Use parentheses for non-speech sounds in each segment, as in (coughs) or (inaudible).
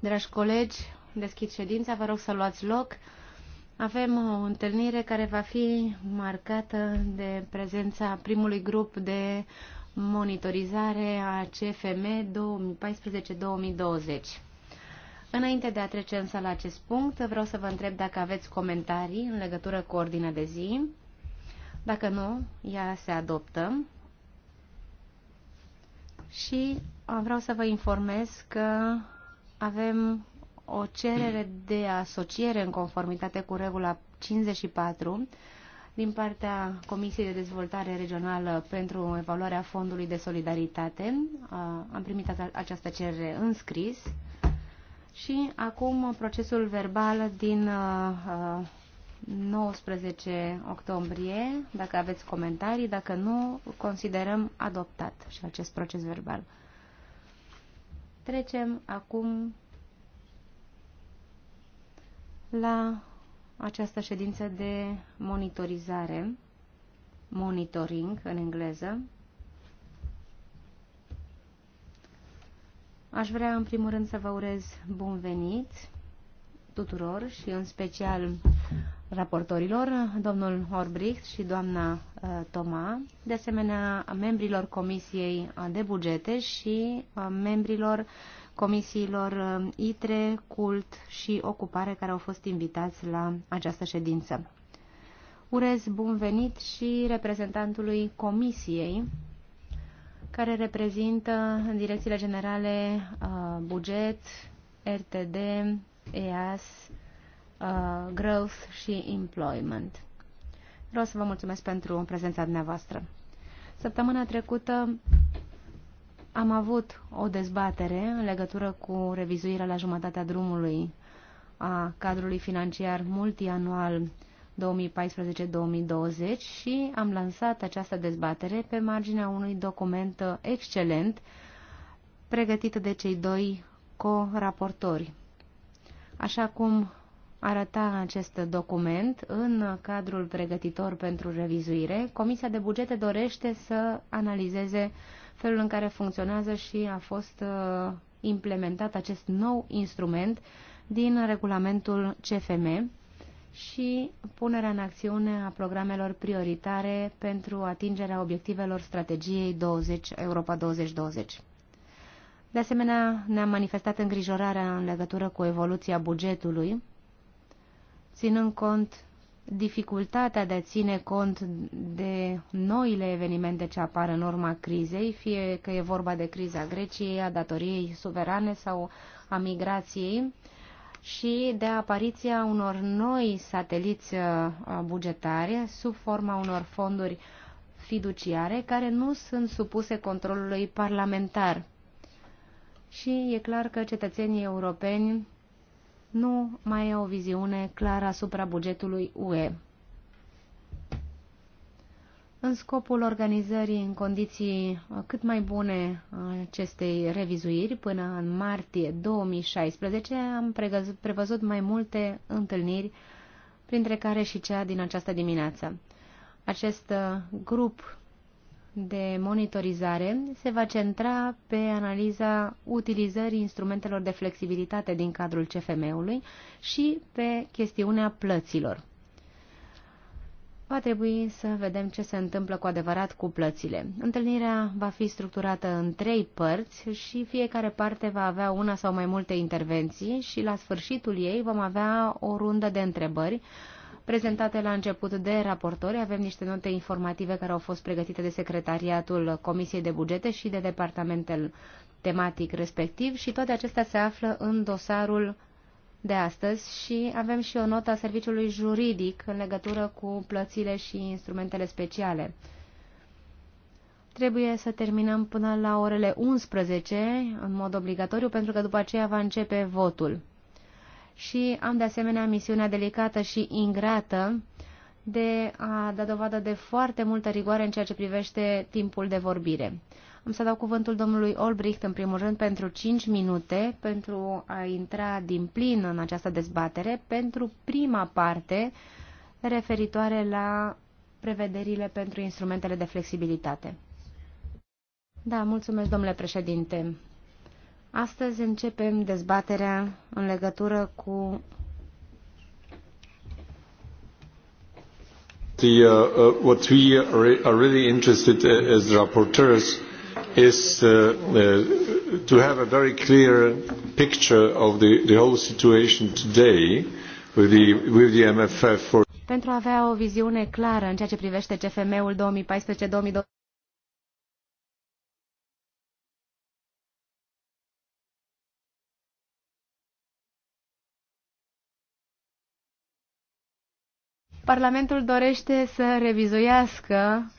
Dragi colegi, deschid ședința, vă rog să luați loc. Avem o întâlnire care va fi marcată de prezența primului grup de monitorizare a CFM două două mii paisprezece mii douăzeci Înainte de a trece însă la acest punct, vreau să vă întreb dacă aveți comentarii în legătură cu ordinea de zi. Dacă nu, ea se adoptă. Și vreau să vă informez că avem o cerere de asociere în conformitate cu regula 54 din partea Comisiei de Dezvoltare Regională pentru evaluarea Fondului de Solidaritate. Am primit această cerere în scris și acum procesul verbal din 19 octombrie, dacă aveți comentarii, dacă nu, considerăm adoptat și acest proces verbal. Trecem acum la această ședință de monitorizare, monitoring în engleză. Aș vrea în primul rând să vă urez bun venit tuturor și în special raportorilor, domnul Horbricht și doamna uh, Toma, de asemenea membrilor Comisiei de Bugete și uh, membrilor comisiilor uh, ITRE, CULT și Ocupare care au fost invitați la această ședință. Urez bun venit și reprezentantului Comisiei, care reprezintă în direcțiile generale buget, RTD, EAS, uh, growth și employment. Vreau să vă mulțumesc pentru prezența dumneavoastră. Săptămâna trecută am avut o dezbatere în legătură cu revizuirea la jumătatea drumului a cadrului financiar multianual 2014-2020 și am lansat această dezbatere pe marginea unui document excelent pregătit de cei doi co-raportori. Așa cum arăta acest document în cadrul pregătitor pentru revizuire. Comisia de bugete dorește să analizeze felul în care funcționează și a fost uh, implementat acest nou instrument din regulamentul CFM și punerea în acțiune a programelor prioritare pentru atingerea obiectivelor strategiei 20, Europa 2020. De asemenea, ne-am manifestat îngrijorarea în legătură cu evoluția bugetului ținând cont dificultatea de a ține cont de noile evenimente ce apar în urma crizei, fie că e vorba de criza Greciei, a datoriei suverane sau a migrației, și de apariția unor noi sateliți uh, bugetare sub forma unor fonduri fiduciare care nu sunt supuse controlului parlamentar. Și e clar că cetățenii europeni nu mai e o viziune clară asupra bugetului UE. În scopul organizării în condiții cât mai bune acestei revizuiri, până în martie 2016, am prevăzut mai multe întâlniri, printre care și cea din această dimineață. Acest grup de monitorizare se va centra pe analiza utilizării instrumentelor de flexibilitate din cadrul CFM-ului și pe chestiunea plăților. Va trebui să vedem ce se întâmplă cu adevărat cu plățile. Întâlnirea va fi structurată în trei părți și fiecare parte va avea una sau mai multe intervenții și la sfârșitul ei vom avea o rundă de întrebări prezentate la început de raportori. Avem niște note informative care au fost pregătite de Secretariatul Comisiei de Bugete și de departamentul tematic respectiv și toate acestea se află în dosarul de astăzi și avem și o notă a serviciului juridic în legătură cu plățile și instrumentele speciale. Trebuie să terminăm până la orele 11 în mod obligatoriu pentru că după aceea va începe votul și am de asemenea misiunea delicată și ingrată de a da dovadă de foarte multă rigoare în ceea ce privește timpul de vorbire. Am să dau cuvântul domnului Olbricht în primul rând pentru 5 minute pentru a intra din plin în această dezbatere pentru prima parte referitoare la prevederile pentru instrumentele de flexibilitate. Da, mulțumesc, domnule președinte. Astăzi începem dezbaterea în legătură cu The, uh, uh, what we are really interested uh, as rapporteurs is uh, uh, to have a very clear picture of the, the whole situation today with the, with the MFF for pentru a avea o viziune clară în ceea ce privește CFM-ul 2014-2020. Parlamentul dorește să revizuiască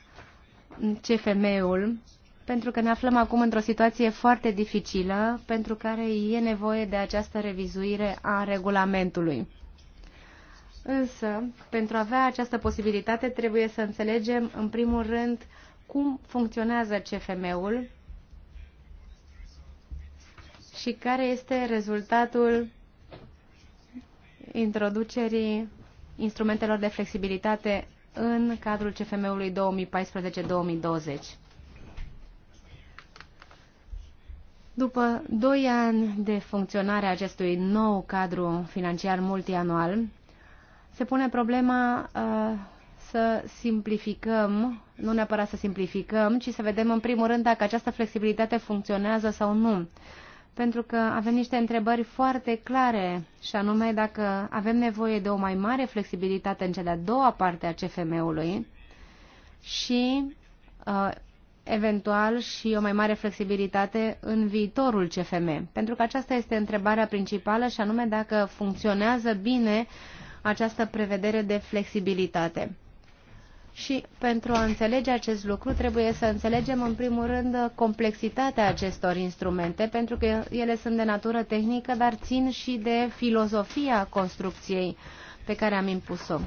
CFM-ul pentru că ne aflăm acum într-o situație foarte dificilă pentru care e nevoie de această revizuire a regulamentului. Însă, pentru a avea această posibilitate, trebuie să înțelegem, în primul rând, cum funcționează CFM-ul și care este rezultatul introducerii instrumentelor de flexibilitate în cadrul CFM-ului 2014-2020. După doi ani de funcționare a acestui nou cadru financiar multianual, se pune problema uh, să simplificăm, nu neapărat să simplificăm, ci să vedem în primul rând dacă această flexibilitate funcționează sau nu pentru că avem niște întrebări foarte clare, și anume dacă avem nevoie de o mai mare flexibilitate în cea de-a doua parte a CFM-ului și uh, eventual și o mai mare flexibilitate în viitorul CFM. Pentru că aceasta este întrebarea principală și anume dacă funcționează bine această prevedere de flexibilitate. Și pentru a înțelege acest lucru trebuie să înțelegem în primul rând complexitatea acestor instrumente, pentru că ele sunt de natură tehnică, dar țin și de filozofia construcției pe care am impus-o.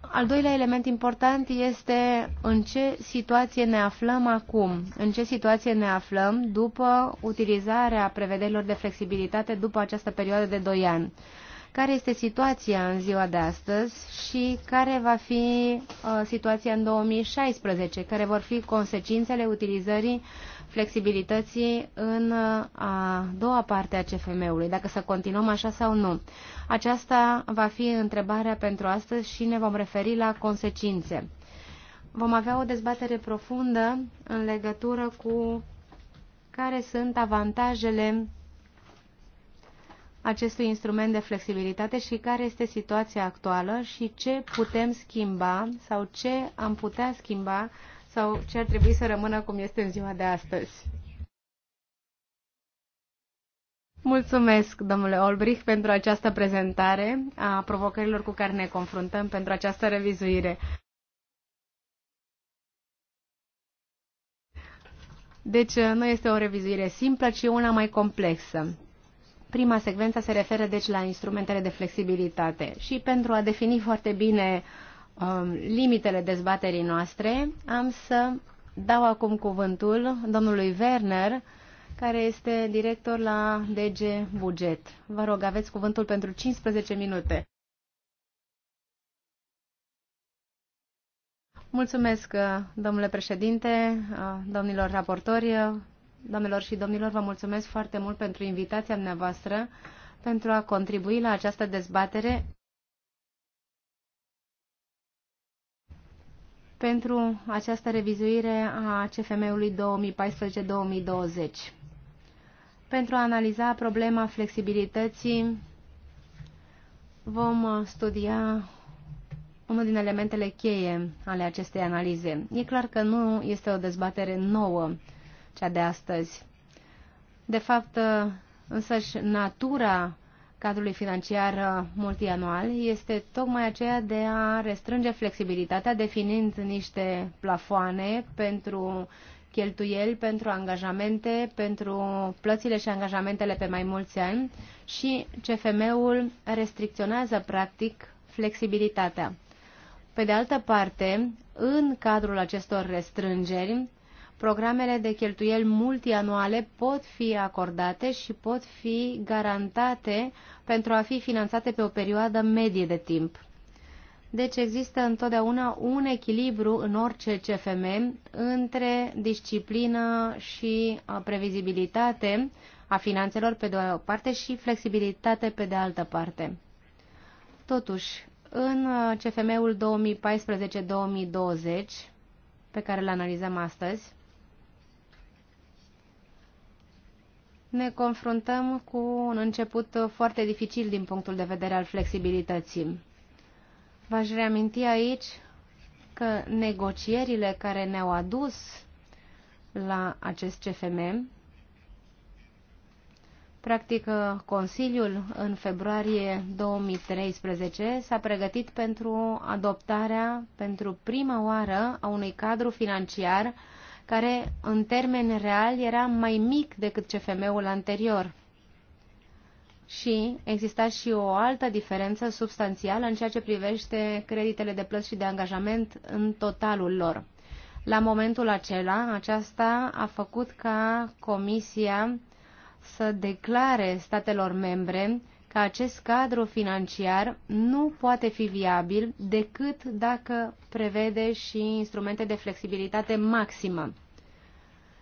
Al doilea element important este în ce situație ne aflăm acum, în ce situație ne aflăm după utilizarea prevederilor de flexibilitate după această perioadă de 2 ani care este situația în ziua de astăzi și care va fi uh, situația în 2016, care vor fi consecințele utilizării flexibilității în uh, a doua parte a CFM-ului, dacă să continuăm așa sau nu. Aceasta va fi întrebarea pentru astăzi și ne vom referi la consecințe. Vom avea o dezbatere profundă în legătură cu care sunt avantajele acestui instrument de flexibilitate și care este situația actuală și ce putem schimba sau ce am putea schimba sau ce ar trebui să rămână cum este în ziua de astăzi. Mulțumesc, domnule Olbrich, pentru această prezentare a provocărilor cu care ne confruntăm pentru această revizuire. Deci nu este o revizuire simplă, ci una mai complexă. Prima secvență se referă deci la instrumentele de flexibilitate și pentru a defini foarte bine um, limitele dezbaterii noastre, am să dau acum cuvântul domnului Werner, care este director la DG Buget. Vă rog, aveți cuvântul pentru 15 minute. Mulțumesc, uh, domnule președinte, uh, domnilor raportori, uh, Doamnelor și domnilor, vă mulțumesc foarte mult pentru invitația dumneavoastră pentru a contribui la această dezbatere pentru această revizuire a CFM-ului 2014-2020 pentru a analiza problema flexibilității vom studia unul din elementele cheie ale acestei analize. E clar că nu este o dezbatere nouă cea de astăzi. De fapt, uh, însăși natura cadrului financiar uh, multianual este tocmai aceea de a restrânge flexibilitatea definind niște plafoane pentru cheltuieli, pentru angajamente, pentru plățile și angajamentele pe mai mulți ani și CFM-ul restricționează practic flexibilitatea. Pe de altă parte, în cadrul acestor restrângeri, programele de cheltuieli multianuale pot fi acordate și pot fi garantate pentru a fi finanțate pe o perioadă medie de timp. Deci există întotdeauna un echilibru în orice CFM între disciplină și uh, previzibilitate a finanțelor pe de o parte și flexibilitate pe de altă parte. Totuși, în uh, CFM-ul 2014-2020, pe care îl analizăm astăzi, ne confruntăm cu un început foarte dificil din punctul de vedere al flexibilității. V-aș reaminti aici că negocierile care ne-au adus la acest CFM, practic Consiliul în februarie 2013 s-a pregătit pentru adoptarea pentru prima oară a unui cadru financiar care în termen real era mai mic decât CFM-ul anterior. Și exista și o altă diferență substanțială în ceea ce privește creditele de plăți și de angajament în totalul lor. La momentul acela, aceasta a făcut ca Comisia să declare statelor membre că acest cadru financiar nu poate fi viabil decât dacă prevede și instrumente de flexibilitate maximă.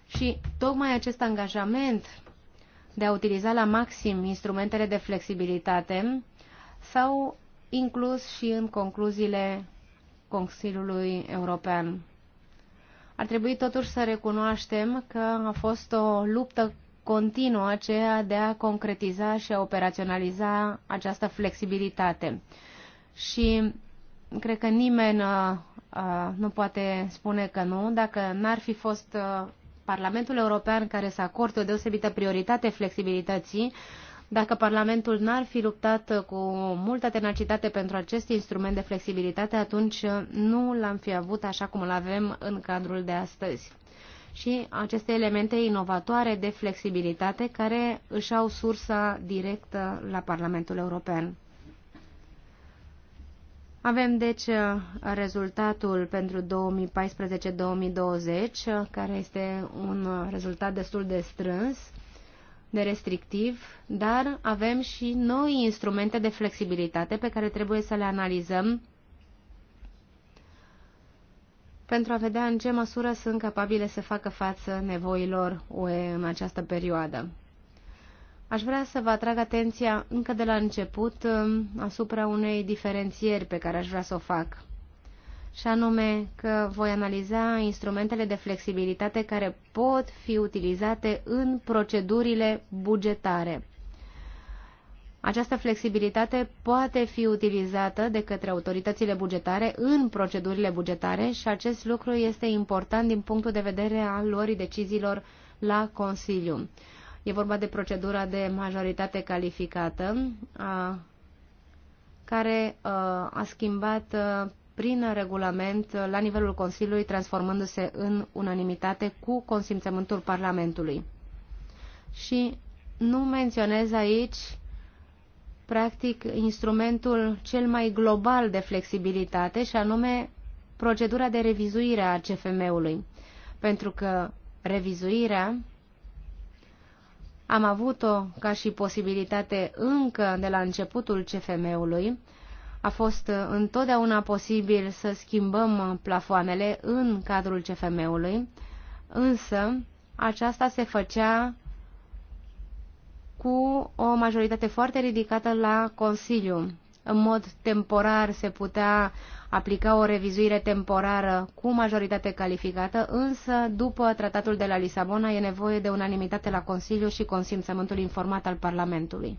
Și tocmai acest angajament de a utiliza la maxim instrumentele de flexibilitate s-au inclus și în concluziile Consiliului European. Ar trebui totuși să recunoaștem că a fost o luptă continuă aceea de a concretiza și a operaționaliza această flexibilitate. Și cred că nimeni uh, uh, nu poate spune că nu, dacă n-ar fi fost uh, Parlamentul European care să acorde o deosebită prioritate flexibilității, dacă Parlamentul n-ar fi luptat cu multă tenacitate pentru acest instrument de flexibilitate, atunci nu l-am fi avut așa cum îl avem în cadrul de astăzi și aceste elemente inovatoare de flexibilitate care își au sursa directă la Parlamentul European. Avem deci rezultatul pentru 2014-2020, care este un rezultat destul de strâns, de restrictiv, dar avem și noi instrumente de flexibilitate pe care trebuie să le analizăm pentru a vedea în ce măsură sunt capabile să facă față nevoilor UE în această perioadă. Aș vrea să vă atrag atenția încă de la început um, asupra unei diferențieri pe care aș vrea să o fac, și anume că voi analiza instrumentele de flexibilitate care pot fi utilizate în procedurile bugetare această flexibilitate poate fi utilizată de către autoritățile bugetare în procedurile bugetare și acest lucru este important din punctul de vedere al luării deciziilor la Consiliu. E vorba de procedura de majoritate calificată, a, care a, a schimbat a, prin regulament la nivelul Consiliului, transformându-se în unanimitate cu consimțământul Parlamentului. Și nu menționez aici practic instrumentul cel mai global de flexibilitate și anume procedura de revizuire a CFM-ului. Pentru că revizuirea am avut-o ca și posibilitate încă de la începutul CFM-ului. A fost uh, întotdeauna posibil să schimbăm uh, plafoanele în cadrul CFM-ului, însă aceasta se făcea cu o majoritate foarte ridicată la Consiliu. În mod temporar se putea aplica o revizuire temporară cu majoritate calificată, însă după tratatul de la Lisabona e nevoie de unanimitate la Consiliu și consimțământul informat al Parlamentului.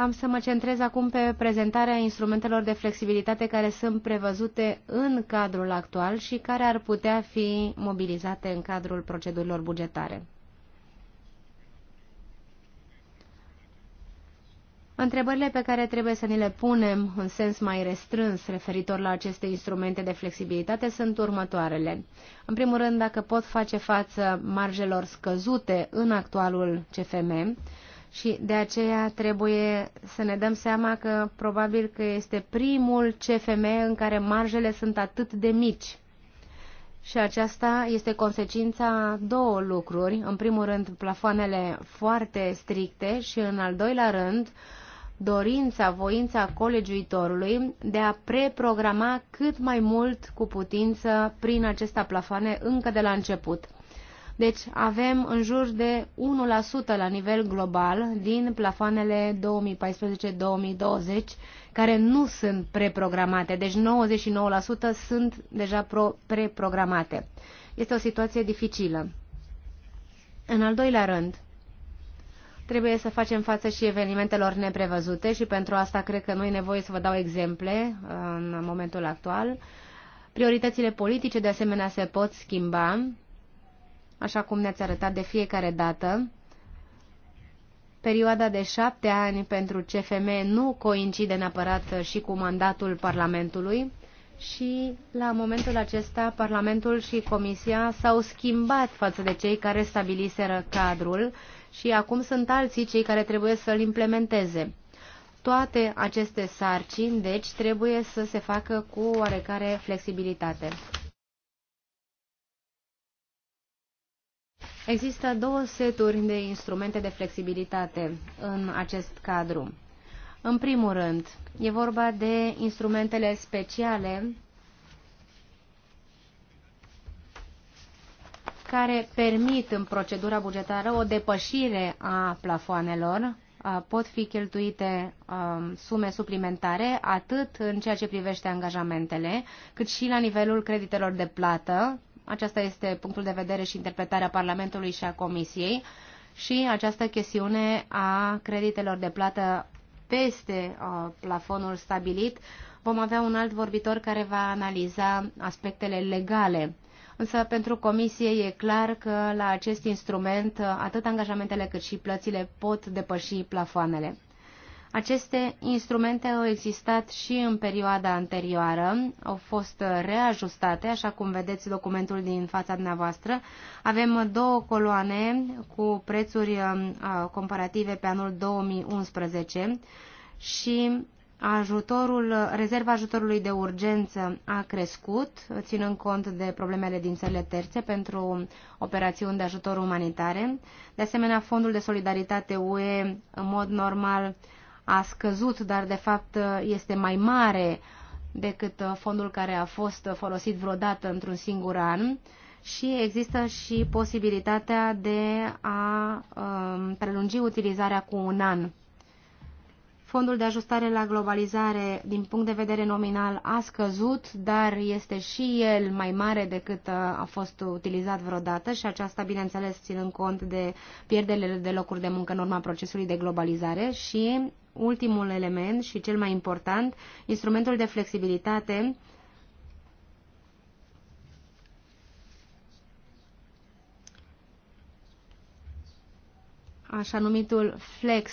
Am să mă centrez acum pe prezentarea instrumentelor de flexibilitate care sunt prevăzute în cadrul actual și care ar putea fi mobilizate în cadrul procedurilor bugetare. Întrebările pe care trebuie să ni le punem în sens mai restrâns referitor la aceste instrumente de flexibilitate sunt următoarele. În primul rând, dacă pot face față marjelor scăzute în actualul CFM, și de aceea trebuie să ne dăm seama că probabil că este primul CFM în care marjele sunt atât de mici. Și aceasta este consecința două lucruri. În primul rând, plafoanele foarte stricte și, în al doilea rând, dorința, voința colegiuitorului de a preprograma cât mai mult cu putință prin aceste plafoane încă de la început. Deci avem în jur de 1% la nivel global din plafoanele 2014-2020 care nu sunt preprogramate. Deci 99% sunt deja preprogramate. Este o situație dificilă. În al doilea rând, trebuie să facem față și evenimentelor neprevăzute și pentru asta cred că nu e nevoie să vă dau exemple uh, în momentul actual. Prioritățile politice de asemenea se pot schimba așa cum ne-ați arătat de fiecare dată, perioada de șapte ani pentru CFM nu coincide neapărat și cu mandatul Parlamentului și la momentul acesta Parlamentul și Comisia s-au schimbat față de cei care stabiliseră cadrul și acum sunt alții cei care trebuie să-l implementeze. Toate aceste sarcini, deci, trebuie să se facă cu oarecare flexibilitate. Există două seturi de instrumente de flexibilitate în acest cadru. În primul rând, e vorba de instrumentele speciale care permit în procedura bugetară o depășire a plafoanelor, pot fi cheltuite sume suplimentare atât în ceea ce privește angajamentele, cât și la nivelul creditelor de plată aceasta este punctul de vedere și interpretarea Parlamentului și a Comisiei și această chestiune a creditelor de plată peste uh, plafonul stabilit. Vom avea un alt vorbitor care va analiza aspectele legale. Însă pentru comisie e clar că la acest instrument uh, atât angajamentele cât și plățile pot depăși plafoanele. Aceste instrumente au existat și în perioada anterioară, au fost reajustate, așa cum vedeți documentul din fața dumneavoastră. Avem două coloane cu prețuri uh, comparative pe anul 2011 și ajutorul, rezerva ajutorului de urgență a crescut, ținând cont de problemele din țările terțe pentru operațiuni de ajutor umanitare. De asemenea, Fondul de Solidaritate UE, în mod normal, a scăzut, dar de fapt este mai mare decât uh, fondul care a fost folosit vreodată într-un singur an și există și posibilitatea de a um, prelungi utilizarea cu un an Fondul de ajustare la globalizare, din punct de vedere nominal, a scăzut, dar este și el mai mare decât uh, a fost utilizat vreodată și aceasta, bineînțeles, ținând cont de pierderile de locuri de muncă în urma procesului de globalizare și ultimul element și cel mai important, instrumentul de flexibilitate așa numitul flex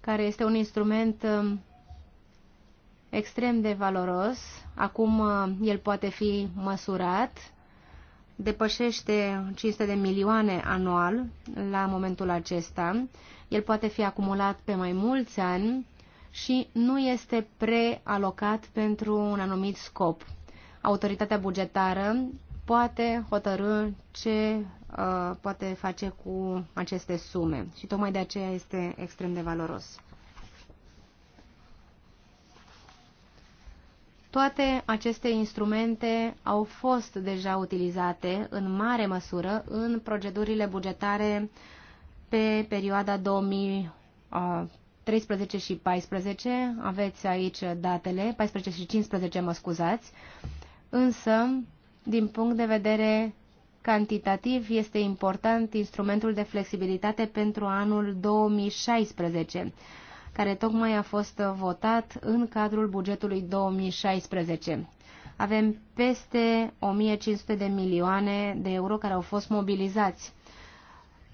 care este un instrument um, extrem de valoros. Acum uh, el poate fi măsurat, depășește 500 de milioane anual la momentul acesta. El poate fi acumulat pe mai mulți ani și nu este prealocat pentru un anumit scop. Autoritatea bugetară poate hotărâ ce Uh, poate face cu aceste sume și tocmai de aceea este extrem de valoros. Toate aceste instrumente au fost deja utilizate în mare măsură în procedurile bugetare pe perioada 2013 uh, și 2014. Aveți aici datele, 14 și 15, mă scuzați. Însă, din punct de vedere Cantitativ este important instrumentul de flexibilitate pentru anul 2016, care tocmai a fost votat în cadrul bugetului 2016. Avem peste 1500 de milioane de euro care au fost mobilizați.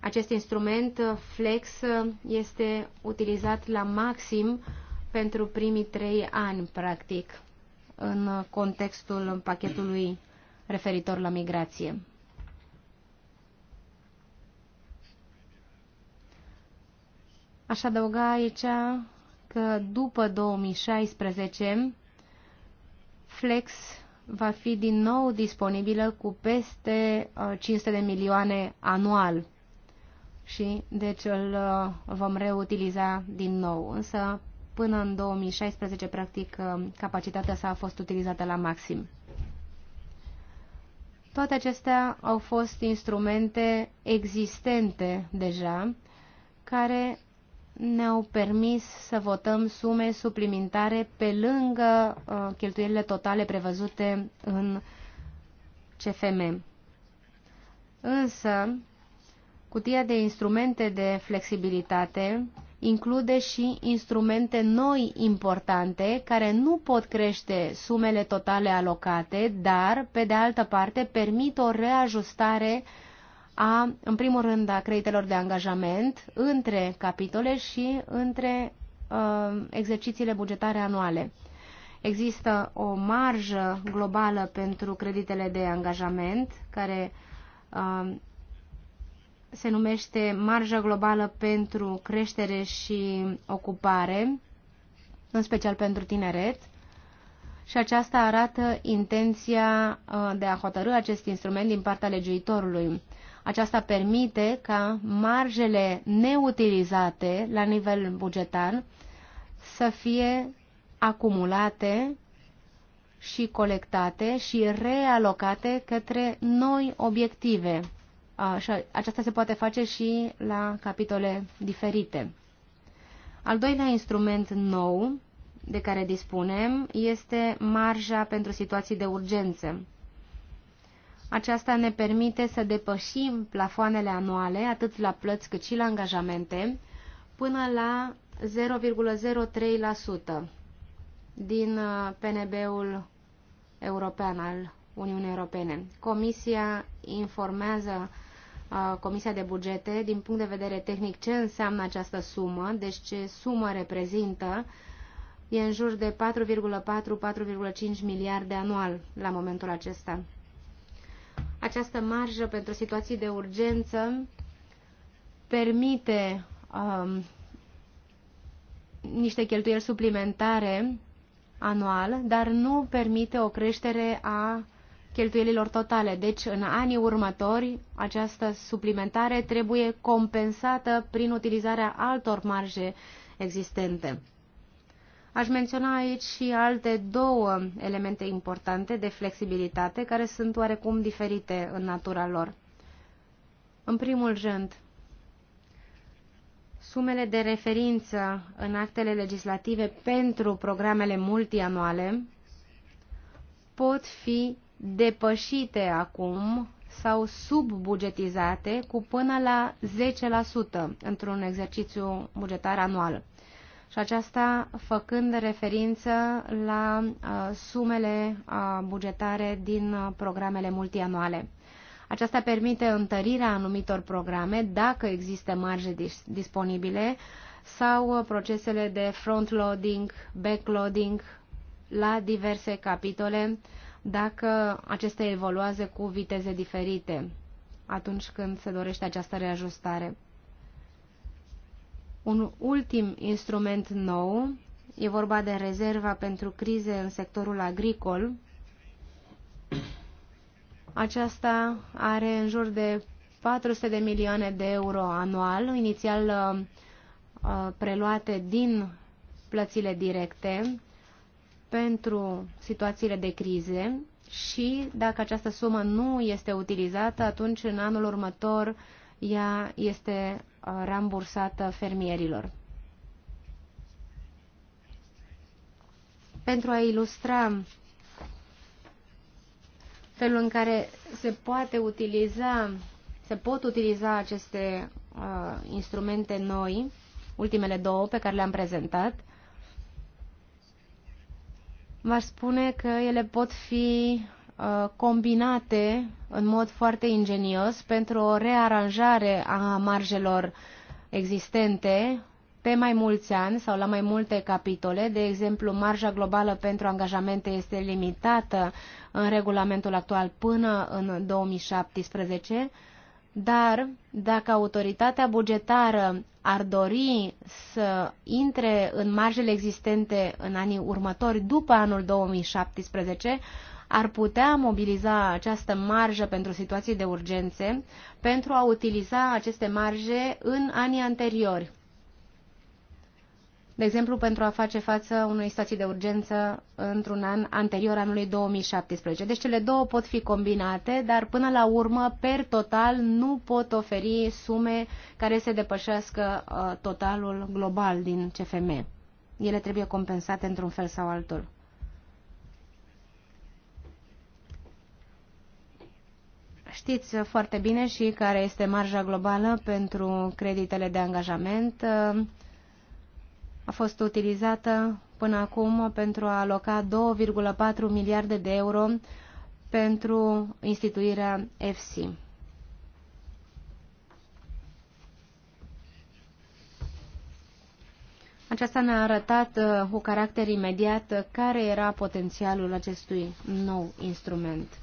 Acest instrument uh, Flex uh, este utilizat la maxim pentru primii trei ani, practic, în contextul pachetului referitor la migrație. Aș adăuga aici că după 2016 Flex va fi din nou disponibilă cu peste 500 uh, de milioane anual și deci îl uh, vom reutiliza din nou. Însă până în 2016, practic, uh, capacitatea s a fost utilizată la maxim. Toate acestea au fost instrumente existente deja, care ne-au permis să votăm sume suplimentare pe lângă uh, cheltuielile totale prevăzute în CFM. Însă, cutia de instrumente de flexibilitate include și instrumente noi importante care nu pot crește sumele totale alocate, dar, pe de altă parte, permit o reajustare uh, a, în primul rând, a creditelor de angajament între capitole și între uh, exercițiile bugetare anuale. Există o marjă globală pentru creditele de angajament, care uh, se numește marjă globală pentru creștere și ocupare, în special pentru tineret, și aceasta arată intenția de a hotărâ acest instrument din partea legiuitorului. Aceasta permite ca marjele neutilizate la nivel bugetar să fie acumulate și colectate și realocate către noi obiective. Și aceasta se poate face și la capitole diferite. Al doilea instrument nou de care dispunem este marja pentru situații de urgență. Aceasta ne permite să depășim plafoanele anuale, atât la plăți cât și la angajamente, până la 0,03% din uh, PNB-ul european al Uniunii Europene. Comisia informează uh, Comisia de Bugete din punct de vedere tehnic ce înseamnă această sumă, deci ce sumă reprezintă, e în jur de 4,4-4,5 miliarde anual la momentul acesta. Această marjă pentru situații de urgență permite um, niște cheltuieli suplimentare anual, dar nu permite o creștere a cheltuielilor totale. Deci, în anii următori, această suplimentare trebuie compensată prin utilizarea altor marje existente. Aș menționa aici și alte două elemente importante de flexibilitate care sunt oarecum diferite în natura lor. În primul rând, sumele de referință în actele legislative pentru programele multianuale pot fi depășite acum sau subbugetizate cu până la 10% într-un exercițiu bugetar anual și aceasta făcând referință la uh, sumele uh, bugetare din uh, programele multianuale. Aceasta permite întărirea anumitor programe dacă există marje disponibile sau procesele de front-loading, back-loading la diverse capitole dacă acestea evoluează cu viteze diferite atunci când se dorește această reajustare. Un ultim instrument nou, e vorba de rezerva pentru crize în sectorul agricol. Aceasta are în jur de 400 de milioane de euro anual, inițial uh, uh, preluate din plățile directe pentru situațiile de crize și dacă această sumă nu este utilizată, atunci în anul următor ea este rambursată fermierilor. Pentru a ilustra felul în care se poate utiliza, se pot utiliza aceste uh, instrumente noi, ultimele două pe care le-am prezentat, v-aș spune că ele pot fi Uh, combinate în mod foarte ingenios pentru o rearanjare a marjelor existente pe mai mulți ani sau la mai multe capitole. De exemplu, marja globală pentru angajamente este limitată în regulamentul actual până în 2017, dar dacă autoritatea bugetară ar dori să intre în marjele existente în anii următori după anul 2017, ar putea mobiliza această marjă pentru situații de urgențe pentru a utiliza aceste marje în anii anteriori. De exemplu, pentru a face față unei situații de urgență într-un an anterior anului 2017. Deci cele două pot fi combinate, dar până la urmă, per total, nu pot oferi sume care se depășească uh, totalul global din CFM. Ele trebuie compensate într-un fel sau altul. Știți foarte bine și care este marja globală pentru creditele de angajament. A fost utilizată până acum pentru a aloca 2,4 miliarde de euro pentru instituirea EFSI. Aceasta ne-a arătat uh, cu caracter imediat care era potențialul acestui nou instrument.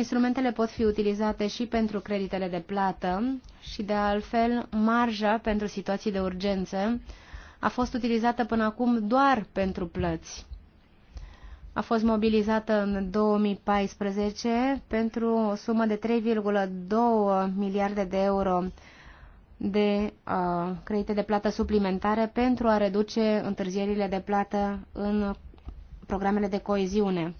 Instrumentele pot fi utilizate și pentru creditele de plată și, de altfel, marja pentru situații de urgență a fost utilizată până acum doar pentru plăți. A fost mobilizată în 2014 pentru o sumă de 3,2 miliarde de euro de uh, credite de plată suplimentare pentru a reduce întârzierile de plată în programele de coeziune.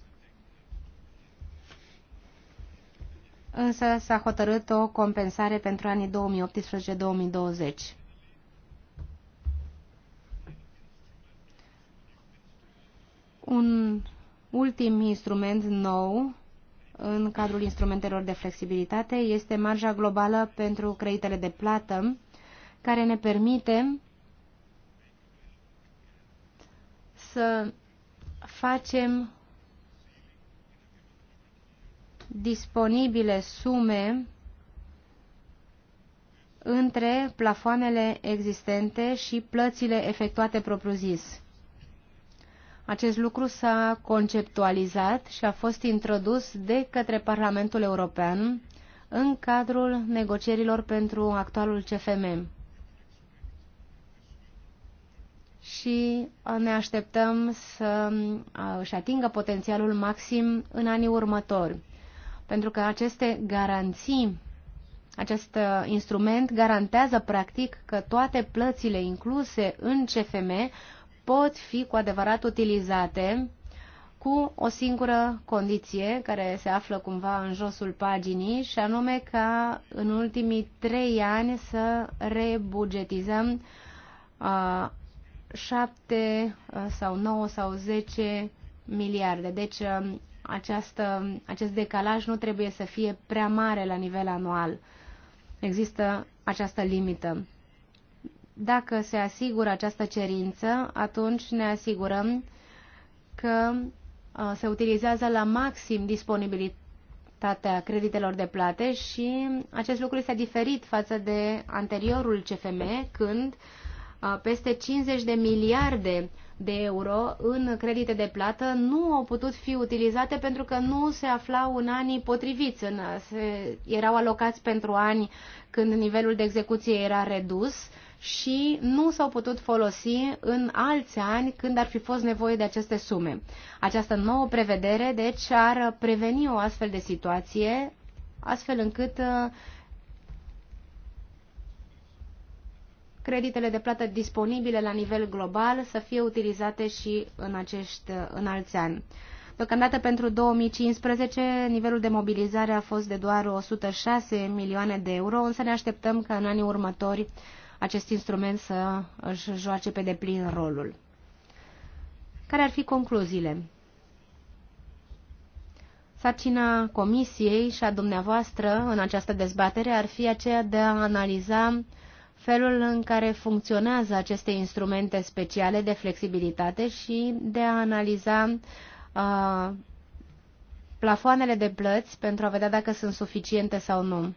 însă s-a hotărât o compensare pentru anii 2018-2020. Un ultim instrument nou în cadrul instrumentelor de flexibilitate este marja globală pentru creditele de plată, care ne permite să facem disponibile sume între plafoanele existente și plățile efectuate propriu-zis. Acest lucru s-a conceptualizat și a fost introdus de către Parlamentul European în cadrul negocierilor pentru actualul CFM. Și ne așteptăm să își atingă potențialul maxim în anii următori pentru că aceste garanții, acest uh, instrument garantează practic că toate plățile incluse în CFM pot fi cu adevărat utilizate cu o singură condiție care se află cumva în josul paginii și anume ca în ultimii trei ani să rebugetizăm uh, 7 uh, sau 9 sau 10 miliarde. Deci um, această, acest decalaj nu trebuie să fie prea mare la nivel anual. Există această limită. Dacă se asigură această cerință, atunci ne asigurăm că uh, se utilizează la maxim disponibilitatea creditelor de plate și acest lucru este diferit față de anteriorul CFM, când uh, peste 50 de miliarde de euro în credite de plată nu au putut fi utilizate pentru că nu se aflau în anii potriviți, în, se, erau alocați pentru ani când nivelul de execuție era redus și nu s-au putut folosi în alți ani când ar fi fost nevoie de aceste sume. Această nouă prevedere, deci, ar preveni o astfel de situație, astfel încât uh, creditele de plată disponibile la nivel global să fie utilizate și în, acești, în alți ani. Deocamdată pentru 2015, nivelul de mobilizare a fost de doar 106 milioane de euro, însă ne așteptăm ca în anii următori acest instrument să își joace pe deplin rolul. Care ar fi concluziile? Sarcina Comisiei și a dumneavoastră în această dezbatere ar fi aceea de a analiza felul în care funcționează aceste instrumente speciale de flexibilitate și de a analiza uh, plafoanele de plăți pentru a vedea dacă sunt suficiente sau nu.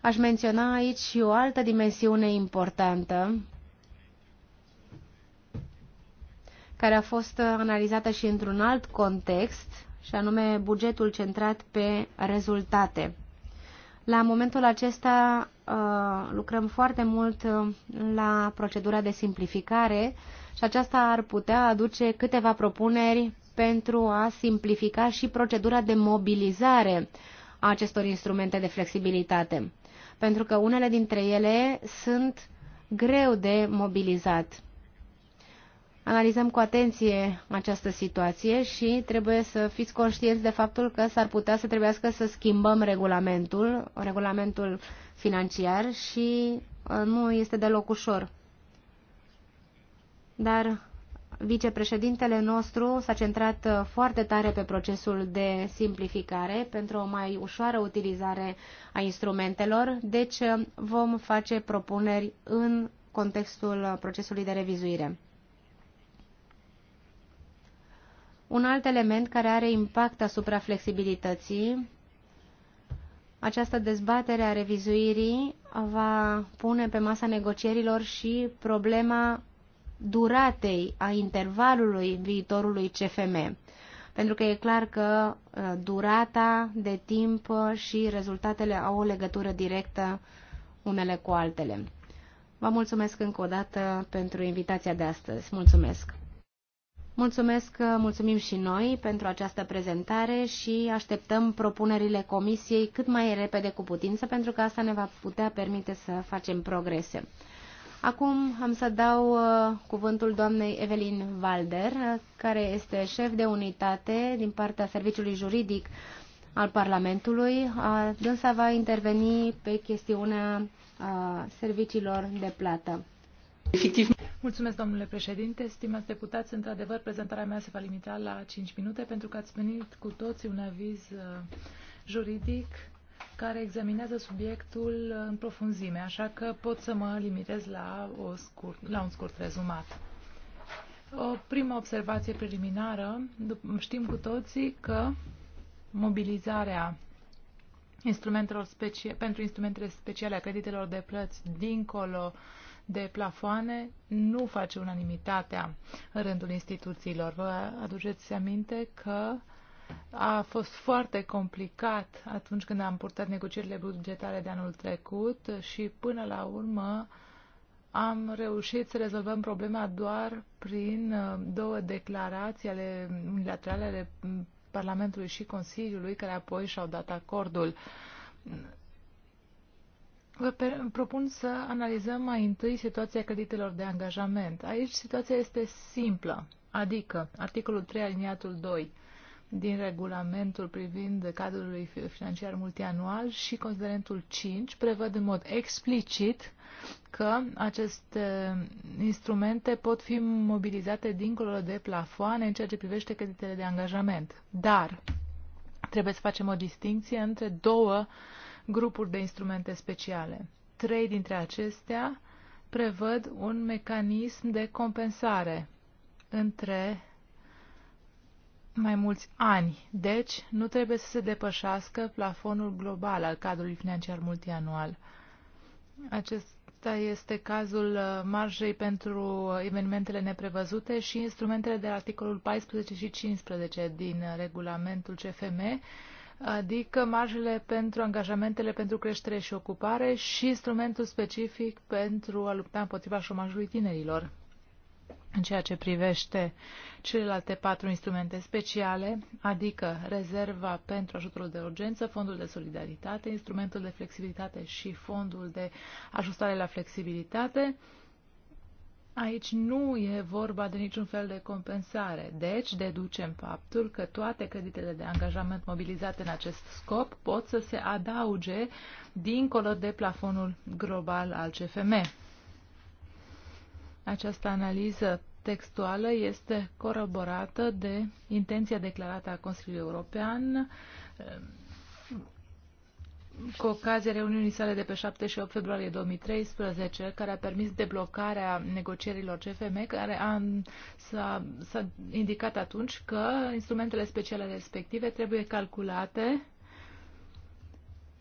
Aș menționa aici și o altă dimensiune importantă care a fost analizată și într-un alt context, și anume bugetul centrat pe rezultate. La momentul acesta Uh, lucrăm foarte mult uh, la procedura de simplificare și aceasta ar putea aduce câteva propuneri pentru a simplifica și procedura de mobilizare a acestor instrumente de flexibilitate, pentru că unele dintre ele sunt greu de mobilizat analizăm cu atenție această situație și trebuie să fiți conștienți de faptul că s-ar putea să trebuiască să schimbăm regulamentul, regulamentul financiar și uh, nu este deloc ușor. Dar vicepreședintele nostru s-a centrat uh, foarte tare pe procesul de simplificare pentru o mai ușoară utilizare a instrumentelor, deci uh, vom face propuneri în contextul procesului de revizuire. Un alt element care are impact asupra flexibilității, această dezbatere a revizuirii va pune pe masa negocierilor și problema duratei, a intervalului viitorului CFM. Pentru că e clar că uh, durata de timp și rezultatele au o legătură directă unele cu altele. Vă mulțumesc încă o dată pentru invitația de astăzi. Mulțumesc! Mulțumesc, uh, mulțumim și noi pentru această prezentare și așteptăm propunerile comisiei cât mai repede cu putință, pentru că asta ne va putea permite să facem progrese. Acum am să dau uh, cuvântul doamnei Evelin Valder, uh, care este șef de unitate din partea Serviciului Juridic al Parlamentului. Uh, dânsa va interveni pe chestiunea uh, serviciilor de plată. Mulțumesc, domnule președinte. Stimați deputați, într-adevăr, prezentarea mea se va limita la 5 minute pentru că ați venit cu toții un aviz uh, juridic care examinează subiectul în profunzime, așa că pot să mă limitez la, o scurt, la un scurt rezumat. O primă observație preliminară. Știm cu toții că mobilizarea instrumentelor specie, pentru instrumentele speciale a creditelor de plăți dincolo uh, de plafoane nu face unanimitatea în rândul instituțiilor. Vă aduceți aminte că a fost foarte complicat atunci când am purtat negocierile bugetare de anul trecut și până la urmă am reușit să rezolvăm problema doar prin uh, două declarații ale unilaterale ale Parlamentului și Consiliului, care apoi și-au dat acordul. Vă propun să analizăm mai întâi situația creditelor de angajament. Aici situația este simplă, adică articolul 3 aliniatul 2 din regulamentul privind cadrul financiar multianual și considerentul 5 prevăd în mod explicit că aceste instrumente pot fi mobilizate dincolo de plafoane în ceea ce privește creditele de angajament. Dar trebuie să facem o distinție între două uh, grupuri de instrumente speciale. Trei dintre acestea prevăd un mecanism de compensare între mai mulți ani, deci nu trebuie să se depășească plafonul global al cadrului financiar multianual. Acesta este cazul uh, marjei pentru uh, evenimentele neprevăzute și instrumentele de articolul 14 și 15 din uh, regulamentul CFM, adică marjele pentru angajamentele pentru creștere și ocupare și instrumentul specific pentru a lupta împotriva șomajului tinerilor. În ceea ce privește celelalte patru instrumente speciale, adică rezerva pentru ajutorul de urgență, fondul de solidaritate, instrumentul de flexibilitate și fondul de ajustare la flexibilitate, Aici nu e vorba de niciun fel de compensare, deci deducem faptul că toate creditele de angajament mobilizate în acest scop pot să se adauge dincolo de plafonul global al CFM. Această analiză textuală este coroborată de intenția declarată a Consiliului European cu ocazia reuniunii sale de pe 7 și 8 februarie 2013, care a permis deblocarea negocierilor CFM, care a, s-a, s-a indicat atunci că instrumentele speciale respective trebuie calculate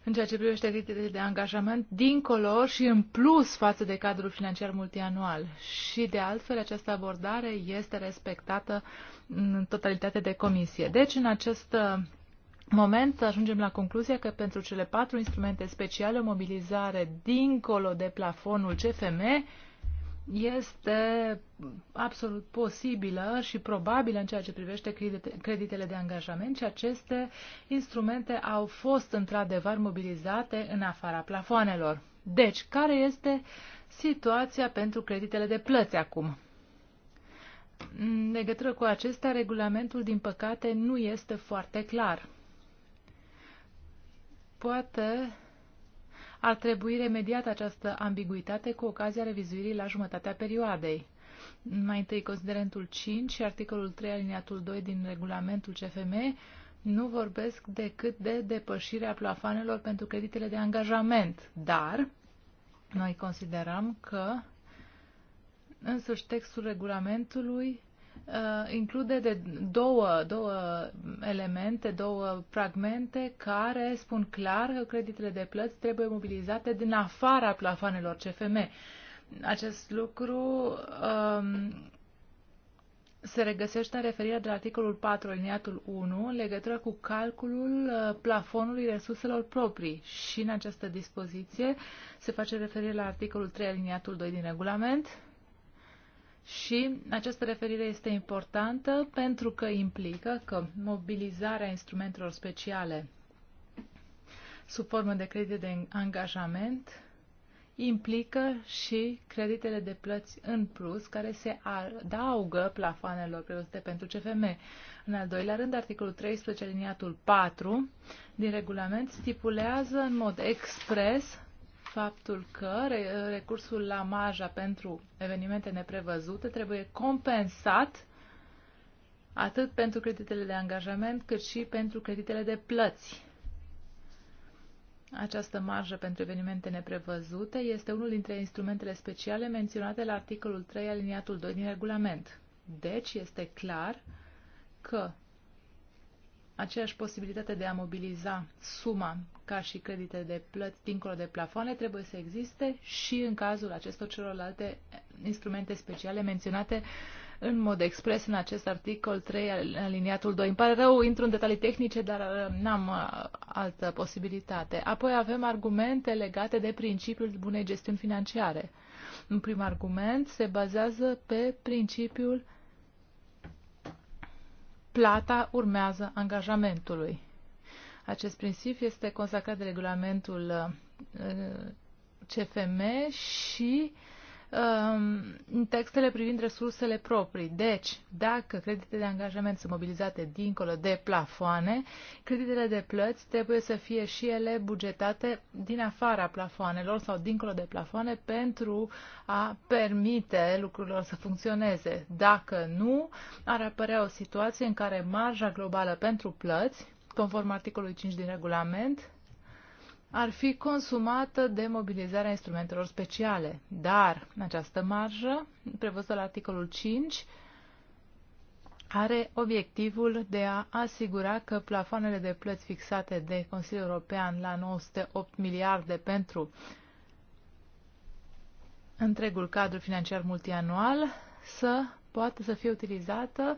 în ceea ce privește criteriile de angajament, dincolo și în plus față de cadrul financiar multianual. Și, de altfel, această abordare este respectată în totalitate de comisie. Deci, în această moment ajungem la concluzia că pentru cele patru instrumente speciale o mobilizare dincolo de plafonul CFM este absolut posibilă și probabilă în ceea ce privește creditele de angajament și aceste instrumente au fost într-adevăr mobilizate în afara plafoanelor. Deci, care este situația pentru creditele de plăți acum? În legătură cu acestea, regulamentul, din păcate, nu este foarte clar. Poate ar trebui remediat această ambiguitate cu ocazia revizuirii la jumătatea perioadei. Mai întâi, considerentul 5 și articolul 3 aliniatul 2 din regulamentul CFM nu vorbesc decât de depășirea plafanelor pentru creditele de angajament, dar noi considerăm că însuși textul regulamentului Uh, include de două, două elemente, două fragmente care spun clar că creditele de plăți trebuie mobilizate din afara plafanelor CFM. Acest lucru um, se regăsește în referirea de la articolul 4, liniatul 1, în legătură cu calculul uh, plafonului resurselor proprii. Și în această dispoziție se face referire la articolul 3, liniatul 2 din regulament, și această referire este importantă pentru că implică că mobilizarea instrumentelor speciale sub formă de credite de angajament implică și creditele de plăți în plus care se adaugă plafanelor prevăzute pentru CFM. În al doilea rând, articolul 13, liniatul 4 din regulament stipulează în mod expres faptul că recursul la marja pentru evenimente neprevăzute trebuie compensat atât pentru creditele de angajament cât și pentru creditele de plăți. Această marjă pentru evenimente neprevăzute este unul dintre instrumentele speciale menționate la articolul 3 aliniatul 2 din regulament. Deci este clar că aceeași posibilitate de a mobiliza suma ca și credite de plăți dincolo de plafoane trebuie să existe și în cazul acestor celorlalte instrumente speciale menționate în mod expres în acest articol 3 aliniatul 2. Îmi pare rău, intru în detalii tehnice, dar uh, n-am uh, altă posibilitate. Apoi avem argumente legate de principiul bunei gestiuni financiare. Un prim argument se bazează pe principiul uh, plata urmează angajamentului. Acest principiu este consacrat de regulamentul uh, CFM și uh, în um, textele privind resursele proprii. Deci, dacă creditele de angajament sunt mobilizate dincolo de plafoane, creditele de plăți trebuie să fie și ele bugetate din afara plafoanelor sau dincolo de plafoane pentru a permite lucrurilor să funcționeze. Dacă nu, ar apărea o situație în care marja globală pentru plăți, conform articolului 5 din regulament, ar fi consumată de mobilizarea instrumentelor speciale. Dar această marjă, prevăzută la articolul 5, are obiectivul de a asigura că plafoanele de plăți fixate de Consiliul European la 908 miliarde pentru întregul cadru financiar multianual să poată să fie utilizată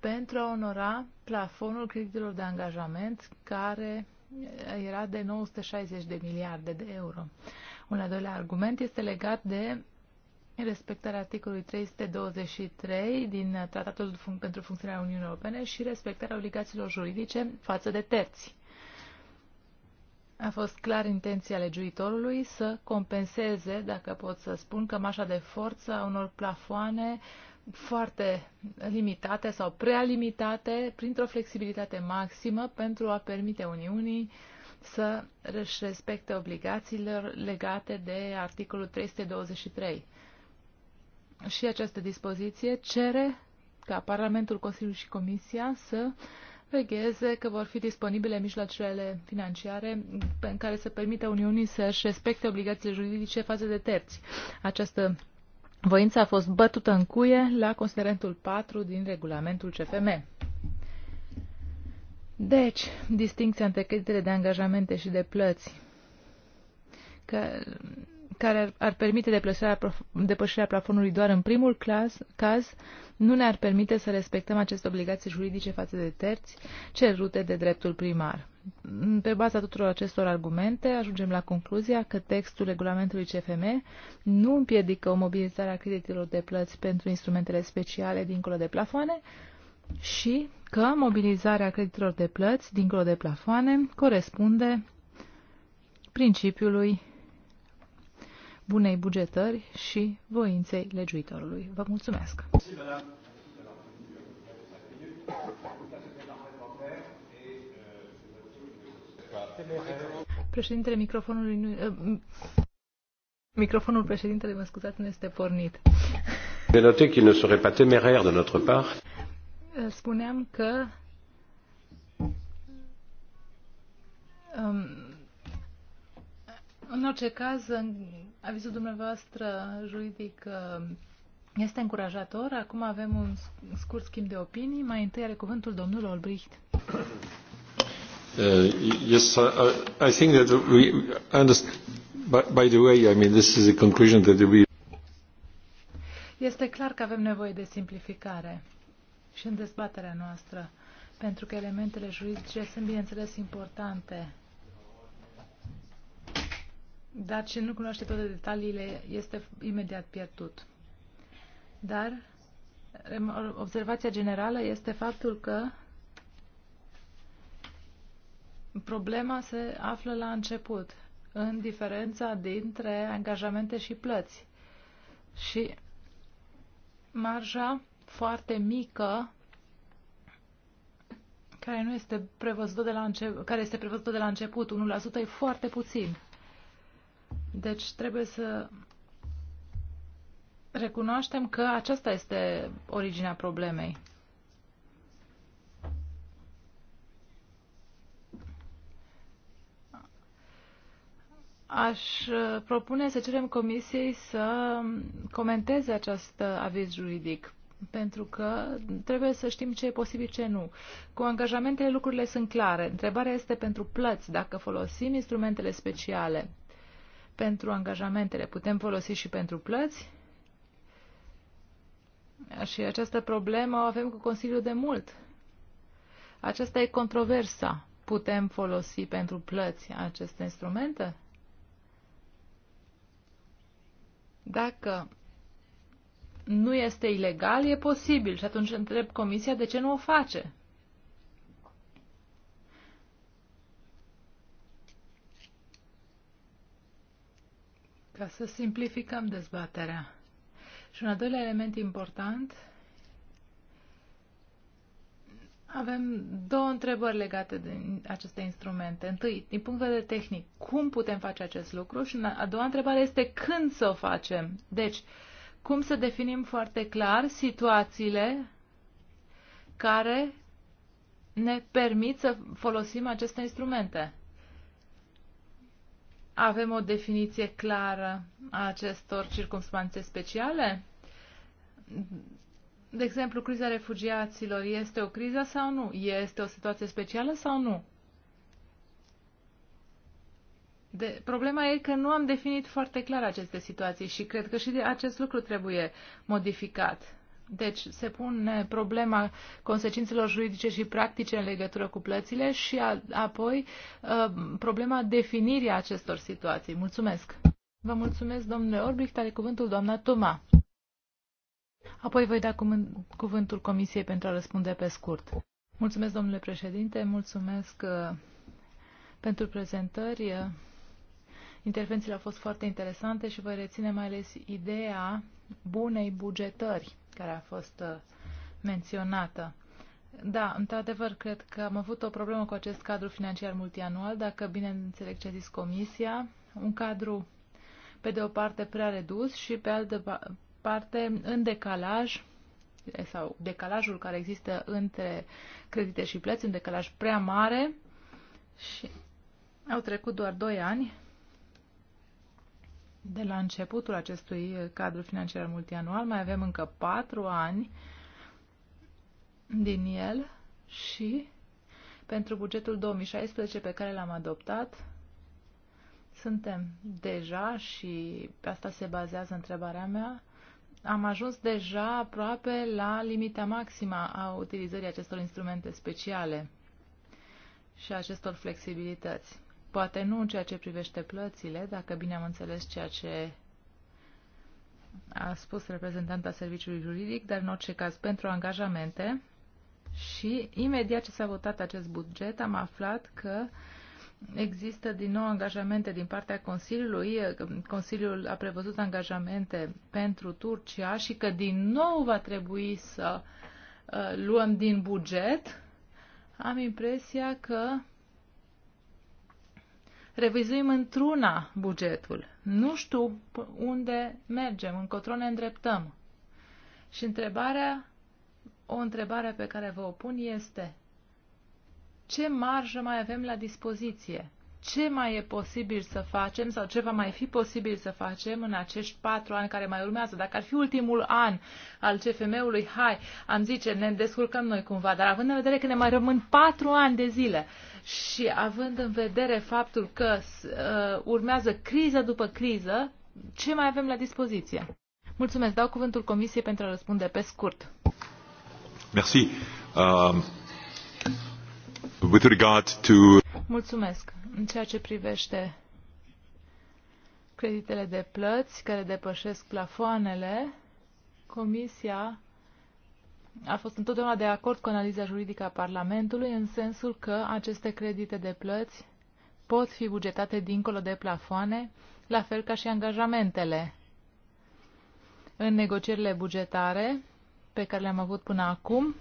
pentru a onora plafonul creditelor de angajament care era de 960 de miliarde de euro. Un al doilea argument este legat de respectarea articolului 323 din Tratatul pentru funcționarea Uniunii Europene și respectarea obligațiilor juridice față de terți. A fost clar intenția legiuitorului să compenseze, dacă pot să spun, cămașa de forță a unor plafoane uh, foarte limitate sau prea limitate printr-o flexibilitate maximă pentru a permite Uniunii să își respecte obligațiile legate de articolul 323. Și această dispoziție cere ca Parlamentul, Consiliul și Comisia să vegheze că vor fi disponibile mijloacele financiare în care să permită Uniunii să își respecte obligațiile juridice față de terți. Această voința a fost bătută în cuie la considerentul 4 din regulamentul CFM. Deci, distinția între creditele de angajamente și de plăți că care ar permite depășirea plafonului doar în primul clas, caz, nu ne-ar permite să respectăm aceste obligații juridice față de terți cerute de dreptul primar. Pe baza tuturor acestor argumente, ajungem la concluzia că textul regulamentului CFM nu împiedică o mobilizare a creditelor de plăți pentru instrumentele speciale dincolo de plafoane și că mobilizarea creditelor de plăți dincolo de plafoane corespunde principiului bunei bugetări și voinței legiuitorului. Vă mulțumesc! Președintele microfonului nu... Eh, microfonul președintele, mă scuzați, nu este pornit. De noté qu'il ne serait pas téméraire de notre part. Eh, spuneam că um, în orice caz, avizul dumneavoastră juridic uh, este încurajator. Acum avem un scurt schimb de opinii. Mai întâi are cuvântul domnul Olbricht. Uh, yes, I, I think that we understand. By, by the way, I mean this is a conclusion that we. Este clar că avem nevoie de simplificare și în dezbaterea noastră, pentru că elementele juridice sunt bineînțeles importante dar ce nu cunoaște toate detaliile este imediat pierdut. Dar observația generală este faptul că problema se află la început, în diferența dintre angajamente și plăți. Și marja foarte mică care nu este prevăzută de la început, care este prevăzută de la început, 1% e foarte puțin. Deci trebuie să recunoaștem că aceasta este originea problemei. Aș uh, propune să cerem comisiei să comenteze acest uh, aviz juridic, pentru că trebuie să știm ce e posibil, ce nu. Cu angajamentele lucrurile sunt clare. Întrebarea este pentru plăți, dacă folosim instrumentele speciale pentru angajamentele putem folosi și pentru plăți. Și această problemă o avem cu Consiliul de mult. Aceasta e controversa. Putem folosi pentru plăți aceste instrumente? Dacă nu este ilegal, e posibil. Și atunci întreb Comisia de ce nu o face. ca să simplificăm dezbaterea. Și un al doilea element important, avem două întrebări legate de aceste instrumente. Întâi, din punct de vedere tehnic, cum putem face acest lucru? Și a doua întrebare este când să o facem. Deci, cum să definim foarte clar situațiile care ne permit să folosim aceste instrumente? Avem o definiție clară a acestor circumstanțe speciale? De exemplu, criza refugiaților este o criză sau nu? Este o situație specială sau nu? De, problema e că nu am definit foarte clar aceste situații și cred că și de acest lucru trebuie modificat. Deci se pune problema consecințelor juridice și practice în legătură cu plățile și a, apoi a, uh, problema definirii acestor situații. Mulțumesc! Vă mulțumesc, domnule Orbic, tare cuvântul doamna Toma. Apoi voi da cuvântul Comisiei pentru a răspunde pe scurt. Mulțumesc, domnule președinte, mulțumesc uh, pentru prezentări. Uh, intervențiile au fost foarte interesante și voi reține mai ales ideea bunei bugetări care a fost uh, menționată. Da, într-adevăr, cred că am avut o problemă cu acest cadru financiar multianual, dacă bine înțeleg ce a zis Comisia, un cadru pe de o parte prea redus și pe altă parte în decalaj sau decalajul care există între credite și plăți, un decalaj prea mare și au trecut doar 2 ani de la începutul acestui cadru financiar multianual. Mai avem încă patru ani din el și pentru bugetul 2016 pe care l-am adoptat, suntem deja și pe asta se bazează întrebarea mea, am ajuns deja aproape la limita maximă a utilizării acestor instrumente speciale și acestor flexibilități. Poate nu în ceea ce privește plățile, dacă bine am înțeles ceea ce a spus reprezentanta serviciului juridic, dar în orice caz pentru angajamente. Și imediat ce s-a votat acest buget, am aflat că există din nou angajamente din partea Consiliului. Consiliul a prevăzut angajamente pentru Turcia și că din nou va trebui să uh, luăm din buget. Am impresia că revizuim într-una bugetul. Nu știu unde mergem, încotro ne îndreptăm. Și întrebarea, o întrebare pe care vă o pun este, ce marjă mai avem la dispoziție? ce mai e posibil să facem sau ce va mai fi posibil să facem în acești patru ani care mai urmează. Dacă ar fi ultimul an al CFM-ului, hai, am zice, ne descurcăm noi cumva, dar având în vedere că ne mai rămân patru ani de zile și având în vedere faptul că uh, urmează criză după criză, ce mai avem la dispoziție? Mulțumesc. Dau cuvântul Comisiei pentru a răspunde pe scurt. Merci. Uh... With regard to... Mulțumesc. În ceea ce privește creditele de plăți care depășesc plafoanele, Comisia a fost întotdeauna de acord cu analiza juridică a Parlamentului în sensul că aceste credite de plăți pot fi bugetate dincolo de plafoane, la fel ca și angajamentele. În negocierile bugetare pe care le-am avut până acum,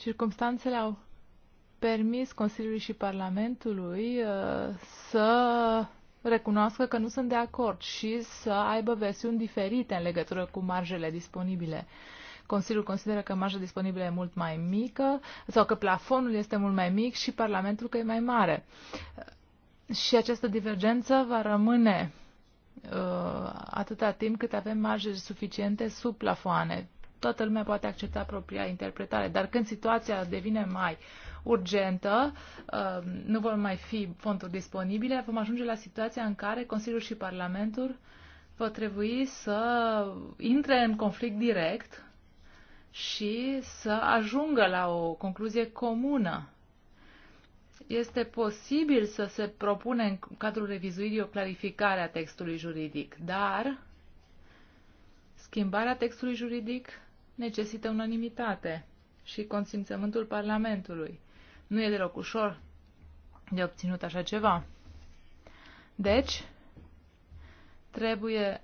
Circumstanțele au permis Consiliului și Parlamentului uh, să recunoască că nu sunt de acord și să aibă versiuni diferite în legătură cu marjele disponibile. Consiliul consideră că marja disponibilă e mult mai mică sau că plafonul este mult mai mic și Parlamentul că e mai mare. Și această divergență va rămâne uh, atâta timp cât avem marje suficiente sub plafoane toată lumea poate accepta propria interpretare. Dar când situația devine mai urgentă, um, nu vor mai fi fonduri disponibile, vom ajunge la situația în care Consiliul și Parlamentul vor trebui să intre în conflict direct și să ajungă la o concluzie comună. Este posibil să se propune în cadrul revizuirii o clarificare a textului juridic, dar schimbarea textului juridic necesită unanimitate și consimțământul Parlamentului. Nu e deloc ușor de obținut așa ceva. Deci, trebuie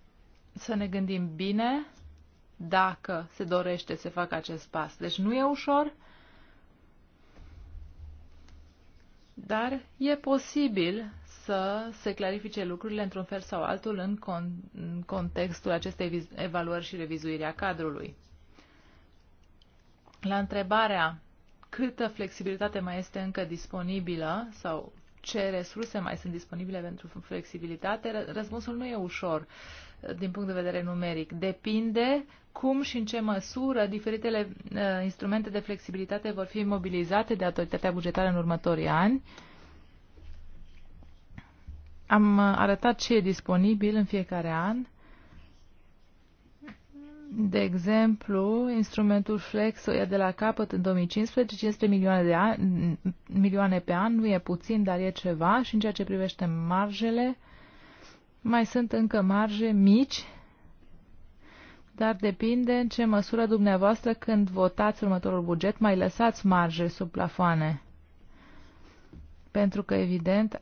să ne gândim bine dacă se dorește să facă acest pas. Deci nu e ușor, dar e posibil să se clarifice lucrurile într-un fel sau altul în, con- în contextul acestei evaluări și revizuirea cadrului. La întrebarea câtă flexibilitate mai este încă disponibilă sau ce resurse mai sunt disponibile pentru flexibilitate, răspunsul nu e ușor uh, din punct de vedere numeric. Depinde cum și în ce măsură diferitele uh, instrumente de flexibilitate vor fi mobilizate de autoritatea bugetară în următorii ani. Am uh, arătat ce e disponibil în fiecare an de exemplu, instrumentul Flex e ia de la capăt în 2015, 500 milioane, de an, milioane pe an, nu e puțin, dar e ceva și în ceea ce privește marjele, mai sunt încă marje mici, dar depinde în ce măsură dumneavoastră când votați următorul buget mai lăsați marje sub plafoane. Pentru că, evident,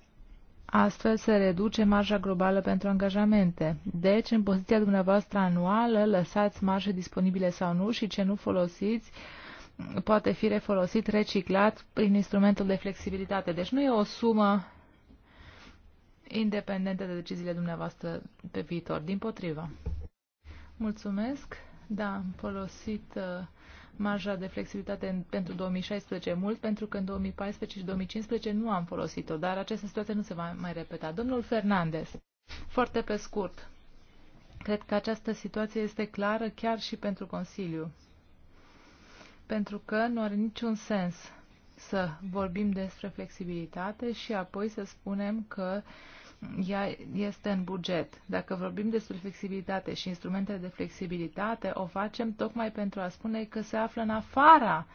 Astfel se reduce marja globală pentru angajamente. Deci, în poziția dumneavoastră anuală, lăsați marje disponibile sau nu și ce nu folosiți poate fi refolosit, reciclat prin instrumentul de flexibilitate. Deci nu e o sumă independentă de deciziile dumneavoastră pe viitor, din potrivă. Mulțumesc. Da, am folosit uh, marja de flexibilitate pentru 2016 mult, pentru că în 2014 și 2015 nu am folosit-o, dar această situație nu se va mai repeta. Domnul Fernandez, foarte pe scurt, cred că această situație este clară chiar și pentru Consiliu, pentru că nu are niciun sens să vorbim despre flexibilitate și apoi să spunem că uh, ea este în buget. Dacă vorbim despre flexibilitate și instrumentele de flexibilitate, o facem tocmai pentru a spune că se află în afara.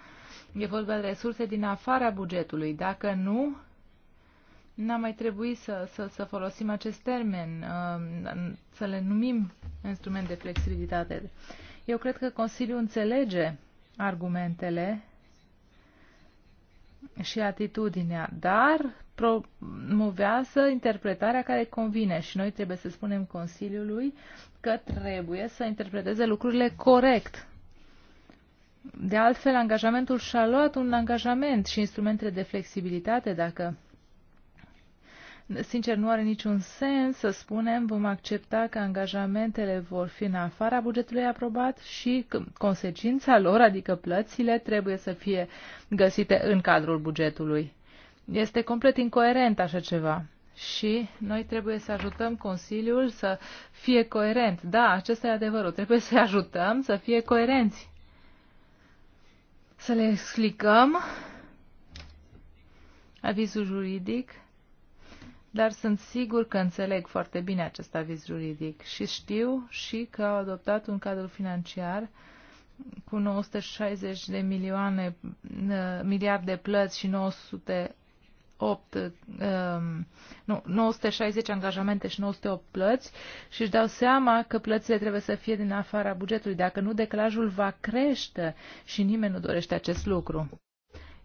E vorba de resurse din afara bugetului. Dacă nu, n-ar mai trebui să, să, să folosim acest termen, uh, să le numim instrument de flexibilitate. Eu cred că Consiliul înțelege argumentele și atitudinea, dar promovează interpretarea care convine și noi trebuie să spunem Consiliului că trebuie să interpreteze lucrurile corect. De altfel, angajamentul și-a luat un angajament și instrumentele de flexibilitate, dacă Sincer, nu are niciun sens să spunem vom accepta că angajamentele vor fi în afara bugetului aprobat și că consecința lor, adică plățile, trebuie să fie găsite în cadrul bugetului. Este complet incoerent așa ceva și noi trebuie să ajutăm Consiliul să fie coerent. Da, acesta e adevărul. Trebuie să-i ajutăm să fie coerenți. Să le explicăm avizul juridic dar sunt sigur că înțeleg foarte bine acest aviz juridic și știu și că au adoptat un cadru financiar cu 960 de milioane, miliarde plăți și 908, um, nu, 960 angajamente și 908 plăți și își dau seama că plățile trebuie să fie din afara bugetului. Dacă nu, declajul va crește și nimeni nu dorește acest lucru.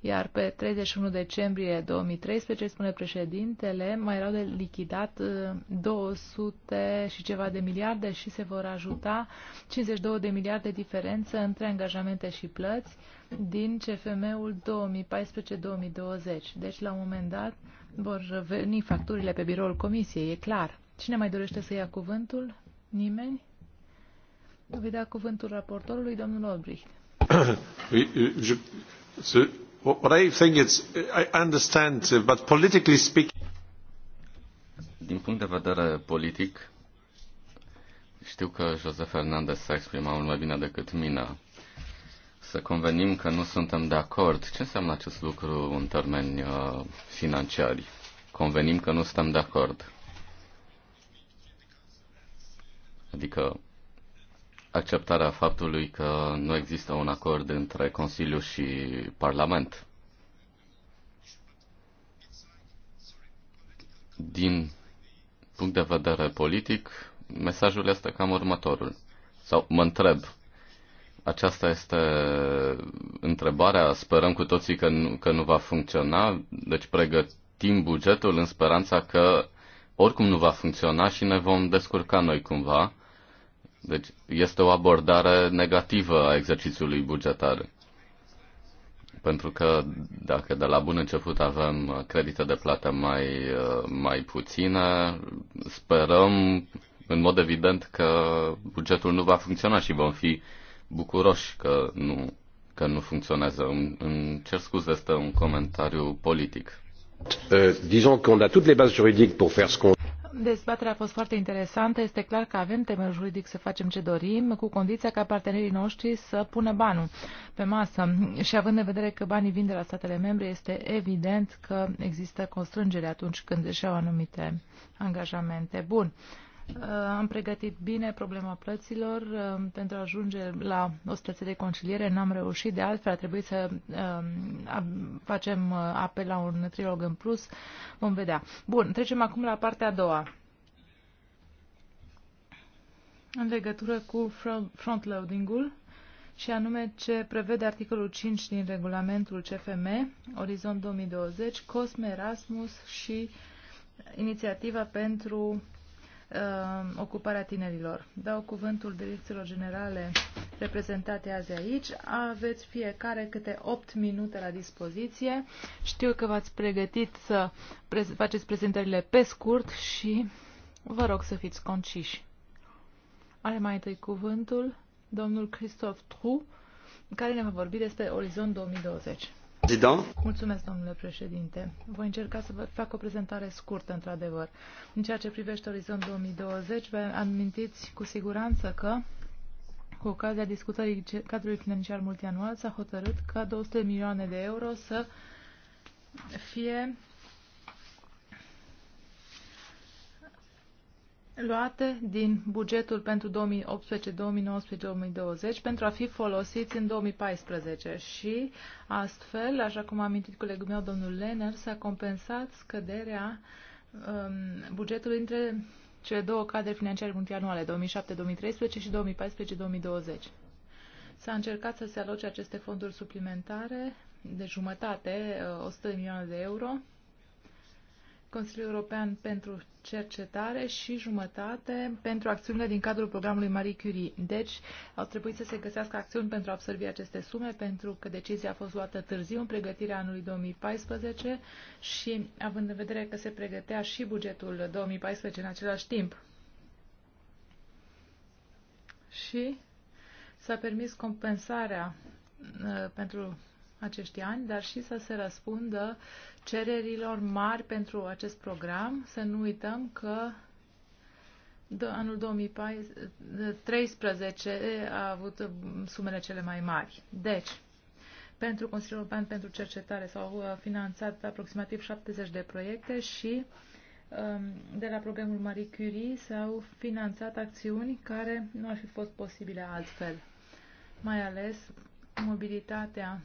Iar pe 31 decembrie 2013, spune președintele, mai erau de lichidat 200 uh, și ceva de miliarde și se vor ajuta 52 de miliarde diferență între angajamente și plăți din CFM-ul 2014-2020. Deci, la un moment dat, vor veni facturile pe biroul comisiei, e clar. Cine mai dorește să ia cuvântul? Nimeni? Vă da cuvântul raportorului, domnul Olbricht. (coughs) Euh, din punct de vedere politic, știu că José Fernandez s-a exprimat mult mai bine decât mine. Să convenim că nu suntem de acord. Ce înseamnă acest lucru în termeni uh, financiari? Convenim că nu suntem de acord. Adică acceptarea faptului că nu există un acord între Consiliu și Parlament. Din punct de vedere politic, mesajul este cam următorul. Sau mă întreb, aceasta este întrebarea, sperăm cu toții că nu, că nu va funcționa, deci pregătim bugetul în speranța că oricum nu va funcționa și ne vom descurca noi cumva deci este o abordare negativă a exercițiului bugetar. Pentru că dacă de la bun început avem credite de plată mai, mai puține, sperăm în mod evident că bugetul nu va funcționa și vom fi bucuroși că nu, că nu funcționează. În cer scuze, este un comentariu politic. Uh, disons qu'on a toutes les bases juridiques pour faire ce qu'on dezbaterea a fost foarte interesantă. Este clar că avem temel juridic să facem ce dorim, cu condiția ca partenerii noștri să pună banul pe masă. Și având în vedere că banii vin de la statele membre, este evident că există constrângere atunci când își iau anumite angajamente. Bun. Uh, am pregătit bine problema plăților uh, pentru a ajunge la o situație de conciliere. N-am reușit, de altfel a trebuit să uh, facem apel la un trilog în plus. Vom vedea. Bun, trecem acum la partea a doua. În legătură cu frontloading-ul și anume ce prevede articolul 5 din regulamentul CFM, Orizont 2020, COSME, Erasmus și inițiativa pentru uh, ocuparea tinerilor. Dau cuvântul direcțiilor generale reprezentate azi aici. Aveți fiecare câte 8 minute la dispoziție. Știu că v-ați pregătit să prez- faceți prezentările pe scurt și vă rog să fiți conciși. Are mai întâi cuvântul domnul Christophe Trou, care ne va vorbi despre Orizont 2020. Mulțumesc, domnule președinte. Voi încerca să vă fac o prezentare scurtă, într-adevăr. În ceea ce privește Orizont 2020, vă amintiți cu siguranță că cu ocazia discutării cadrului financiar multianual s-a hotărât ca 200 milioane de euro să fie luate din bugetul pentru 2018, 2019, 2020 pentru a fi folosiți în 2014 și astfel, așa cum a amintit colegul meu, domnul Lenner, s-a compensat scăderea um, bugetului între cele două cadre financiare multianuale, 2007-2013 și 2014-2020. S-a încercat să se aloce aceste fonduri suplimentare de jumătate, 100 uh, de milioane de euro, Consiliul European pentru Cercetare și jumătate pentru acțiunile din cadrul programului Marie Curie. Deci, au trebuit să se găsească acțiuni pentru a absorbi aceste sume, pentru că decizia a fost luată târziu, în pregătirea anului 2014 și având în vedere că se pregătea și bugetul 2014 în același timp. Și s-a permis compensarea uh, pentru acești ani, dar și să se răspundă cererilor mari pentru acest program. Să nu uităm că anul 2013 eh, a avut sumele cele mai mari. Deci, pentru Consiliul European pentru Cercetare s-au eh, finanțat aproximativ 70 de proiecte și ehm, de la programul Marie Curie s-au finanțat acțiuni care nu ar fi fost posibile altfel, mai ales mobilitatea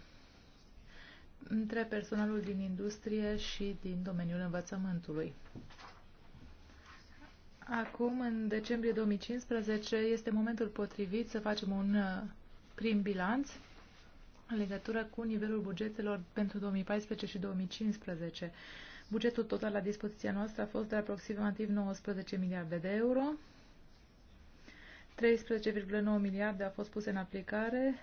între personalul din industrie și din domeniul învățământului. Acum, în decembrie 2015, este momentul potrivit să facem un uh, prim bilanț în legătură cu nivelul bugetelor pentru 2014 și 2015. Bugetul total la dispoziția noastră a fost de aproximativ 19 miliarde de euro. 13,9 miliarde a fost puse în aplicare,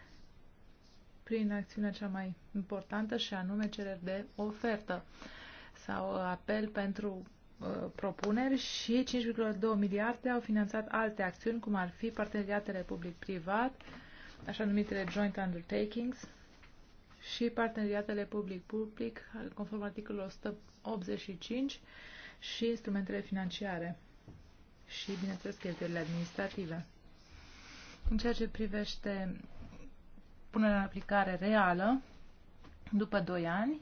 prin acțiunea cea mai importantă și anume cereri de ofertă sau apel pentru uh, propuneri și 5,2 miliarde au finanțat alte acțiuni, cum ar fi parteneriatele public-privat, așa numitele joint undertakings și parteneriatele public-public, conform articolul 185 și instrumentele financiare și, bineînțeles, cheltuielile administrative. În ceea ce privește punerea în aplicare reală după 2 ani.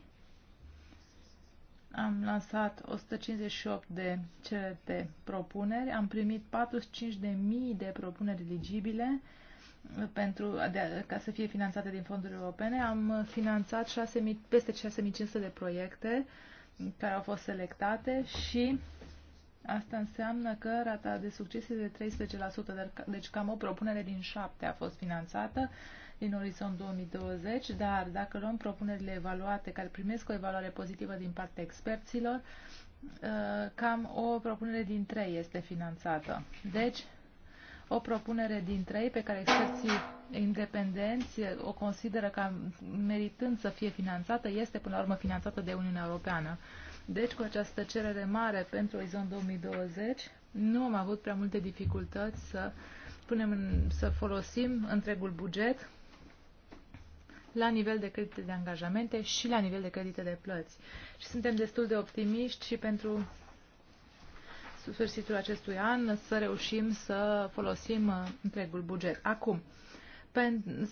Am lansat 158 de cereri de propuneri, am primit 45.000 de propuneri eligibile pentru, de, ca să fie finanțate din fonduri europene. Am finanțat 6, peste 6500 de proiecte care au fost selectate și asta înseamnă că rata de succes este de 13%, deci cam o propunere din 7 a fost finanțată. Uh, din orizont 2020, dar dacă luăm propunerile evaluate, care primesc o evaluare pozitivă din partea experților, uh, cam o propunere din trei este finanțată. Deci, o propunere din trei pe care experții independenți o consideră ca meritând să fie finanțată, este până la urmă finanțată de Uniunea Europeană. Deci, cu această cerere mare pentru Orizont 2020, nu am avut prea multe dificultăți să, punem în, să folosim întregul buget la nivel de credite de angajamente și la nivel de credite de plăți. Și suntem destul de optimiști și pentru sfârșitul acestui an să reușim să folosim uh, întregul buget. Acum,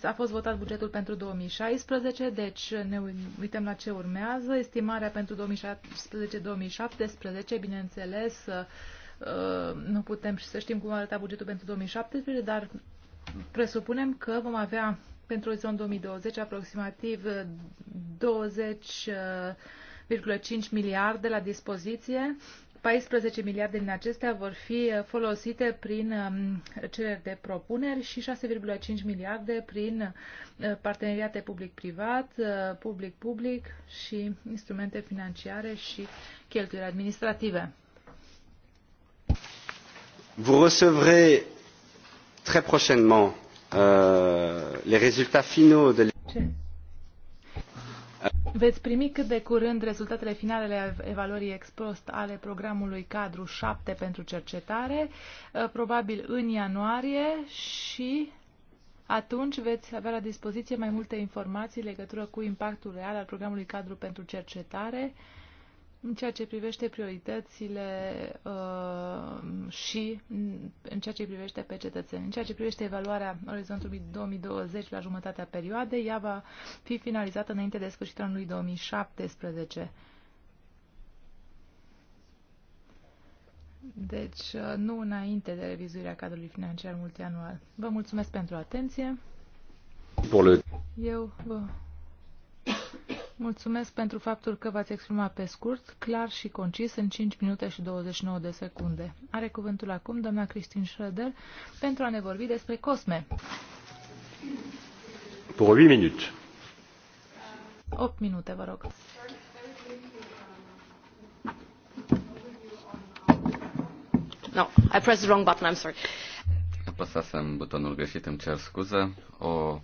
a fost votat bugetul pentru 2016, deci ne uităm la ce urmează. Estimarea pentru 2017-2017, bineînțeles, uh, nu putem să știm cum arăta bugetul pentru 2017, dar presupunem că vom avea pentru orizont 2020, aproximativ 20,5 uh, uh, miliarde la dispoziție. 14 miliarde din acestea vor fi uh, folosite prin um, cereri de propuneri și 6,5 miliarde prin parteneriate public-privat, public-public și instrumente financiare și cheltuieli administrative. Vous recevrez très prochainement Uh, les résultats finaux de Veți primi cât de curând rezultatele finale ale evaluării post ale programului cadru 7 pentru cercetare, uh, probabil în ianuarie și atunci veți avea la dispoziție mai multe informații legătură cu impactul real al programului cadru pentru cercetare în ceea ce privește prioritățile uh, și în ceea ce privește pe cetățeni. În ceea ce privește evaluarea orizontului 2020 la jumătatea perioadei, ea va fi finalizată înainte de sfârșitul anului 2017. Deci, uh, nu înainte de revizuirea cadrului financiar multianual. Vă mulțumesc pentru atenție. Eu vă Mulțumesc pentru faptul că v-ați exprimat pe scurt, clar și concis, în 5 minute și 29 de secunde. Are cuvântul acum doamna Christine Schroeder pentru a ne vorbi despre COSME. Pour 8 minute. 8 minute, vă rog. No, I pressed the wrong button, I'm sorry. Apăsasem butonul greșit, îmi cer scuză. O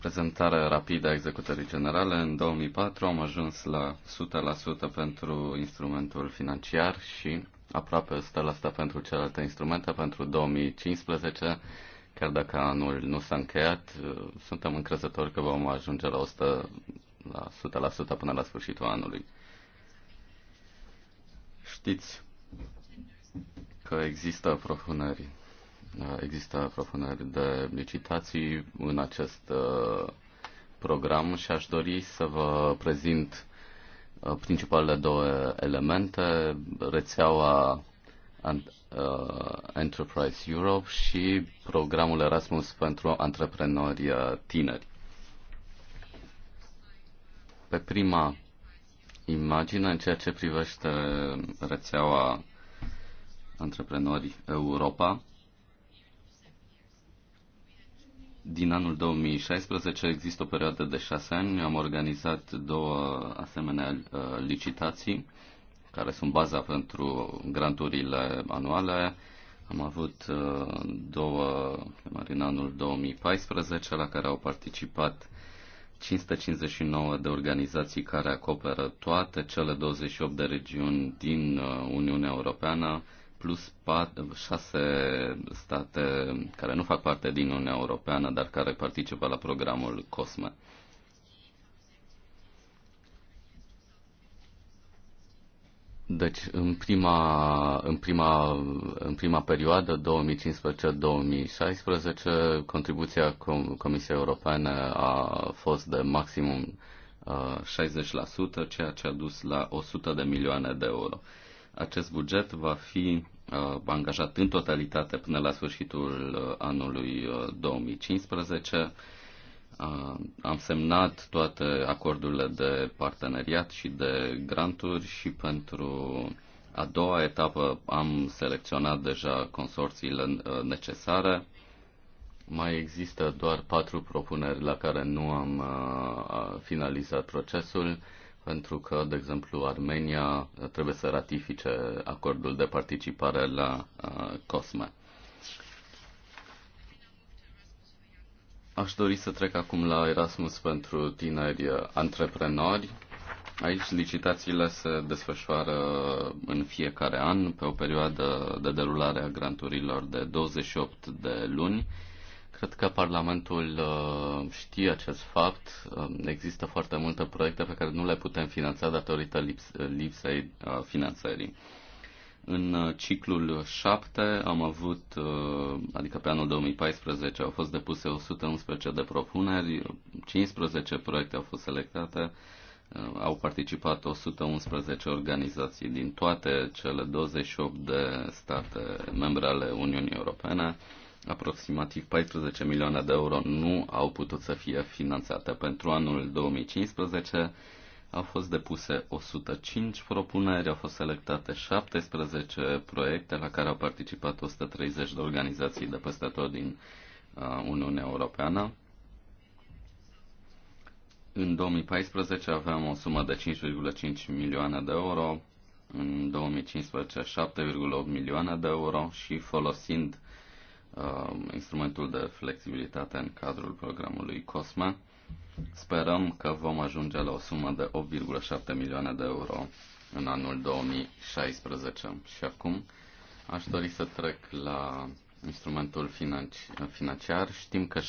prezentare rapidă a executării generale. În 2004 am ajuns la 100% pentru instrumentul financiar și aproape 100% pentru celelalte instrumente. Pentru 2015, chiar dacă anul nu s-a încheiat, suntem încrezători că vom ajunge la 100%, la 100% până la sfârșitul anului. Știți că există propuneri Există propuneri de licitații în acest uh, program și aș dori să vă prezint uh, principalele două elemente, rețeaua uh, Enterprise Europe și programul Erasmus pentru antreprenori tineri. Pe prima imagine, în ceea ce privește rețeaua Antreprenori Europa, din anul 2016 există o perioadă de șase ani. Am organizat două asemenea uh, licitații care sunt baza pentru granturile anuale. Am avut uh, două în anul 2014 la care au participat 559 de organizații care acoperă toate cele 28 de regiuni din uh, Uniunea Europeană plus 6 state care nu fac parte din Uniunea Europeană, dar care participă la programul COSME. Deci, în prima, în prima, în prima perioadă, 2015-2016, contribuția Com- Comisiei Europene a fost de maximum uh, 60%, ceea ce a dus la 100 de milioane de euro. Uh, acest buget va fi uh, angajat în totalitate până la sfârșitul uh, anului 2015. Uh, am semnat toate acordurile de parteneriat și de granturi și pentru a doua etapă am selecționat deja consorțiile necesare. Mai există doar patru propuneri la care nu am finalizat procesul pentru că, de exemplu, Armenia trebuie să ratifice acordul de participare la uh, COSME. Aș dori să trec acum la Erasmus pentru tineri antreprenori. Aici licitațiile se desfășoară în fiecare an pe o perioadă de derulare a granturilor de 28 de luni Cred că Parlamentul uh, știe acest fapt. Um, există foarte multe proiecte pe care nu le putem finanța datorită lipsei uh, finanțării. În uh, ciclul 7 am avut, adică pe anul 2014, au fost depuse 111 de propuneri, 15 proiecte au fost selectate, au participat 111 organizații din toate cele 28 de state membre ale Uniunii Europene aproximativ 14 milioane de euro nu au putut să fie finanțate. Pentru anul 2015 au fost depuse 105 propuneri, au fost selectate 17 proiecte la care au participat 130 de organizații de peste tot din uh, Uniunea Europeană. În 2014 aveam o sumă de 5,5 milioane de euro, în 2015 7,8 milioane de euro și folosind Um, instrumentul de flexibilitate în cadrul programului COSME. Sperăm că vom ajunge la o sumă de 8,7 milioane de euro în anul 2016. Și acum aș dori să trec la instrumentul financi- financiar. Știm că 60%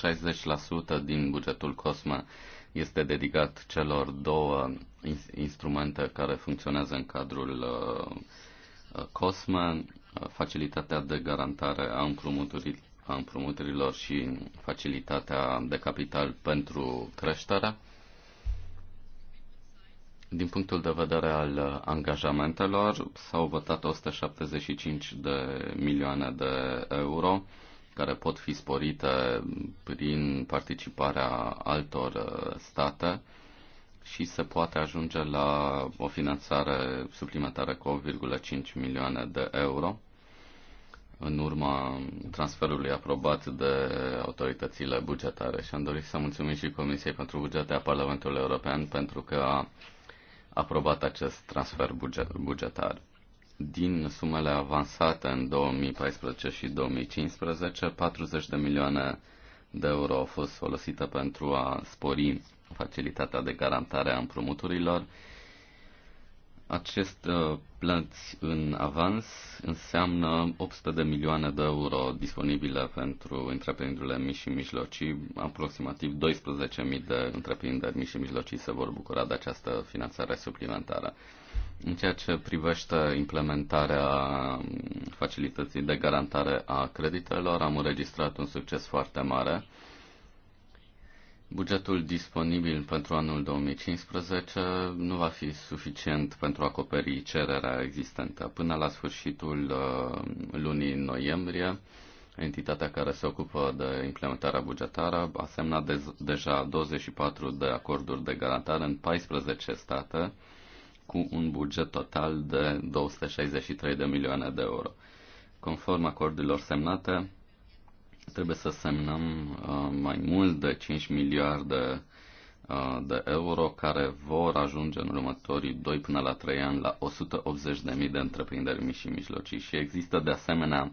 din bugetul COSME este dedicat celor două instrumente care funcționează în cadrul uh, uh, COSME, facilitatea de garantare a, împrumuturilor, a împrumuturilor și facilitatea de capital pentru creșterea. Din punctul de vedere al angajamentelor, s-au votat 175 de milioane de euro care pot fi sporite prin participarea altor uh, state și se poate ajunge la o finanțare suplimentară cu 8,5 milioane de euro în urma transferului aprobat de autoritățile bugetare și am dorit să mulțumim și Comisiei pentru Bugete a Parlamentului European pentru că a aprobat acest transfer bugetar. Din sumele avansate în 2014 și 2015, 40 de milioane de euro au fost folosite pentru a spori facilitatea de garantare a împrumuturilor, acest uh, plăți în avans înseamnă 800 de milioane de euro disponibile pentru întreprinderile mici și mijlocii. Aproximativ 12.000 de întreprinderi mici și mijlocii se vor bucura de această finanțare suplimentară. În ceea ce privește implementarea um, facilității de garantare a creditelor, am înregistrat un succes foarte mare Bugetul disponibil pentru anul 2015 nu va fi suficient pentru a acoperi cererea existentă. Până la sfârșitul uh, lunii noiembrie, entitatea care se ocupă de implementarea bugetară a semnat de- deja 24 de acorduri de garantare în 14 state cu un buget total de 263 de milioane de euro. Conform acordurilor semnate, trebuie să semnăm uh, mai mult de 5 miliarde uh, de euro care vor ajunge în următorii 2 până la 3 ani la 180.000 de întreprinderi mici și mijlocii. Și există de asemenea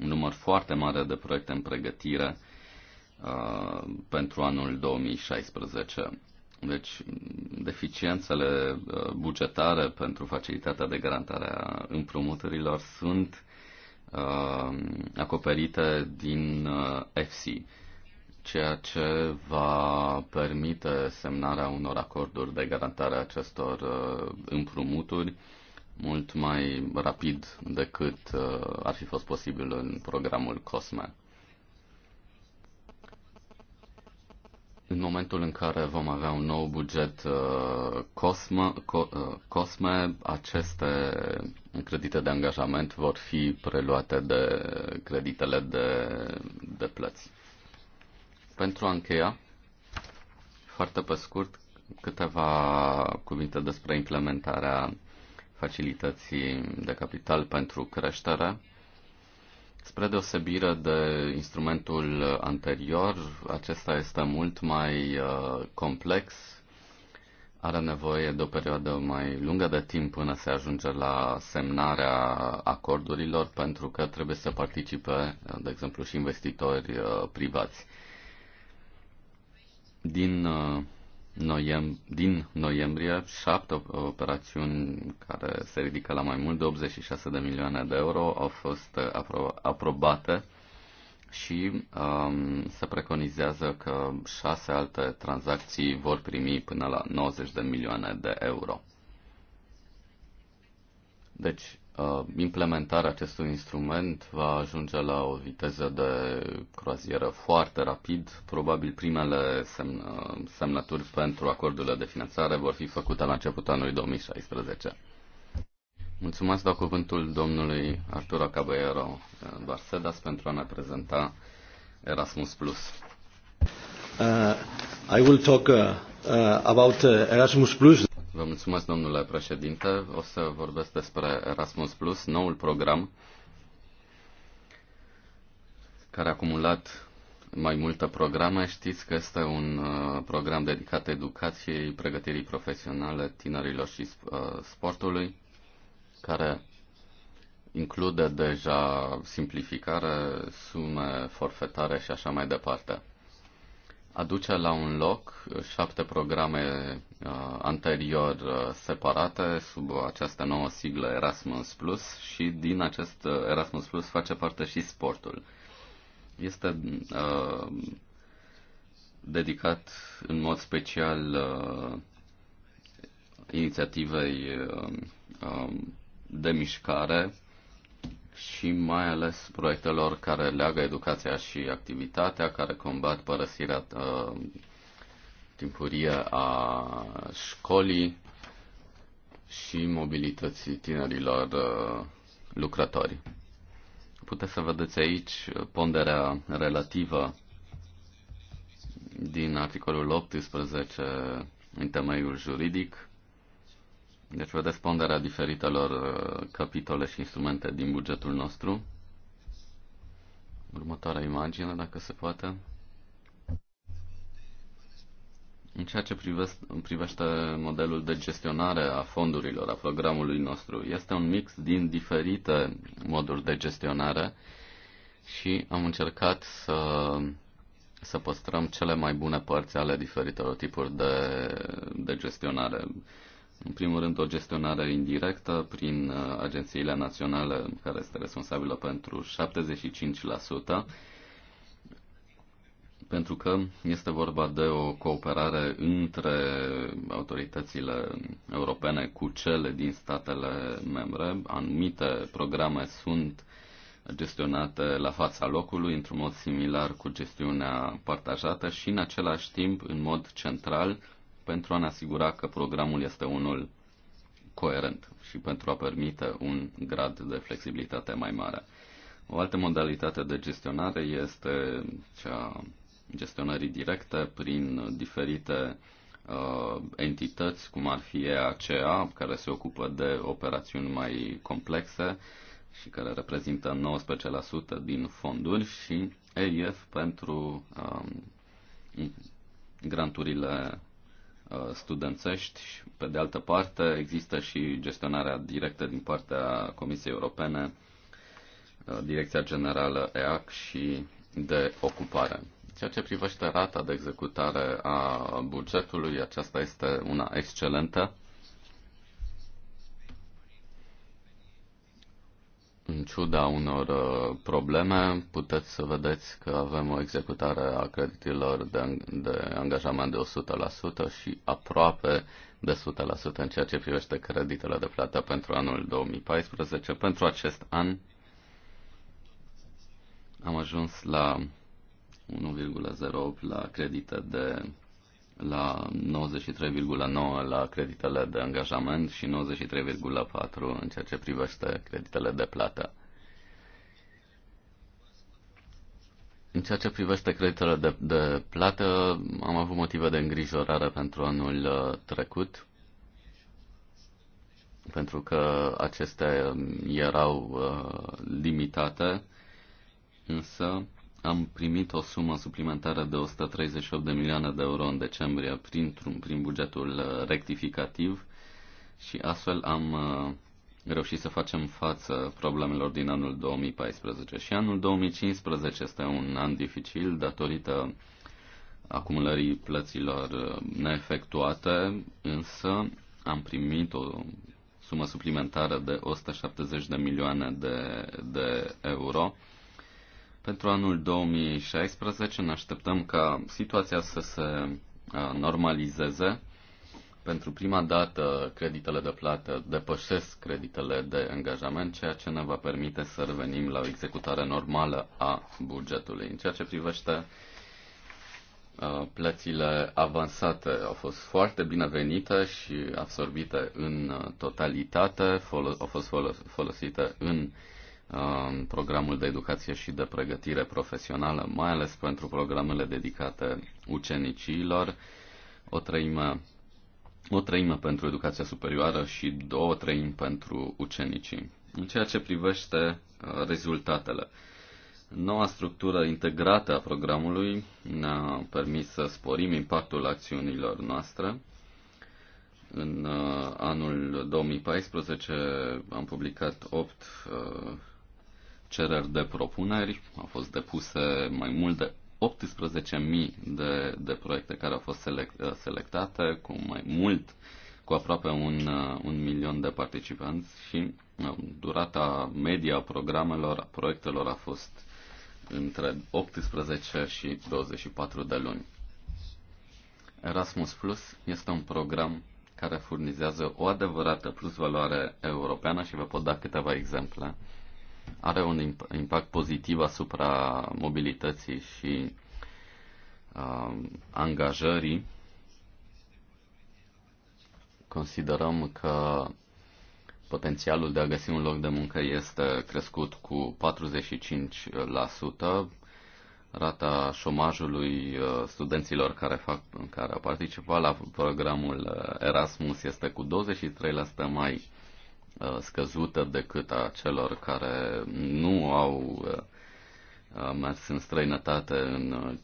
un număr foarte mare de proiecte în pregătire uh, pentru anul 2016. Deci, deficiențele uh, bugetare pentru facilitatea de garantare a împrumuturilor sunt Um, acoperite din uh, FC, ceea ce va permite semnarea unor acorduri de garantare a acestor uh, împrumuturi mult mai rapid decât uh, ar fi fost posibil în programul COSME. în momentul în care vom avea un nou buget uh, COSME, uh, COSME aceste credite de angajament vor fi preluate de creditele de, de plăți. Pentru a încheia, foarte pe scurt, câteva cuvinte despre implementarea facilității de capital pentru creștere Spre deosebire de instrumentul anterior, acesta este mult mai uh, complex, are nevoie de o perioadă mai lungă de timp până se ajunge la semnarea acordurilor, pentru că trebuie să participe, de exemplu, și investitori uh, privați. Din uh, noiem- din noiembrie șapte operațiuni care se ridică la mai mult de 86 de milioane de euro au fost uh, apro- aprobate și um, se preconizează că șase alte tranzacții vor primi până la 90 de milioane de euro. Deci, Uh, implementarea acestui instrument va ajunge la o viteză de croazieră foarte rapid. Probabil primele semn- uh, semnături pentru acordurile de finanțare vor fi făcute la începutul anului 2016. Mulțumesc, dau cuvântul domnului Arturo Caballero uh, Barcedas pentru a ne prezenta Erasmus+. Plus. Uh, I will talk uh, uh, about uh, Erasmus+. Plus. Vă mulțumesc, domnule președinte. O să vorbesc despre Erasmus Plus, noul program care a acumulat mai multe programe. Știți că este un uh, program dedicat educației, pregătirii profesionale tinerilor și uh, sportului, care include deja simplificare, sume forfetare și așa mai departe aduce la un loc uh, șapte programe uh, anterior uh, separate sub această nouă siglă Erasmus Plus și din acest uh, Erasmus Plus face parte și sportul. Este uh, dedicat în mod special uh, inițiativei uh, uh de mișcare și mai ales proiectelor care leagă educația și activitatea, care combat părăsirea uh, timpurie a școlii și mobilității tinerilor uh, lucrători. Puteți să vedeți aici ponderea relativă din articolul 18 în temeiul juridic deci răspundere a diferitelor uh, capitole și instrumente din bugetul nostru. Următoarea imagine, dacă se poate. În ceea ce privește modelul de gestionare a fondurilor, a programului nostru, este un mix din diferite moduri de gestionare și am încercat să, să păstrăm cele mai bune părți ale diferitelor tipuri de, de gestionare. În primul rând, o gestionare indirectă prin uh, agențiile naționale, care este responsabilă pentru 75%, pentru că este vorba de o cooperare între autoritățile europene cu cele din statele membre. Anumite programe sunt gestionate la fața locului, într-un mod similar cu gestiunea partajată și, în același timp, în mod central, pentru a ne asigura că programul este unul coerent și pentru a permite un grad de flexibilitate mai mare. O altă modalitate de gestionare este cea gestionării directe prin diferite uh, entități, cum ar fi EACA, care se ocupă de operațiuni mai complexe și care reprezintă 19% din fonduri, și EIF pentru um, granturile Uh, studențești. Pe de altă parte, există și gestionarea directă din partea Comisiei Europene, uh, Direcția Generală EAC și de ocupare. Ceea ce privește rata de executare a bugetului, aceasta este una excelentă. În ciuda unor uh, probleme, puteți să vedeți că avem o executare a creditelor de, de angajament de 100% și aproape de 100% în ceea ce privește creditele de plată pentru anul 2014. Pentru acest an am ajuns la 1,08 la credite de la 93,9 la creditele de angajament și 93,4 în ceea ce privește creditele de plată. În ceea ce privește creditele de, de plată, am avut motive de îngrijorare pentru anul uh, trecut, pentru că acestea erau uh, limitate, însă am primit o sumă suplimentară de 138 de milioane de euro în decembrie printr-un, prin bugetul uh, rectificativ și astfel am uh, reușit să facem față problemelor din anul 2014. Și anul 2015 este un an dificil datorită acumulării plăților uh, neefectuate, însă am primit o sumă suplimentară de 170 de milioane de, de euro pentru anul 2016 ne așteptăm ca situația să se normalizeze. Pentru prima dată, creditele de plată depășesc creditele de angajament, ceea ce ne va permite să revenim la o executare normală a bugetului. În ceea ce privește plățile avansate au fost foarte binevenite și absorbite în totalitate, au fost folosite în programul de educație și de pregătire profesională, mai ales pentru programele dedicate ucenicilor, o treime, o treime pentru educația superioară și două treimi pentru ucenicii. În ceea ce privește uh, rezultatele, noua structură integrată a programului ne-a permis să sporim impactul acțiunilor noastre în uh, anul 2014 am publicat 8 cereri de propuneri, au fost depuse mai mult de 18.000 de, de proiecte care au fost select, uh, selectate, cu mai mult, cu aproape un, uh, un milion de participanți și um, durata media a programelor, a proiectelor a fost între 18 și 24 de luni. Erasmus Plus este un program care furnizează o adevărată plusvaloare europeană și vă pot da câteva exemple are un impact pozitiv asupra mobilității și uh, angajării. Considerăm că potențialul de a găsi un loc de muncă este crescut cu 45%. Rata șomajului uh, studenților care, fac, care au participat la programul uh, Erasmus este cu 23% mai Uh, scăzută decât a celor care nu au uh, uh, mers în străinătate în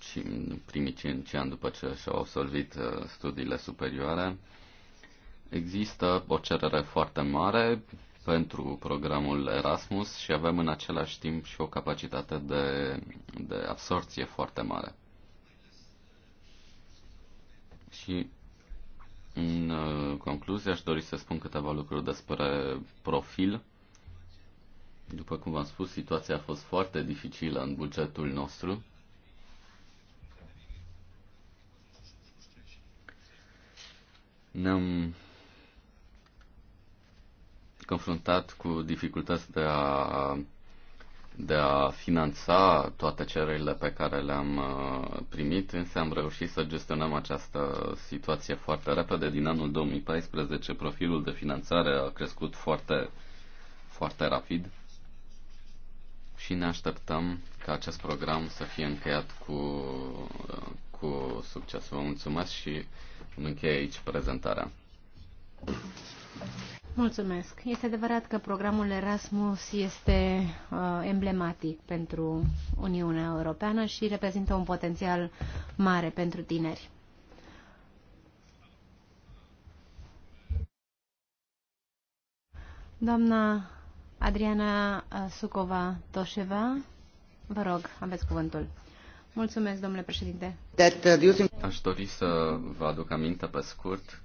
primii cinci ani după ce și-au absolvit studiile superioare. Există o cerere foarte mare pentru programul Erasmus și avem în același timp și o capacitate de, de absorție foarte mare. Și în uh, concluzie, aș dori să spun câteva lucruri despre profil. După cum v-am spus, situația a fost foarte dificilă în bugetul nostru. Ne-am confruntat cu dificultăți de a de a finanța toate cererile pe care le-am uh, primit, însă am reușit să gestionăm această situație foarte repede. Din anul 2014 profilul de finanțare a crescut foarte, foarte rapid și ne așteptăm ca acest program să fie încheiat cu, uh, cu succes. Vă mulțumesc și îmi încheie aici prezentarea. Mulțumesc. Este adevărat că programul Erasmus este uh, emblematic pentru Uniunea Europeană și reprezintă un potențial mare pentru tineri. Doamna Adriana uh, Sucova Toșeva, vă rog, aveți cuvântul. Mulțumesc, domnule președinte. Uh, Aș dori să vă aduc aminte pe scurt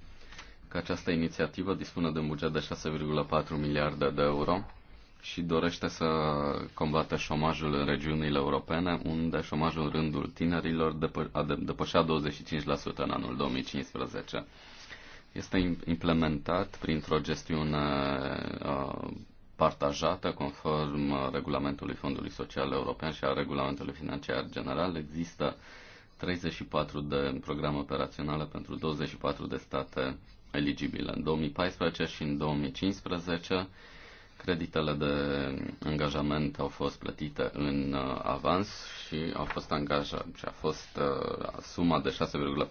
că această inițiativă dispune de un buget de 6,4 miliarde de euro și dorește să combată șomajul în regiunile europene, unde șomajul în rândul tinerilor depășea 25% în anul 2015. Este implementat printr-o gestiune uh, partajată conform regulamentului Fondului Social European și a regulamentului financiar general. Există 34 de programe operaționale pentru 24 de state eligibile. În 2014 și în 2015 creditele de angajament au fost plătite în uh, avans și au fost angajate și a fost uh, suma de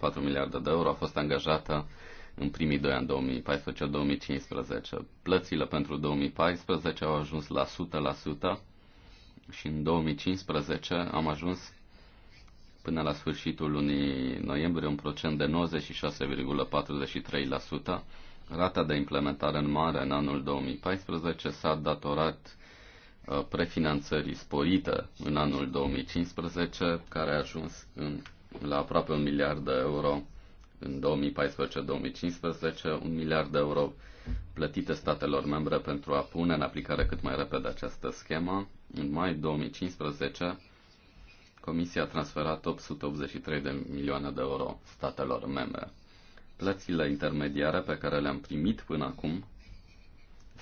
6,4 miliarde de euro a fost angajată în primii doi ani, 2014-2015. Plățile pentru 2014 au ajuns la 100% și în 2015 am ajuns până la sfârșitul lunii noiembrie un procent de 96,43%. Rata de implementare în mare în anul 2014 s-a datorat uh, prefinanțării sporite în anul 2015, care a ajuns în, la aproape un miliard de euro în 2014-2015, un miliard de euro plătite statelor membre pentru a pune în aplicare cât mai repede această schemă. În mai 2015, Comisia a transferat 883 de milioane de euro statelor membre. Plățile intermediare pe care le-am primit până acum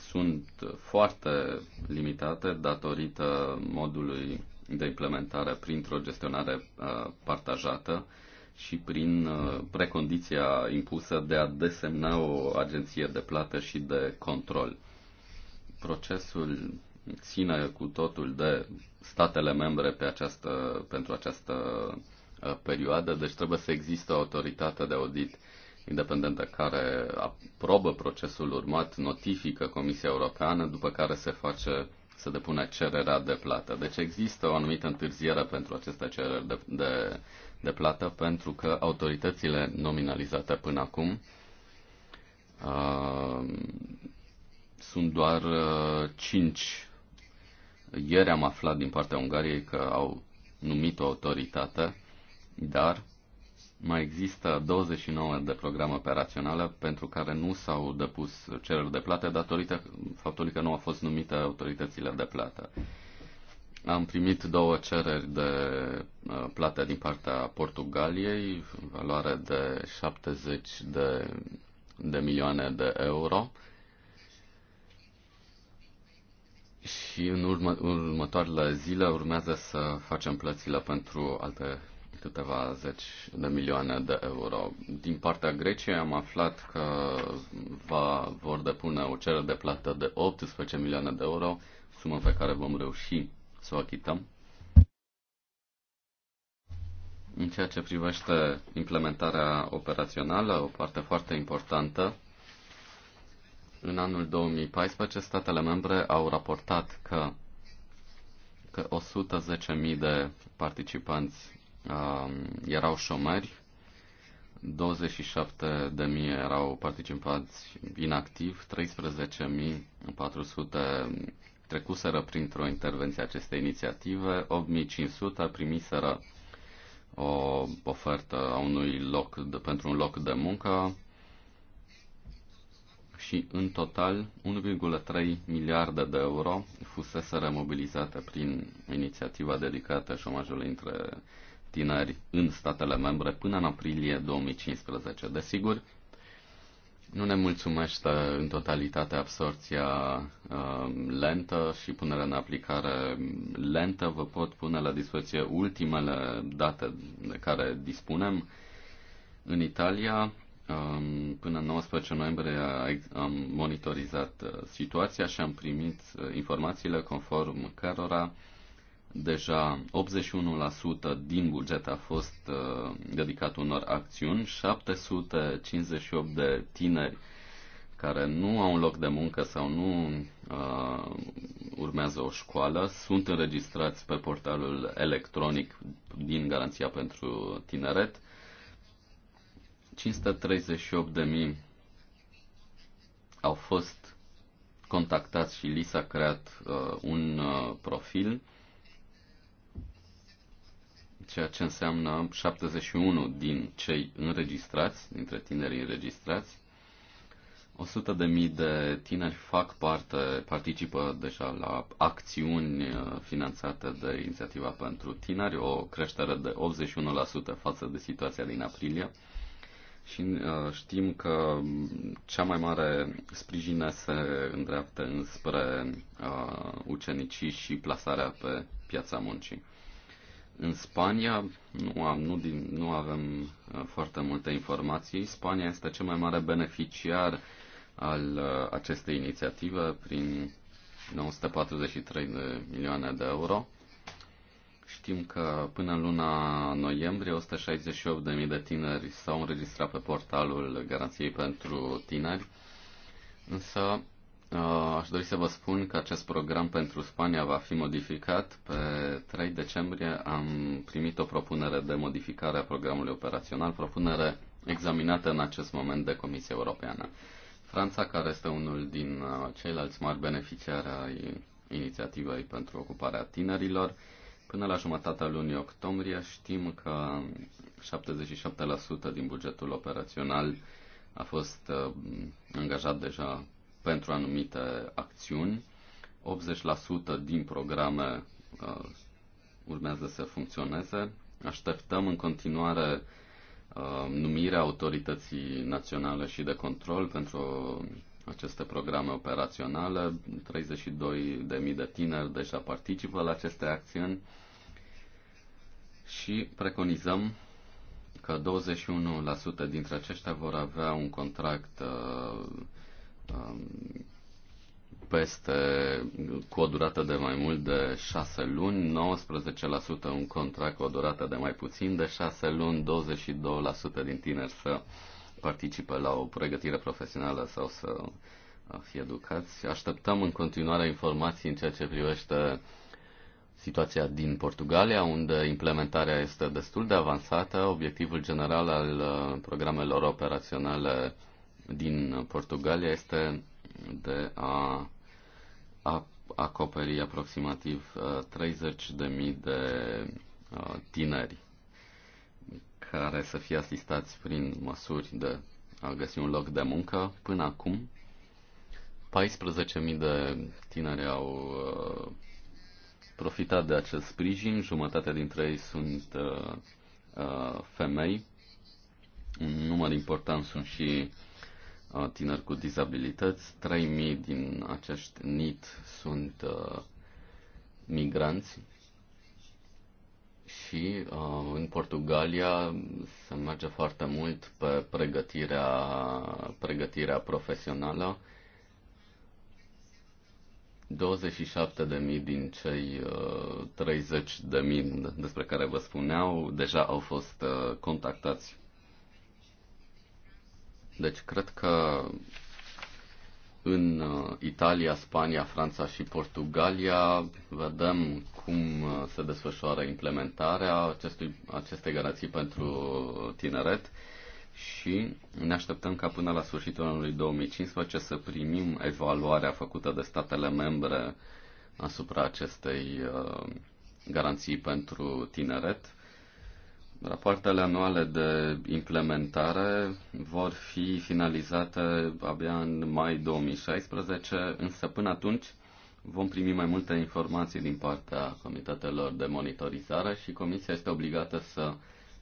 sunt foarte limitate datorită modului de implementare printr-o gestionare uh, partajată și prin uh, precondiția impusă de a desemna o agenție de plată și de control. Procesul ține cu totul de statele membre pe această, pentru această uh, perioadă, deci trebuie să existe o autoritate de audit independentă care aprobă procesul urmat, notifică Comisia Europeană, după care se face să depune cererea de plată. Deci există o anumită întârziere pentru aceste cereri de, de, de plată pentru că autoritățile nominalizate până acum uh, sunt doar uh, cinci ieri am aflat din partea Ungariei că au numit o autoritate, dar mai există 29 de programe operaționale pentru care nu s-au depus cereri de plată datorită faptului că nu au fost numite autoritățile de plată. Am primit două cereri de uh, plată din partea Portugaliei, valoare de 70 de, de milioane de euro și în urmă, următoarele zile urmează să facem plățile pentru alte câteva zeci de milioane de euro. Din partea Greciei am aflat că va, vor depune o cerere de plată de 18 milioane de euro, sumă pe care vom reuși să o achităm. În ceea ce privește implementarea operațională, o parte foarte importantă în anul 2014, statele membre au raportat că, că 110.000 de participanți uh, erau șomeri, 27.000 erau participanți inactivi, 13.400 trecuseră printr-o intervenție aceste inițiative, 8.500 primiseră o ofertă a unui loc de, pentru un loc de muncă, și în total 1,3 miliarde de euro fusese remobilizate prin inițiativa dedicată șomajului între tineri în statele membre până în aprilie 2015. Desigur, nu ne mulțumește în totalitate absorția uh, lentă și punerea în aplicare lentă. Vă pot pune la dispoziție ultimele date de care dispunem. În Italia, Până 19 noiembrie am monitorizat uh, situația și am primit uh, informațiile conform cărora deja 81% din buget a fost uh, dedicat unor acțiuni, 758 de tineri care nu au un loc de muncă sau nu uh, urmează o școală sunt înregistrați pe portalul electronic din Garanția pentru Tineret. 538.000 au fost contactați și li s-a creat uh, un uh, profil, ceea ce înseamnă 71 din cei înregistrați, dintre tinerii înregistrați. 100.000 de, de tineri fac parte, participă deja la acțiuni uh, finanțate de Inițiativa pentru Tineri, o creștere de 81% față de situația din aprilie și uh, știm că cea mai mare sprijină se îndreaptă înspre uh, ucenicii și plasarea pe piața muncii. În Spania nu, am, nu, din, nu avem uh, foarte multe informații. Spania este cel mai mare beneficiar al uh, acestei inițiative prin 943 de milioane de euro Știm că până în luna noiembrie 168.000 de tineri s-au înregistrat pe portalul Garanției pentru Tineri, însă uh, aș dori să vă spun că acest program pentru Spania va fi modificat. Pe 3 decembrie am primit o propunere de modificare a programului operațional, propunere examinată în acest moment de Comisia Europeană. Franța, care este unul din uh, ceilalți mari beneficiari ai inițiativei pentru ocuparea tinerilor, Până la jumătatea lunii octombrie știm că 77% din bugetul operațional a fost uh, angajat deja pentru anumite acțiuni, 80% din programe uh, urmează să funcționeze. Așteptăm în continuare uh, numirea autorității naționale și de control pentru aceste programe operaționale. 32.000 de de tineri deja participă la aceste acțiuni și preconizăm că 21% dintre aceștia vor avea un contract uh, um, peste, cu o durată de mai mult de 6 luni, 19% un contract cu o durată de mai puțin de 6 luni, 22% din tineri să participă la o pregătire profesională sau să fie educați. Așteptăm în continuare informații în ceea ce privește situația din Portugalia, unde implementarea este destul de avansată. Obiectivul general al programelor operaționale din Portugalia este de a, a acoperi aproximativ 30.000 de tineri care să fie asistați prin măsuri de a găsi un loc de muncă. Până acum, 14.000 de tineri au uh, profitat de acest sprijin, jumătate dintre ei sunt uh, uh, femei, un număr important sunt și tineri cu dizabilități, 3.000 din acești NIT sunt migranți și uh, în Portugalia se merge foarte mult pe pregătirea, pregătirea profesională. 27.000 din cei uh, 30.000 despre care vă spuneau deja au fost uh, contactați. Deci cred că în uh, Italia, Spania, Franța și Portugalia vedem cum uh, se desfășoară implementarea acestui, acestei garanții pentru tineret și ne așteptăm ca până la sfârșitul anului 2015 să primim evaluarea făcută de statele membre asupra acestei uh, garanții pentru tineret Rapoartele anuale de implementare vor fi finalizate abia în mai 2016, însă până atunci vom primi mai multe informații din partea comitetelor de monitorizare și Comisia este obligată să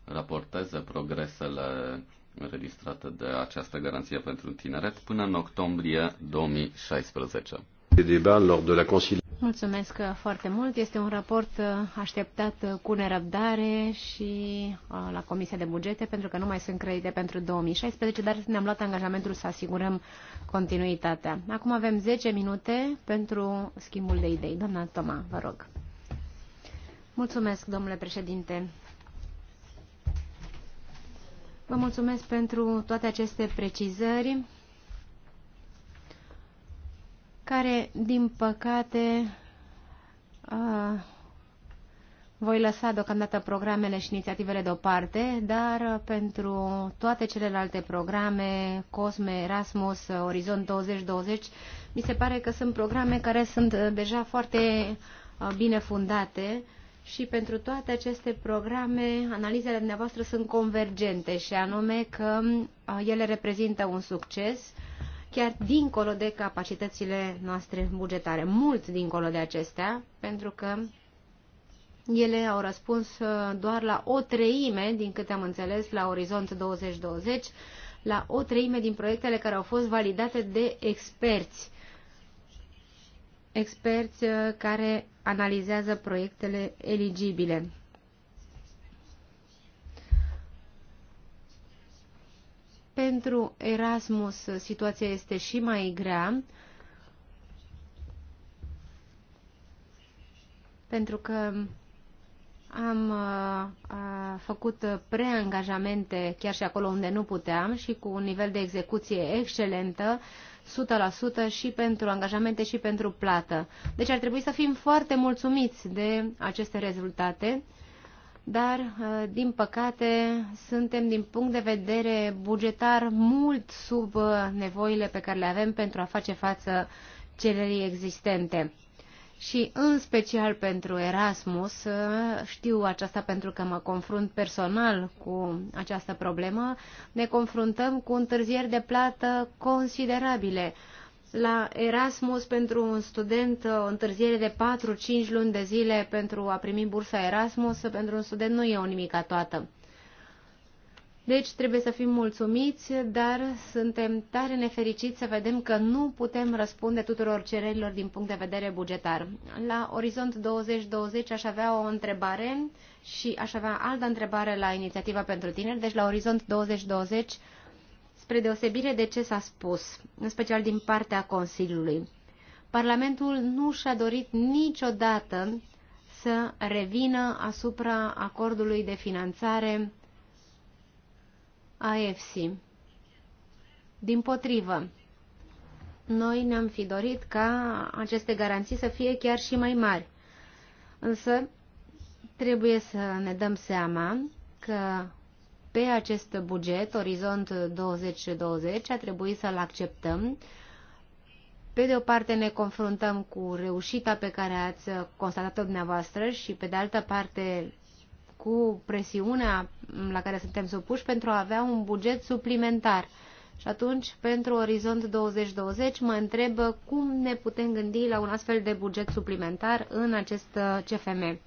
raporteze progresele înregistrate de această garanție pentru tineret până în octombrie 2016. Mulțumesc uh, foarte mult. Este un raport uh, așteptat uh, cu nerăbdare și la Comisia de Bugete, pentru că nu mai sunt credite pentru 2016, dar ne-am luat angajamentul să asigurăm continuitatea. Acum avem 10 minute pentru schimbul de idei. Doamna Toma, vă rog. Mulțumesc, domnule președinte. Vă mulțumesc pentru toate aceste precizări care, din păcate, a, voi lăsa deocamdată programele și inițiativele deoparte, dar pentru toate celelalte programe, COSME, Erasmus, Orizont 2020, mi se pare că sunt programe care sunt deja foarte bine fundate și pentru toate aceste programe, analizele dumneavoastră sunt convergente și anume că ele reprezintă un succes chiar dincolo de capacitățile noastre bugetare, mult dincolo de acestea, pentru că ele au răspuns uh, doar la o treime, din câte am înțeles, la Orizont 2020, la o treime din proiectele care au fost validate de experți. Experți uh, care analizează proiectele eligibile. Pentru Erasmus situația este și mai grea, pentru că am a, uh, a, făcut preangajamente chiar și acolo unde nu puteam și cu un nivel de execuție excelentă, 100% și pentru angajamente și pentru plată. Deci ar trebui să fim foarte mulțumiți de aceste rezultate dar, uh, din păcate, suntem din punct de vedere bugetar mult sub uh, nevoile pe care le avem pentru a face față cererii existente. Și în special pentru Erasmus, uh, știu aceasta pentru că mă confrunt personal cu această problemă, ne confruntăm cu întârzieri de plată considerabile la Erasmus pentru un student o întârziere de 4-5 luni de zile pentru a primi bursa Erasmus, pentru un student nu e o nimica toată. Deci trebuie să fim mulțumiți, dar suntem tare nefericiți să vedem că nu putem răspunde tuturor cererilor din punct de vedere bugetar. La Orizont 2020 aș avea o întrebare și aș avea altă întrebare la inițiativa pentru tineri. Deci la Orizont 2020 spre deosebire de ce s-a spus, în special din partea Consiliului. Parlamentul nu și-a dorit niciodată să revină asupra acordului de finanțare a EFSI. Din potrivă, noi ne-am fi dorit ca aceste garanții să fie chiar și mai mari. Însă, trebuie să ne dăm seama că pe acest buget, Orizont 2020, a trebuit să-l acceptăm. Pe de o parte ne confruntăm cu reușita pe care ați constatat-o dumneavoastră și pe de altă parte cu presiunea la care suntem supuși pentru a avea un buget suplimentar. Și atunci, pentru Orizont 2020, mă întreb cum ne putem gândi la un astfel de buget suplimentar în acest CFM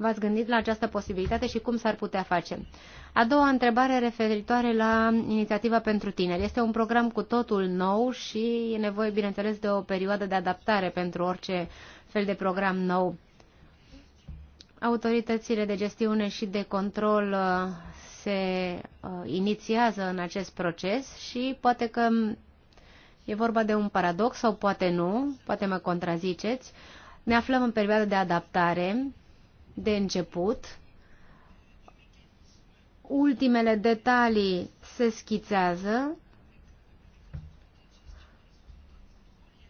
v-ați gândit la această posibilitate și cum s-ar putea face? A doua întrebare referitoare la inițiativa pentru tineri. Este un program cu totul nou și e nevoie, bineînțeles, de o perioadă de adaptare pentru orice fel de program nou. Autoritățile de gestiune și de control uh, se uh, inițiază în acest proces și poate că e vorba de un paradox sau poate nu, poate mă contraziceți. Ne aflăm în perioada de adaptare de început. Ultimele detalii se schițează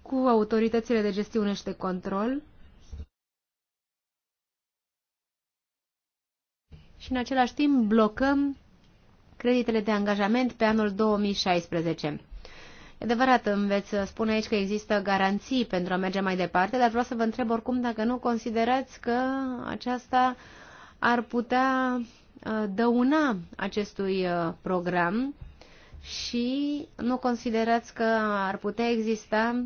cu autoritățile de gestiune și de control. Și în același timp blocăm creditele de angajament pe anul 2016. E adevărat, îmi veți spune aici că există garanții pentru a merge mai departe, dar vreau să vă întreb oricum dacă nu considerați că aceasta ar putea uh, dăuna acestui uh, program și nu considerați că ar putea exista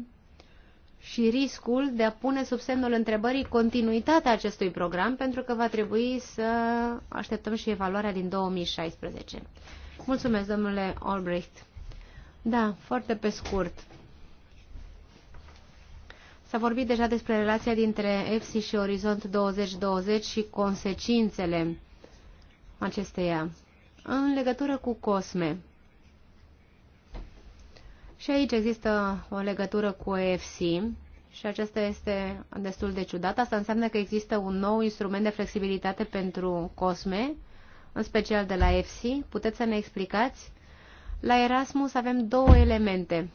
și riscul de a pune sub semnul întrebării continuitatea acestui program, pentru că va trebui să așteptăm și evaluarea din 2016. Mulțumesc, domnule Albrecht. Da, foarte pe scurt. S-a vorbit deja despre relația dintre EFSI și Orizont 2020 și consecințele acesteia în legătură cu COSME. Și aici există o legătură cu EFSI și aceasta este destul de ciudată. Asta înseamnă că există un nou instrument de flexibilitate pentru COSME, în special de la EFSI. Puteți să ne explicați la Erasmus avem două elemente.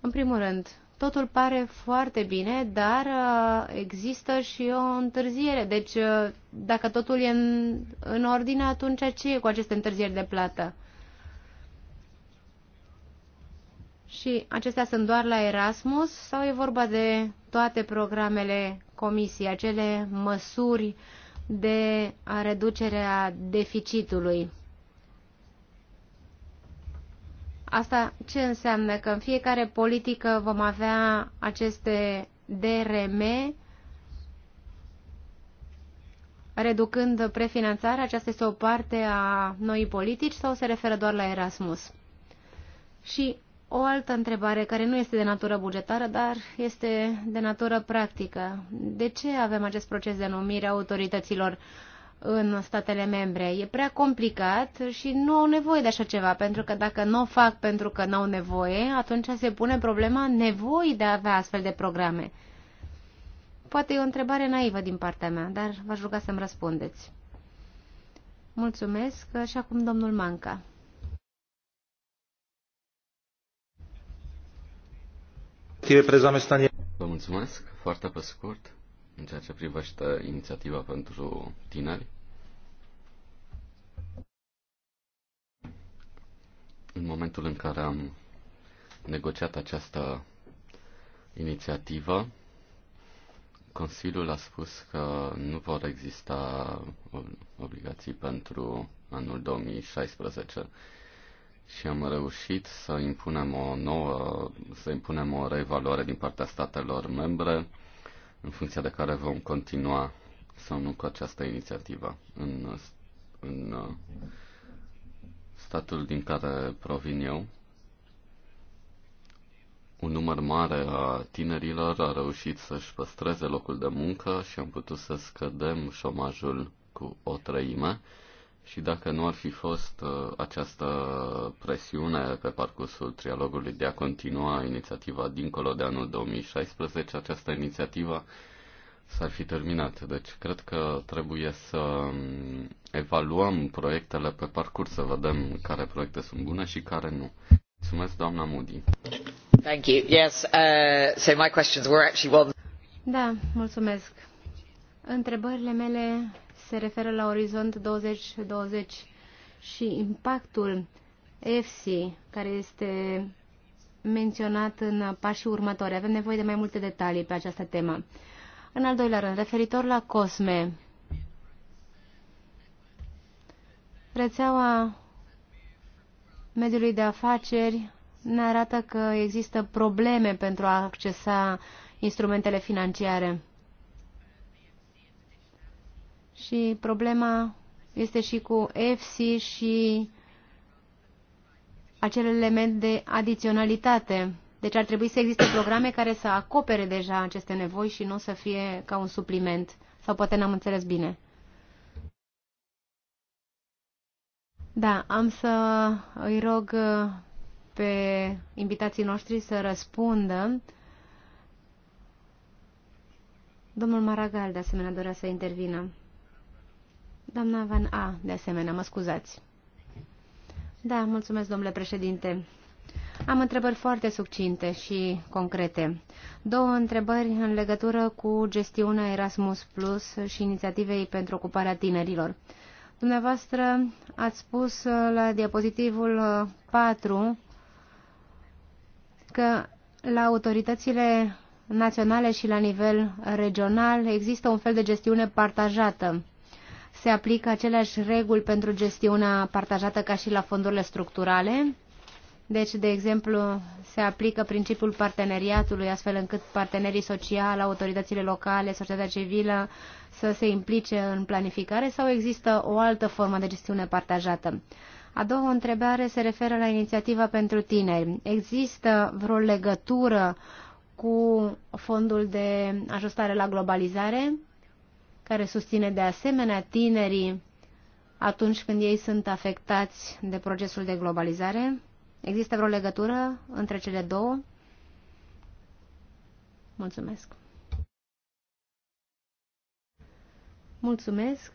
În primul rând, totul pare foarte bine, dar uh, există și o întârziere. Deci, uh, dacă totul e în, în ordine, atunci ce e cu aceste întârzieri de plată? Și acestea sunt doar la Erasmus sau e vorba de toate programele comisiei, acele măsuri de a reducere a deficitului? Asta ce înseamnă? Că în fiecare politică vom avea aceste DRM, reducând prefinanțarea, aceasta este o parte a noii politici sau se referă doar la Erasmus? Și o altă întrebare care nu este de natură bugetară, dar este de natură practică. De ce avem acest proces de numire a autorităților? în statele membre. E prea complicat și nu au nevoie de așa ceva, pentru că dacă nu o fac pentru că nu au nevoie, atunci se pune problema nevoii de a avea astfel de programe. Poate e o întrebare naivă din partea mea, dar v-aș ruga să-mi răspundeți. Mulțumesc și acum domnul Manca. Vă mulțumesc, foarte pe scurt în ceea ce privește inițiativa pentru tineri. În momentul în care am negociat această inițiativă, Consiliul a spus că nu vor exista obligații pentru anul 2016 și am reușit să impunem o nouă, să impunem o reevaluare din partea statelor membre în funcție de care vom continua sau nu cu această inițiativă în, în statul din care provin eu. Un număr mare a tinerilor a reușit să-și păstreze locul de muncă și am putut să scădem șomajul cu o treime și dacă nu ar fi fost uh, această presiune pe parcursul trialogului de a continua inițiativa dincolo de anul 2016, această inițiativă s-ar fi terminat. Deci cred că trebuie să um, evaluăm proiectele pe parcurs, să vedem care proiecte sunt bune și care nu. Mulțumesc, doamna Moody. Thank you. Yes, uh, so my questions were actually one... Da, mulțumesc. Întrebările mele se referă la Orizont 2020 și impactul EFSI, care este menționat în pașii următori. Avem nevoie de mai multe detalii pe această temă. În al doilea rând, referitor la COSME, rețeaua mediului de afaceri ne arată că există probleme pentru a accesa instrumentele financiare. Și problema este și cu FC și acel element de adiționalitate. Deci ar trebui să existe programe care să acopere deja aceste nevoi și nu să fie ca un supliment. Sau poate n-am înțeles bine. Da, am să îi rog uh, pe invitații noștri să răspundă. Domnul Maragal, de asemenea, dorea să intervină. Doamna Van A, de asemenea, mă scuzați. Da, mulțumesc, domnule președinte. Am întrebări foarte succinte și concrete. Două întrebări în legătură cu gestiunea Erasmus Plus și inițiativei pentru ocuparea tinerilor. Dumneavoastră ați spus uh, la diapozitivul 4 uh, că la autoritățile naționale și la nivel regional există un fel de gestiune partajată se aplică aceleași reguli pentru gestiunea partajată ca și la fondurile structurale. Deci, de exemplu, se aplică principiul parteneriatului, astfel încât partenerii sociali, autoritățile locale, societatea civilă să se implice în planificare sau există o altă formă de gestiune partajată? A doua întrebare se referă la inițiativa pentru tineri. Există vreo legătură cu fondul de ajustare la globalizare? care susține de asemenea tinerii atunci când ei sunt afectați de procesul de globalizare? Există vreo legătură între cele două? Mulțumesc! Mulțumesc!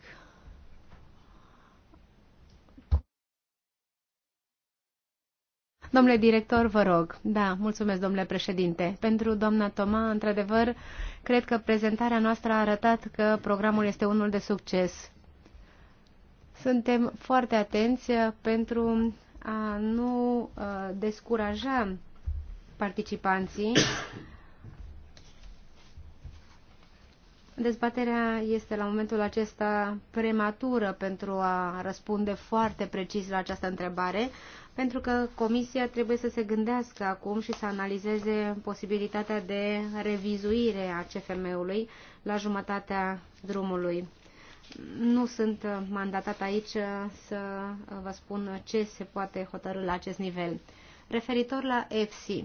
Domnule director, vă rog. Da, mulțumesc, domnule președinte. Pentru doamna Toma, într-adevăr, cred că prezentarea noastră a arătat că programul este unul de succes. Suntem foarte atenți uh, pentru a nu uh, descuraja participanții Dezbaterea este la momentul acesta prematură pentru a răspunde foarte precis la această întrebare, pentru că Comisia trebuie să se gândească acum și să analizeze posibilitatea de revizuire a CFM-ului la jumătatea drumului. Nu sunt mandatat aici să vă spun ce se poate hotărâ la acest nivel. Referitor la EFSI,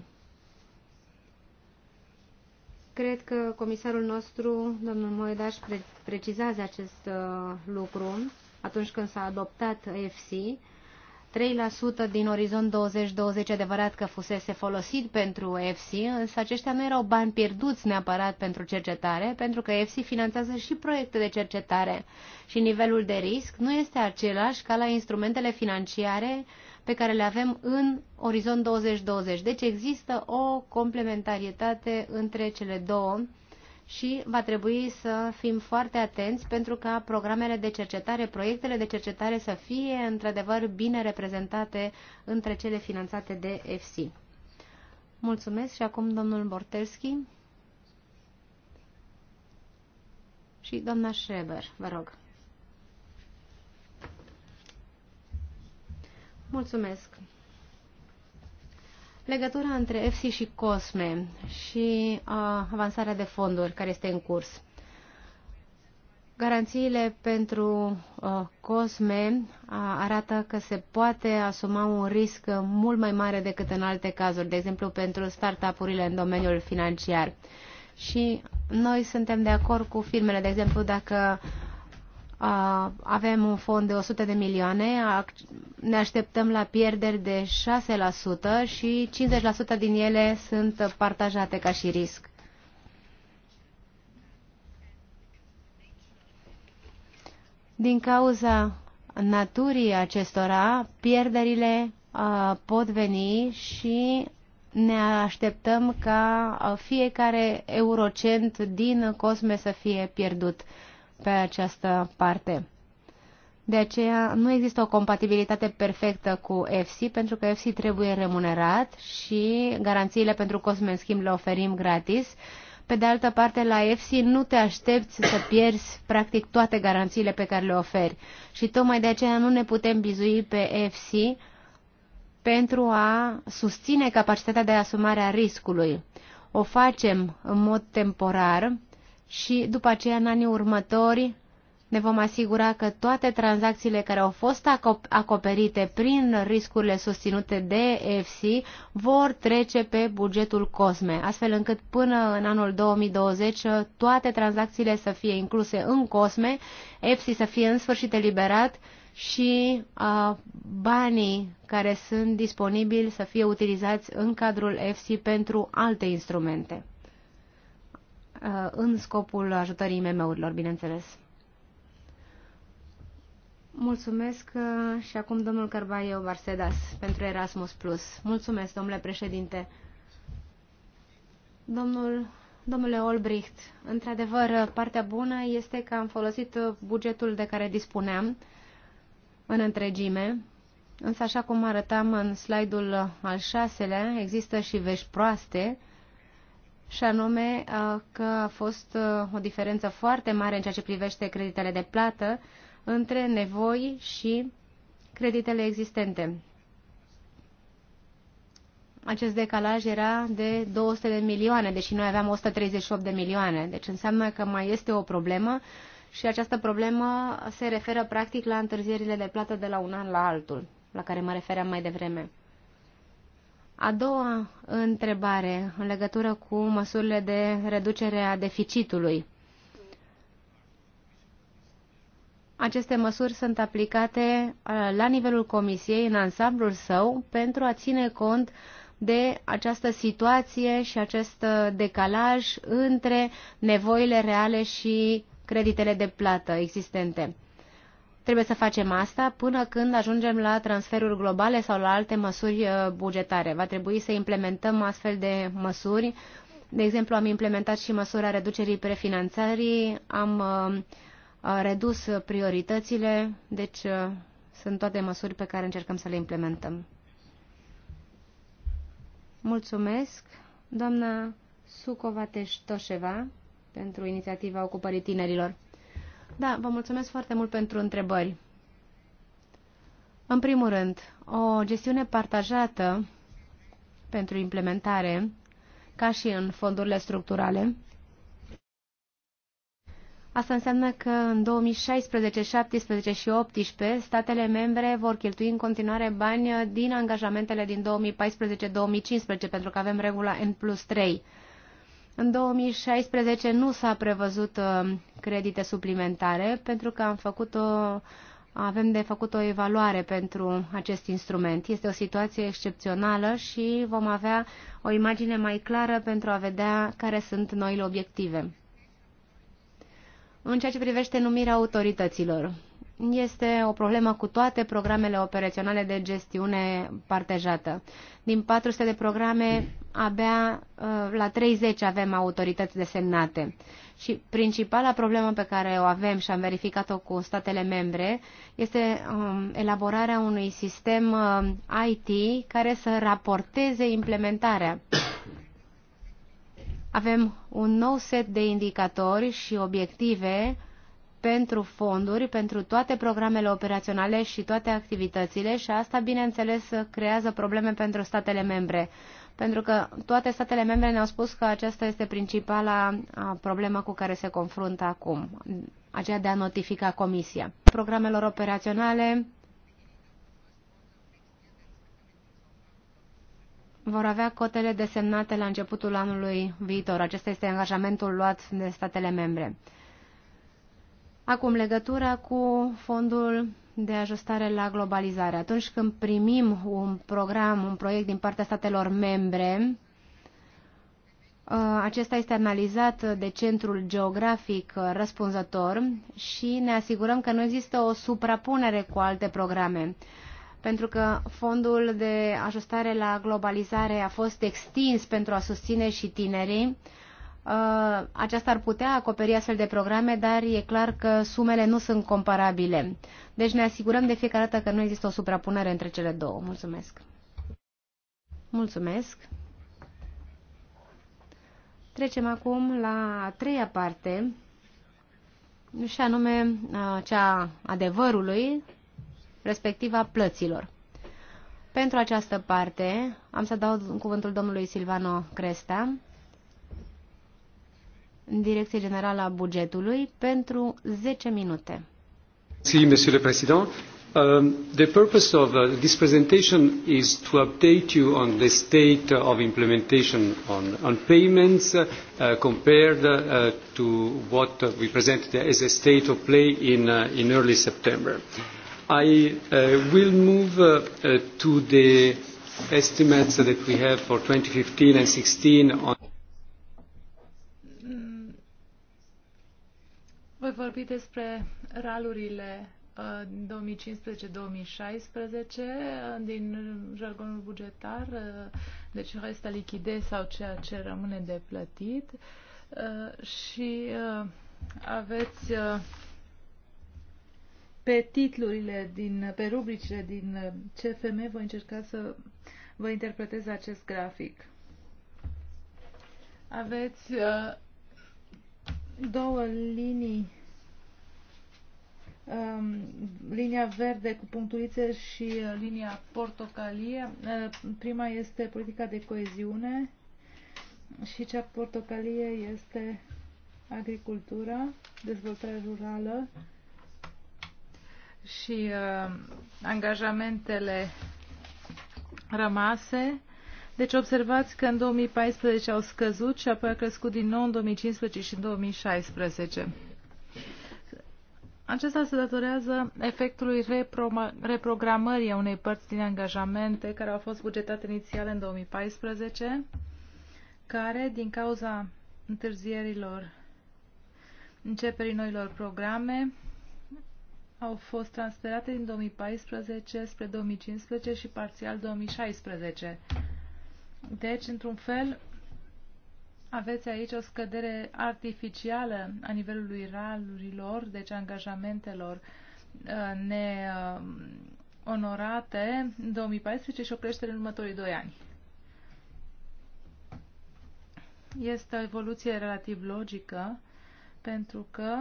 cred că comisarul nostru, domnul Moedaș, precizează acest uh, lucru atunci când s-a adoptat EFSI 3% din orizont 2020 adevărat că fusese folosit pentru EFSI, însă aceștia nu erau bani pierduți neapărat pentru cercetare, pentru că EFSI finanțează și proiecte de cercetare și nivelul de risc nu este același ca la instrumentele financiare pe care le avem în orizont 2020. Deci există o complementarietate între cele două și va trebui să fim foarte atenți pentru ca programele de cercetare, proiectele de cercetare să fie într-adevăr bine reprezentate între cele finanțate de EFSI. Mulțumesc și acum domnul Bortelski și doamna Schreber, vă rog. Mulțumesc legătura între EFSI și COSME și uh, avansarea de fonduri care este în curs. Garanțiile pentru uh, COSME uh, arată că se poate asuma un risc mult mai mare decât în alte cazuri, de exemplu pentru startup-urile în domeniul financiar. Și noi suntem de acord cu firmele, de exemplu, dacă uh, avem un fond de 100 de milioane, ne așteptăm la pierderi de 6% și 50% din ele sunt partajate ca și risc. Din cauza naturii acestora, pierderile pot veni și ne așteptăm ca fiecare eurocent din Cosme să fie pierdut pe această parte. De aceea nu există o compatibilitate perfectă cu FC, pentru că FC trebuie remunerat și garanțiile pentru Cosme, în schimb, le oferim gratis. Pe de altă parte, la FC nu te aștepți să pierzi practic toate garanțiile pe care le oferi. Și tocmai de aceea nu ne putem bizui pe FC pentru a susține capacitatea de asumare a riscului. O facem în mod temporar, și după aceea în anii următori ne vom asigura că toate tranzacțiile care au fost acoperite prin riscurile susținute de EFC vor trece pe bugetul COSME, astfel încât până în anul 2020 toate tranzacțiile să fie incluse în COSME, EFSI să fie în sfârșit eliberat și a, banii care sunt disponibili să fie utilizați în cadrul EFSI pentru alte instrumente. Uh, în scopul ajutării IMM-urilor, bineînțeles. Mulțumesc uh, și acum domnul Carbaio Barsedas pentru Erasmus+. Plus. Mulțumesc, domnule președinte. Domnul, domnule Olbricht, într-adevăr, partea bună este că am folosit bugetul de care dispuneam în întregime, însă așa cum arătam în slide-ul al șaselea, există și vești proaste, și anume uh, că a fost uh, o diferență foarte mare în ceea ce privește creditele de plată între nevoi și creditele existente. Acest decalaj era de 200 de milioane, deși noi aveam 138 de milioane. Deci înseamnă că mai este o problemă și această problemă se referă practic la întârzierile de plată de la un an la altul, la care mă refeream mai devreme. A doua întrebare, în legătură cu măsurile de reducere a deficitului. Aceste măsuri sunt aplicate uh, la nivelul Comisiei, în ansamblul său, pentru a ține cont de această situație și acest uh, decalaj între nevoile reale și creditele de plată existente. Trebuie să facem asta până când ajungem la transferuri globale sau la alte măsuri uh, bugetare. Va trebui să implementăm astfel de măsuri. De exemplu, am implementat și măsura reducerii prefinanțării, am uh, uh, redus prioritățile, deci sunt toate măsuri pe care încercăm să le implementăm. Mulțumesc, doamna Sucova Teștoșeva, pentru inițiativa Ocupării Tinerilor. Da, vă mulțumesc foarte mult pentru întrebări. În primul rând, o gestiune partajată pentru implementare, ca și în fondurile structurale. Asta înseamnă că în 2016, 2017, și 2018 statele membre vor cheltui în continuare bani din angajamentele din 2014-2015, pentru că avem regula N plus 3 în 2016 nu s-a prevăzut uh, credite suplimentare pentru că am făcut o, avem de făcut o evaluare pentru acest instrument. Este o situație excepțională și vom avea o imagine mai clară pentru a vedea care sunt noile obiective. În ceea ce privește numirea autorităților, este o problemă cu toate programele operaționale de gestiune partejată. Din 400 de programe, abia uh, la 30 avem autorități desemnate. Și principala problemă pe care o avem și am verificat-o cu statele membre este um, elaborarea unui sistem uh, IT care să raporteze implementarea. Avem un nou set de indicatori și obiective pentru fonduri, pentru toate programele operaționale și toate activitățile și asta, bineînțeles, creează probleme pentru statele membre pentru că toate statele membre ne-au spus că aceasta este principala problemă cu care se confruntă acum, aceea de a notifica Comisia. Programelor operaționale vor avea cotele desemnate la începutul anului viitor. Acesta este angajamentul luat de statele membre. Acum, legătura cu fondul de ajustare la globalizare. Atunci când primim un program, un proiect din partea statelor membre, uh, acesta este analizat de centrul geografic uh, răspunzător și ne asigurăm că nu există o suprapunere cu alte programe. Pentru că fondul de ajustare la globalizare a fost extins pentru a susține și tinerii, Uh, aceasta ar putea acoperi astfel de programe, dar e clar că sumele nu sunt comparabile. Deci ne asigurăm de fiecare dată că nu există o suprapunere între cele două. Mulțumesc! Mulțumesc! Trecem acum la a treia parte, și anume uh, cea adevărului, respectiv a plăților. Pentru această parte am să dau cuvântul domnului Silvano Cresta, Direcție Generală a Bugetului, pentru 10 minute. Si, Monsieur le Président. Um, the purpose of uh, this presentation is to update you on the state of implementation on, on payments uh, compared uh, to what we presented as a state of play in, uh, in early September. I uh, will move uh, uh, to the estimates that we have for 2015 and 16 on vorbit despre ralurile 2015-2016 uh, uh, din jargonul bugetar, uh, deci resta lichide sau ceea ce rămâne de plătit și aveți pe titlurile din, pe rubricile din CFM voi încerca să vă interpretez acest grafic. Aveți două linii Um, linia verde cu punctulițe și uh, linia portocalie. Uh, prima este politica de coeziune și cea portocalie este agricultura, dezvoltare rurală și uh, angajamentele rămase. Deci observați că în 2014 au scăzut și apoi a crescut din nou în 2015 și în 2016. Acesta se datorează efectului repro reprogramării a unei părți din angajamente care au fost bugetate inițial în 2014, care, din cauza întârzierilor începerii noilor programe, au fost transferate din 2014 spre 2015 și parțial 2016. Deci, într-un fel, aveți aici o scădere artificială a nivelului ralurilor, deci angajamentelor uh, neonorate uh, în 2014 și o creștere în următorii doi ani. Este o evoluție relativ logică pentru că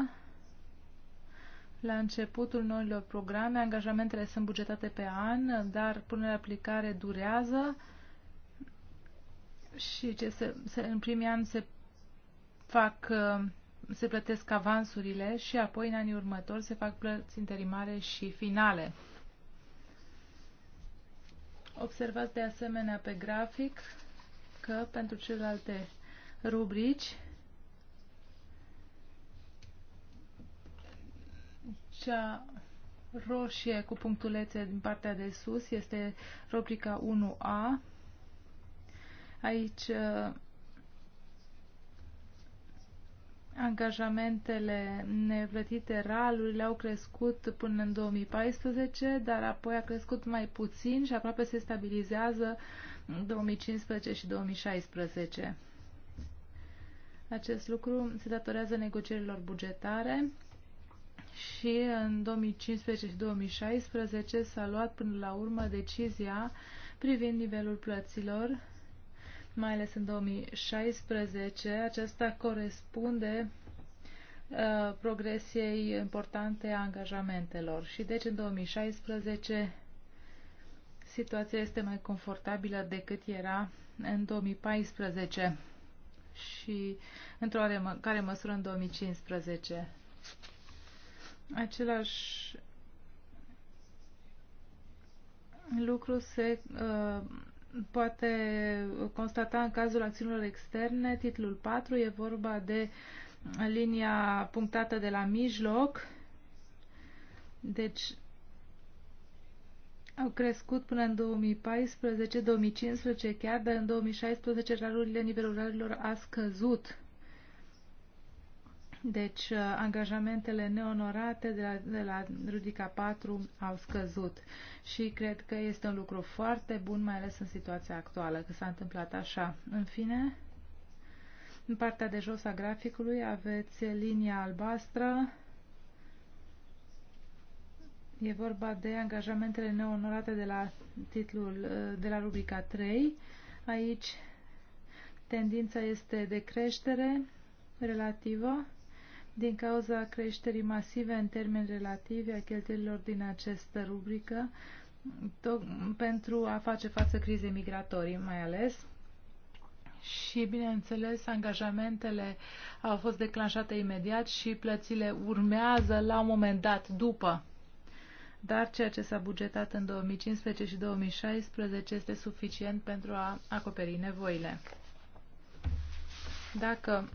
la începutul noilor programe angajamentele sunt bugetate pe an, dar punerea aplicare durează și ce se, se, în primii ani se fac uh, se plătesc avansurile și apoi în anii următori se fac plăți interimare și finale. Observați de asemenea pe grafic că pentru celelalte rubrici cea roșie cu punctulețe din partea de sus este rubrica 1A Aici uh, angajamentele neplătite, ralurile au crescut până în 2014, dar apoi a crescut mai puțin și aproape se stabilizează în 2015 și 2016. Acest lucru se datorează negocierilor bugetare și în 2015 și 2016 s-a luat până la urmă decizia privind nivelul plăților mai ales în 2016. Acesta corespunde uh, progresiei importante a angajamentelor și deci în 2016 situația este mai confortabilă decât era în 2014 și într-o care măsură în 2015. Același lucru se uh, poate constata în cazul acțiunilor externe. Titlul 4 e vorba de linia punctată de la mijloc. Deci au crescut până în 2014, 2015 chiar, dar în 2016 ralurile nivelurilor a scăzut. Deci, uh, angajamentele neonorate de la, de la Rudica 4 au scăzut și cred că este un lucru foarte bun, mai ales în situația actuală, că s-a întâmplat așa. În fine, în partea de jos a graficului aveți linia albastră. E vorba de angajamentele neonorate de la titlul uh, de la rubrica 3. Aici tendința este de creștere relativă din cauza creșterii masive în termeni relativi a cheltuielilor din această rubrică pentru a face față crizei migratorii mai ales. Și, bineînțeles, angajamentele au fost declanșate imediat și plățile urmează la un moment dat după. Dar ceea ce s-a bugetat în 2015 și 2016 este suficient pentru a acoperi nevoile. Dacă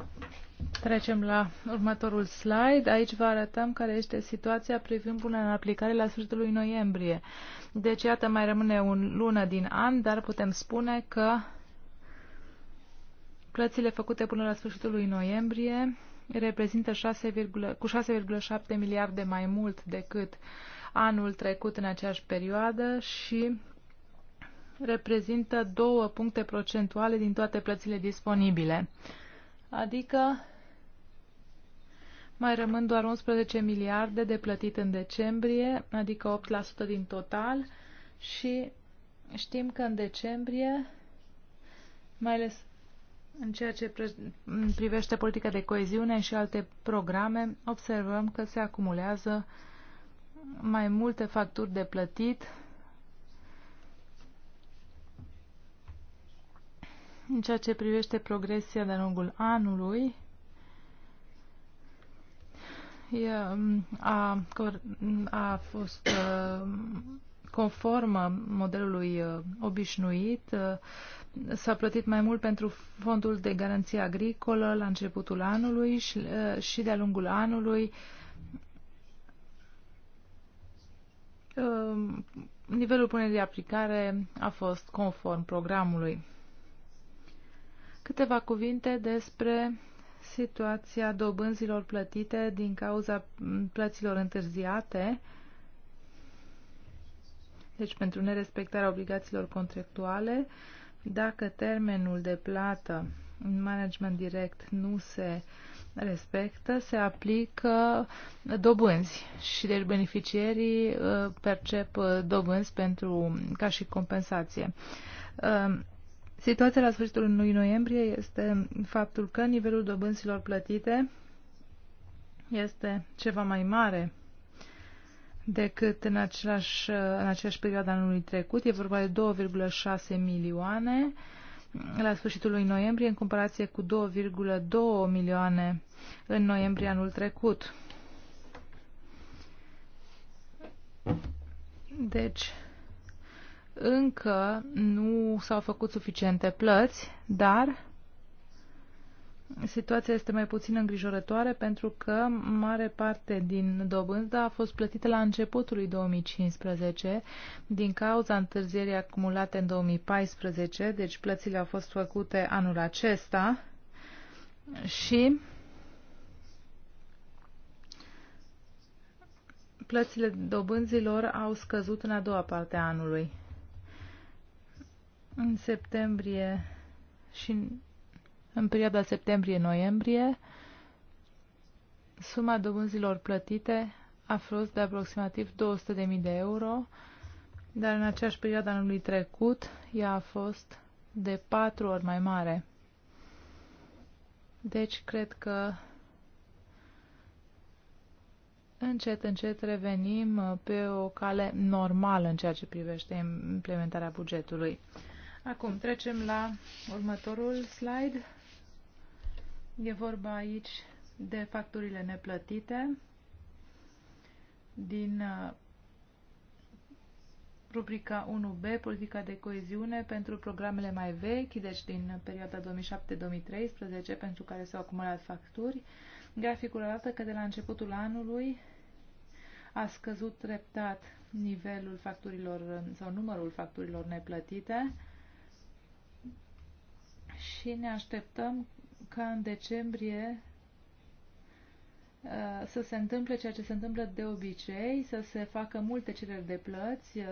Trecem la următorul slide. Aici vă arătăm care este situația privind punerea în aplicare la sfârșitul lui noiembrie. Deci, iată, mai rămâne o lună din an, dar putem spune că plățile făcute până la sfârșitul lui noiembrie reprezintă 6, cu 6,7 miliarde mai mult decât anul trecut în aceeași perioadă și reprezintă două puncte procentuale din toate plățile disponibile. Adică mai rămân doar 11 miliarde de plătit în decembrie, adică 8% din total și știm că în decembrie, mai ales în ceea ce privește politica de coeziune și alte programe, observăm că se acumulează mai multe facturi de plătit în ceea ce privește progresia de-a lungul anului a, a fost conform modelului obișnuit. S-a plătit mai mult pentru fondul de garanție agricolă la începutul anului și, și de-a lungul anului. Nivelul punerii de aplicare a fost conform programului. Câteva cuvinte despre situația dobânzilor plătite din cauza plăților întârziate, deci pentru nerespectarea obligațiilor contractuale, dacă termenul de plată în management direct nu se respectă, se aplică dobânzi și deci beneficierii uh, percep uh, dobânzi pentru, ca și compensație. Uh, Situația la sfârșitul lunii noiembrie este faptul că nivelul dobânzilor plătite este ceva mai mare decât în, același, în aceeași perioadă anului trecut. E vorba de 2,6 milioane la sfârșitul lui noiembrie în comparație cu 2,2 milioane în noiembrie anul trecut. Deci, încă nu s-au făcut suficiente plăți, dar situația este mai puțin îngrijorătoare pentru că mare parte din dobânda a fost plătită la începutul lui 2015 din cauza întârzierii acumulate în 2014, deci plățile au fost făcute anul acesta și plățile dobânzilor au scăzut în a doua parte a anului în septembrie și în, în perioada septembrie-noiembrie, suma dobânzilor plătite a fost de aproximativ 200.000 de euro, dar în aceeași perioadă anului trecut ea a fost de patru ori mai mare. Deci cred că încet, încet revenim pe o cale normală în ceea ce privește implementarea bugetului. Acum trecem la următorul slide. E vorba aici de facturile neplătite din uh, rubrica 1B, politica de coeziune pentru programele mai vechi, deci din perioada 2007-2013, pentru care s-au acumulat facturi. Graficul arată că de la începutul anului a scăzut treptat nivelul facturilor uh, sau numărul facturilor neplătite și ne așteptăm ca în decembrie uh, să se întâmple ceea ce se întâmplă de obicei, să se facă multe cereri de plăți uh,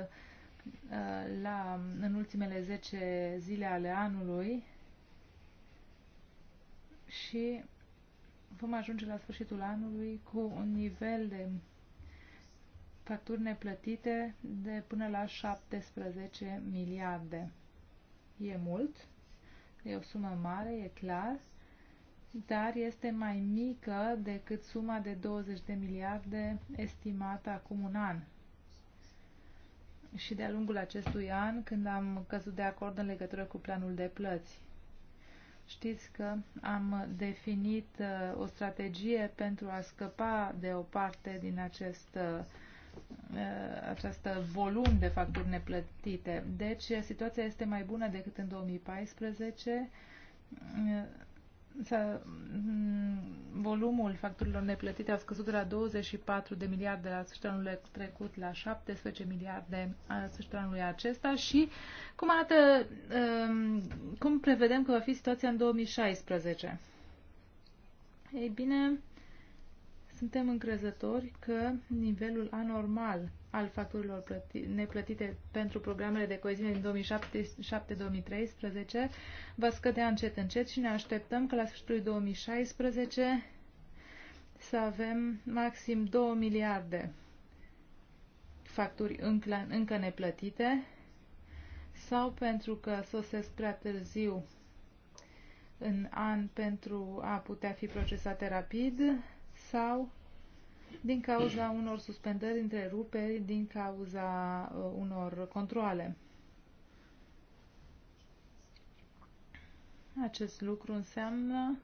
la, în ultimele 10 zile ale anului și vom ajunge la sfârșitul anului cu un nivel de facturi neplătite de până la 17 miliarde. E mult, E o sumă mare, e clar, dar este mai mică decât suma de 20 de miliarde estimată acum un an. Și de-a lungul acestui an, când am căzut de acord în legătură cu planul de plăți. Știți că am definit uh, o strategie pentru a scăpa de o parte din acest uh, Uh, această volum de facturi neplătite. Deci situația este mai bună decât în 2014. Uh, mm, volumul facturilor neplătite a scăzut de la 24 de miliarde la sfârșitul anului trecut la 17 miliarde la sfârșitul anului acesta și cum arată, um, cum prevedem că va fi situația în 2016? Ei bine, suntem încrezători că nivelul anormal al facturilor neplătite pentru programele de coeziune din 2007-2013 va scădea încet încet și ne așteptăm că la sfârșitul 2016 să avem maxim 2 miliarde facturi încă, încă neplătite sau pentru că sosesc prea târziu în an pentru a putea fi procesate rapid sau din cauza unor suspendări, întreruperi, din cauza uh, unor controle. Acest lucru înseamnă,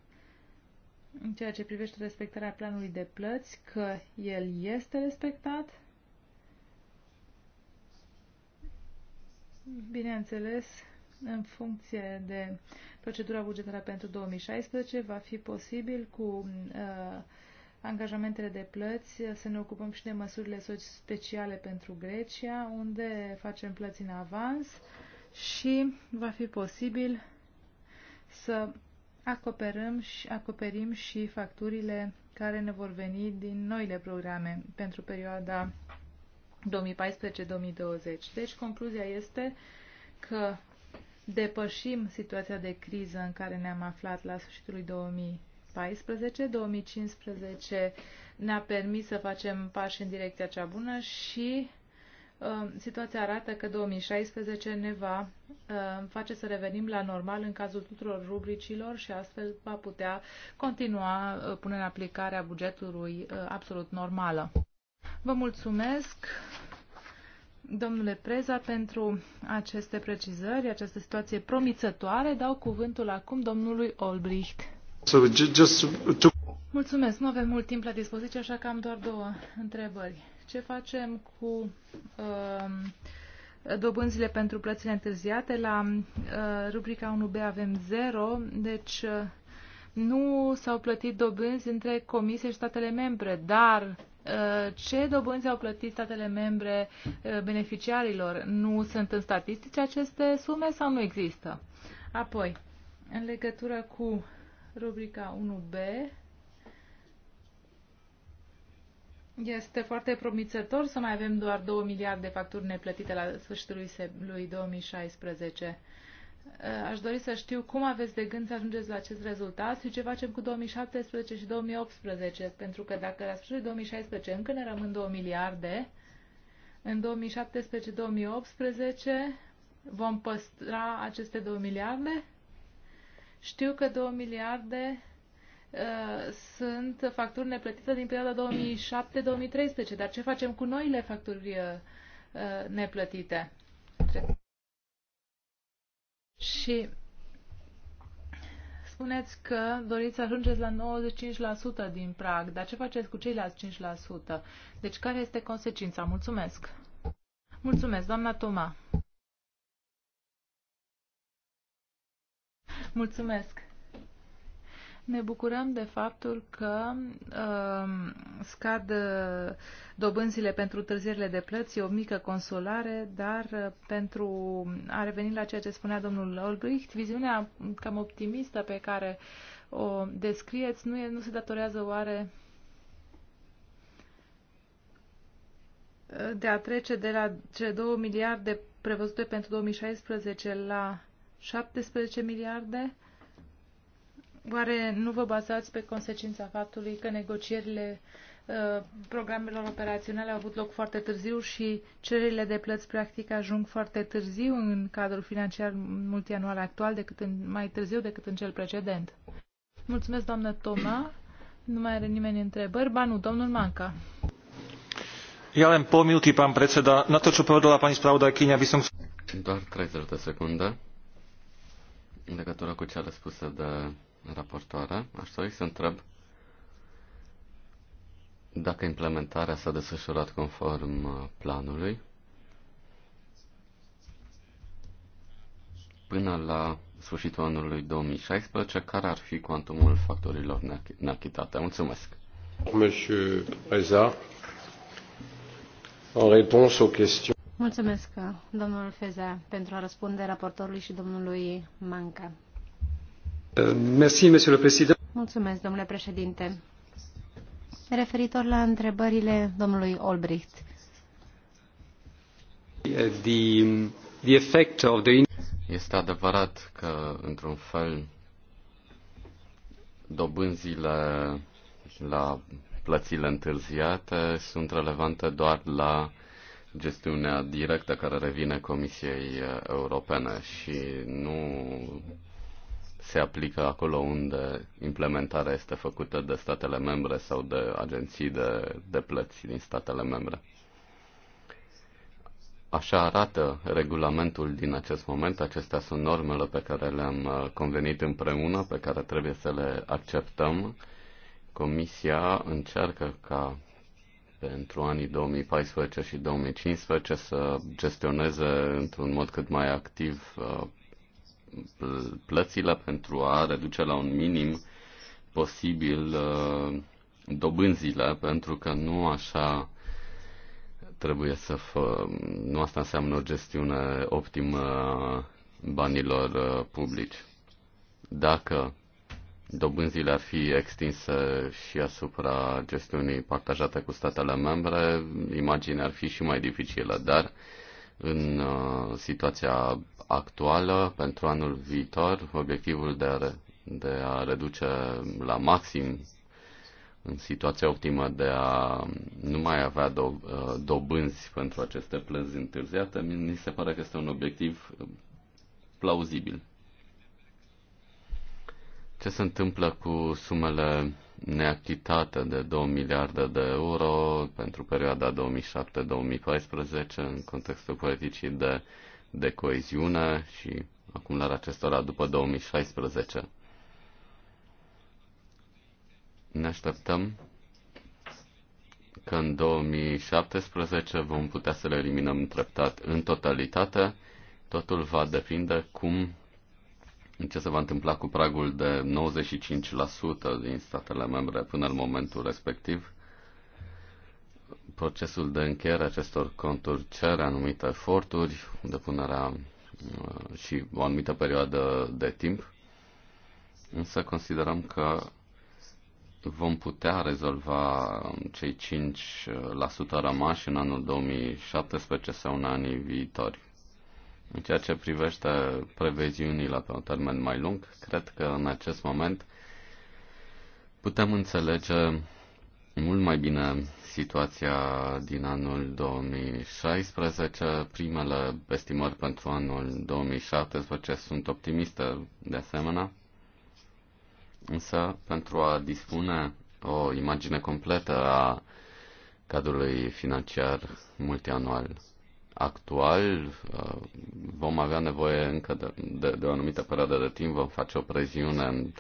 în ceea ce privește respectarea planului de plăți, că el este respectat. Bineînțeles, în funcție de procedura bugetară pentru 2016, va fi posibil cu uh, angajamentele de plăți, să ne ocupăm și de măsurile speciale pentru Grecia, unde facem plăți în avans și va fi posibil să acoperăm și, acoperim și facturile care ne vor veni din noile programe pentru perioada 2014-2020. Deci concluzia este că depășim situația de criză în care ne-am aflat la sfârșitul lui 2000 2014. 2015 ne-a permis să facem pași în direcția cea bună și uh, situația arată că 2016 ne va uh, face să revenim la normal în cazul tuturor rubricilor și astfel va putea continua uh, punerea în bugetului uh, absolut normală. Vă mulțumesc! domnule Preza, pentru aceste precizări, această situație promițătoare. Dau cuvântul acum domnului Olbricht. Mulțumesc, nu avem mult timp la dispoziție, așa că am doar două întrebări. Ce facem cu uh, dobânzile pentru plățile întârziate? La uh, rubrica 1B avem 0, deci uh, nu s-au plătit dobânzi între Comisie și statele membre, dar uh, ce dobânzi au plătit statele membre uh, beneficiarilor? Nu sunt în statistici aceste sume sau nu există? Apoi, în legătură cu Rubrica 1B este foarte promițător să mai avem doar 2 miliarde de facturi neplătite la sfârșitul lui 2016. Uh, aș dori să știu cum aveți de gând să ajungeți la acest rezultat și ce facem cu 2017 și 2018, pentru că dacă la sfârșitul 2016 încă ne rămân 2 miliarde, în 2017-2018 vom păstra aceste 2 miliarde? Știu că 2 miliarde uh, sunt facturi neplătite din perioada 2007-2013, dar ce facem cu noile facturi uh, uh neplătite? Și spuneți că doriți să ajungeți la 95% din prag, dar ce faceți cu ceilalți 5%? Deci care este consecința? Mulțumesc! Mulțumesc, doamna Toma! Mulțumesc! Ne bucurăm de faptul că um, uh, scad dobânzile pentru târzierile de plăți, e o mică consolare, dar uh, pentru a reveni la ceea ce spunea domnul Olbricht, viziunea cam optimistă pe care o descrieți nu, e, nu se datorează oare uh, de a trece de la cele 2 miliarde prevăzute pentru 2016 la 17 miliarde? Oare nu vă bazați pe consecința faptului că negocierile uh, programelor operaționale au avut loc foarte târziu și cererile de plăți practic ajung foarte târziu în cadrul financiar multianual actual, decât în, mai târziu decât în cel precedent? Mulțumesc, doamnă Toma. Nu mai are nimeni întrebări. Ba nu, domnul Manca. Ja len pol minúty, pán predseda. Na to, čo povedala pani spravodajkyňa, by som... Doar 30 de secunde. În legătură cu cele spuse de raportoare, aș dori să întreb dacă implementarea s-a desfășurat conform uh, planului până la sfârșitul anului 2016, care ar fi cuantumul factorilor neachitate. Mulțumesc. Monsieur Reza, în răspuns aux questions Mulțumesc, domnul Feza, pentru a răspunde raportorului și domnului Manca. Mersi, monsieur le président. Mulțumesc, domnule președinte. Referitor la întrebările domnului Olbricht. The, the effect of the... Este adevărat că, într-un fel, dobânzile la plățile întârziate sunt relevante doar la gestiunea directă care revine Comisiei Europene și nu se aplică acolo unde implementarea este făcută de statele membre sau de agenții de, de plăți din statele membre. Așa arată regulamentul din acest moment. Acestea sunt normele pe care le-am uh, convenit împreună, pe care trebuie să le acceptăm. Comisia încearcă ca pentru anii 2014 și 2015 să gestioneze într-un mod cât mai activ uh, plățile pentru a reduce la un minim posibil uh, dobânzile, pentru că nu așa trebuie să fă, nu asta înseamnă o gestiune optimă banilor uh, publici. Dacă dobânzile ar fi extinse și asupra gestiunii partajate cu statele membre, imaginea ar fi și mai dificilă, dar în uh, situația actuală, pentru anul viitor, obiectivul de a, de a reduce la maxim în situația optimă de a nu mai avea do- uh, dobânzi pentru aceste plăzi întârziate, mi se pare că este un obiectiv uh, plauzibil. Ce se întâmplă cu sumele neachitate de 2 miliarde de euro pentru perioada 2007-2014 în contextul politicii de, de coeziune și acumularea acestora după 2016? Ne așteptăm că în 2017 vom putea să le eliminăm treptat în totalitate. Totul va depinde cum ce se va întâmpla cu pragul de 95% din statele membre până în momentul respectiv. Procesul de încheiere acestor conturi cere anumite eforturi, depunerea uh, și o anumită perioadă de timp, însă considerăm că vom putea rezolva cei 5% rămași în anul 2017 sau în anii viitori. În ceea ce privește previziunile pe un termen mai lung, cred că în acest moment putem înțelege mult mai bine situația din anul 2016. Primele estimări pentru anul 2017 sunt optimiste de asemenea, însă pentru a dispune o imagine completă a cadrului financiar multianual actual. Uh, vom avea nevoie încă de, de, de o anumită perioadă de timp, vom face o preziune în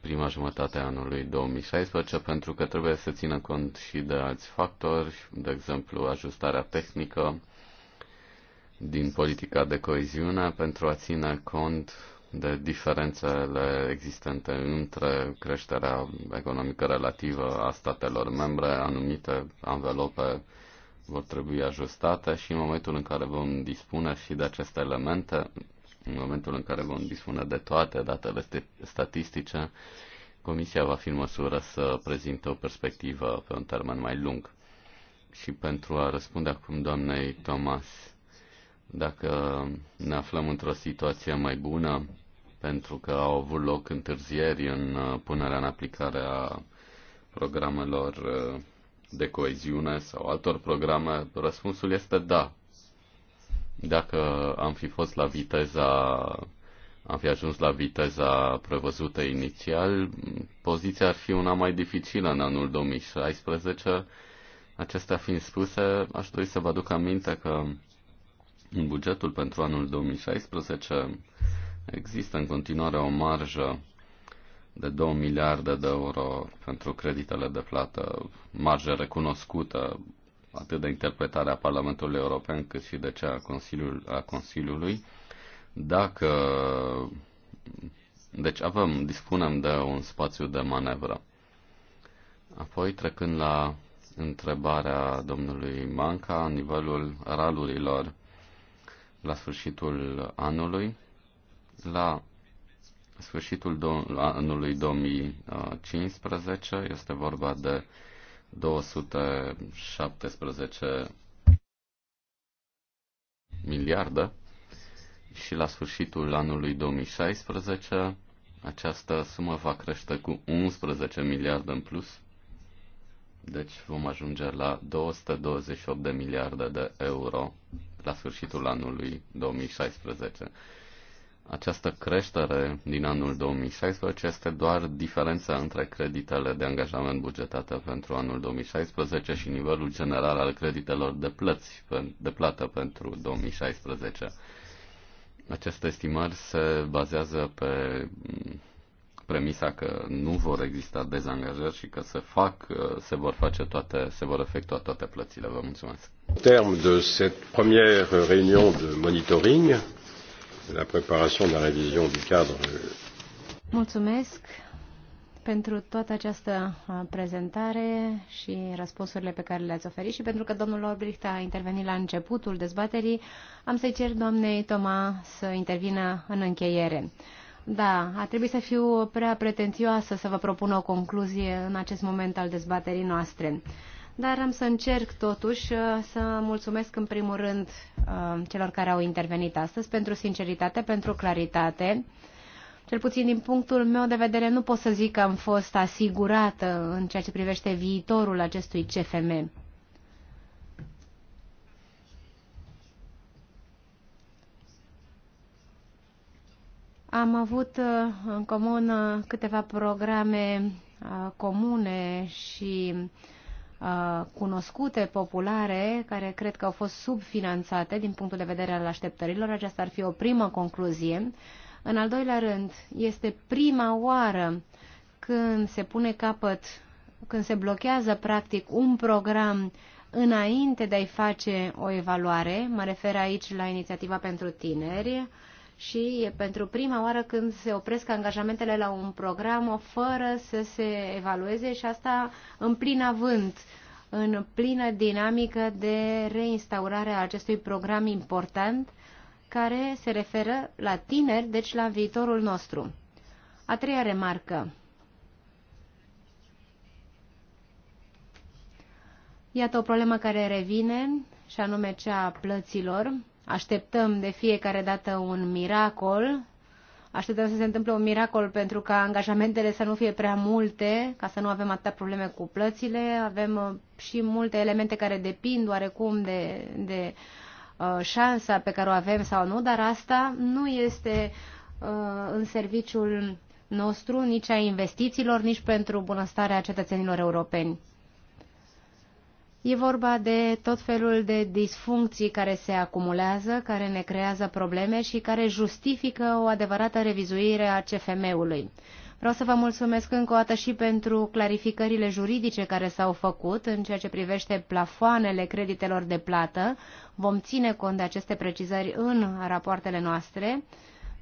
prima jumătate a anului 2016, pentru că trebuie să țină cont și de alți factori, de exemplu ajustarea tehnică din politica de coeziune, pentru a ține cont de diferențele existente între creșterea economică relativă a statelor membre, anumite anvelope vor trebui ajustate și în momentul în care vom dispune și de aceste elemente, în momentul în care vom dispune de toate datele statistice, Comisia va fi în măsură să prezinte o perspectivă pe un termen mai lung. Și pentru a răspunde acum doamnei Thomas, dacă ne aflăm într-o situație mai bună, pentru că au avut loc întârzieri în uh, punerea în aplicare a programelor uh, de coeziune sau altor programe? Răspunsul este da. Dacă am fi fost la viteza, am fi ajuns la viteza prevăzută inițial, poziția ar fi una mai dificilă în anul 2016. Acestea fiind spuse, aș dori să vă aduc aminte că în bugetul pentru anul 2016 există în continuare o marjă de 2 miliarde de euro pentru creditele de plată, marge recunoscută atât de interpretarea Parlamentului European cât și de cea a, Consiliul, a Consiliului. Dacă deci avem, dispunem de un spațiu de manevră. Apoi, trecând la întrebarea domnului Manca, nivelul ralurilor la sfârșitul anului, la sfârșitul anului 2015. Este vorba de 217 miliarde și la sfârșitul anului 2016 această sumă va crește cu 11 miliarde în plus, deci vom ajunge la 228 de miliarde de euro la sfârșitul anului 2016. Această creștere din anul 2016 este doar diferența între creditele de angajament bugetate pentru anul 2016 și nivelul general al creditelor de, plăți, de plată pentru 2016. Aceste estimări se bazează pe mm, premisa că nu vor exista dezangajări și că se fac, se vor face toate, se vor efectua toate plățile. Vă mulțumesc. Term de cette première réunion de monitoring, la préparation de la révision du cadre. Euh, Mulțumesc pentru toată această uh, prezentare și răspunsurile pe care le-ați oferit și pentru că domnul Orbricht a intervenit la începutul dezbaterii, am să-i cer doamnei Toma să intervină în încheiere. Da, a trebuit să fiu prea pretențioasă să vă propun o concluzie în acest moment al dezbaterii noastre dar am să încerc totuși uh, să mulțumesc în primul rând uh, celor care au intervenit astăzi pentru sinceritate, pentru claritate. Cel puțin din punctul meu de vedere nu pot să zic că am fost asigurată în ceea ce privește viitorul acestui CFM. Am avut uh, în comun câteva programe comune și uh, Uh, cunoscute, populare, care cred că au fost subfinanțate din punctul de vedere al așteptărilor. Aceasta ar fi o primă concluzie. În al doilea rând, este prima oară când se pune capăt, când se blochează practic un program înainte de a-i face o evaluare. Mă refer aici la inițiativa pentru tineri, și e pentru prima oară când se opresc angajamentele la un program fără să se evalueze și asta în plin avânt, în plină dinamică de reinstaurare a acestui program important care se referă la tineri, deci la viitorul nostru. A treia remarcă. Iată o problemă care revine, și anume cea a plăților. Așteptăm de fiecare dată un miracol, așteptăm să se întâmple un miracol pentru ca angajamentele să nu fie prea multe, ca să nu avem atâtea probleme cu plățile. Avem uh, și multe elemente care depind oarecum de, de uh, șansa pe care o avem sau nu, dar asta nu este uh, în serviciul nostru, nici a investițiilor, nici pentru bunăstarea cetățenilor europeni. E vorba de tot felul de disfuncții care se acumulează, care ne creează probleme și care justifică o adevărată revizuire a CFM-ului. Vreau să vă mulțumesc încă o dată și pentru clarificările juridice care s-au făcut în ceea ce privește plafoanele creditelor de plată. Vom ține cont de aceste precizări în rapoartele noastre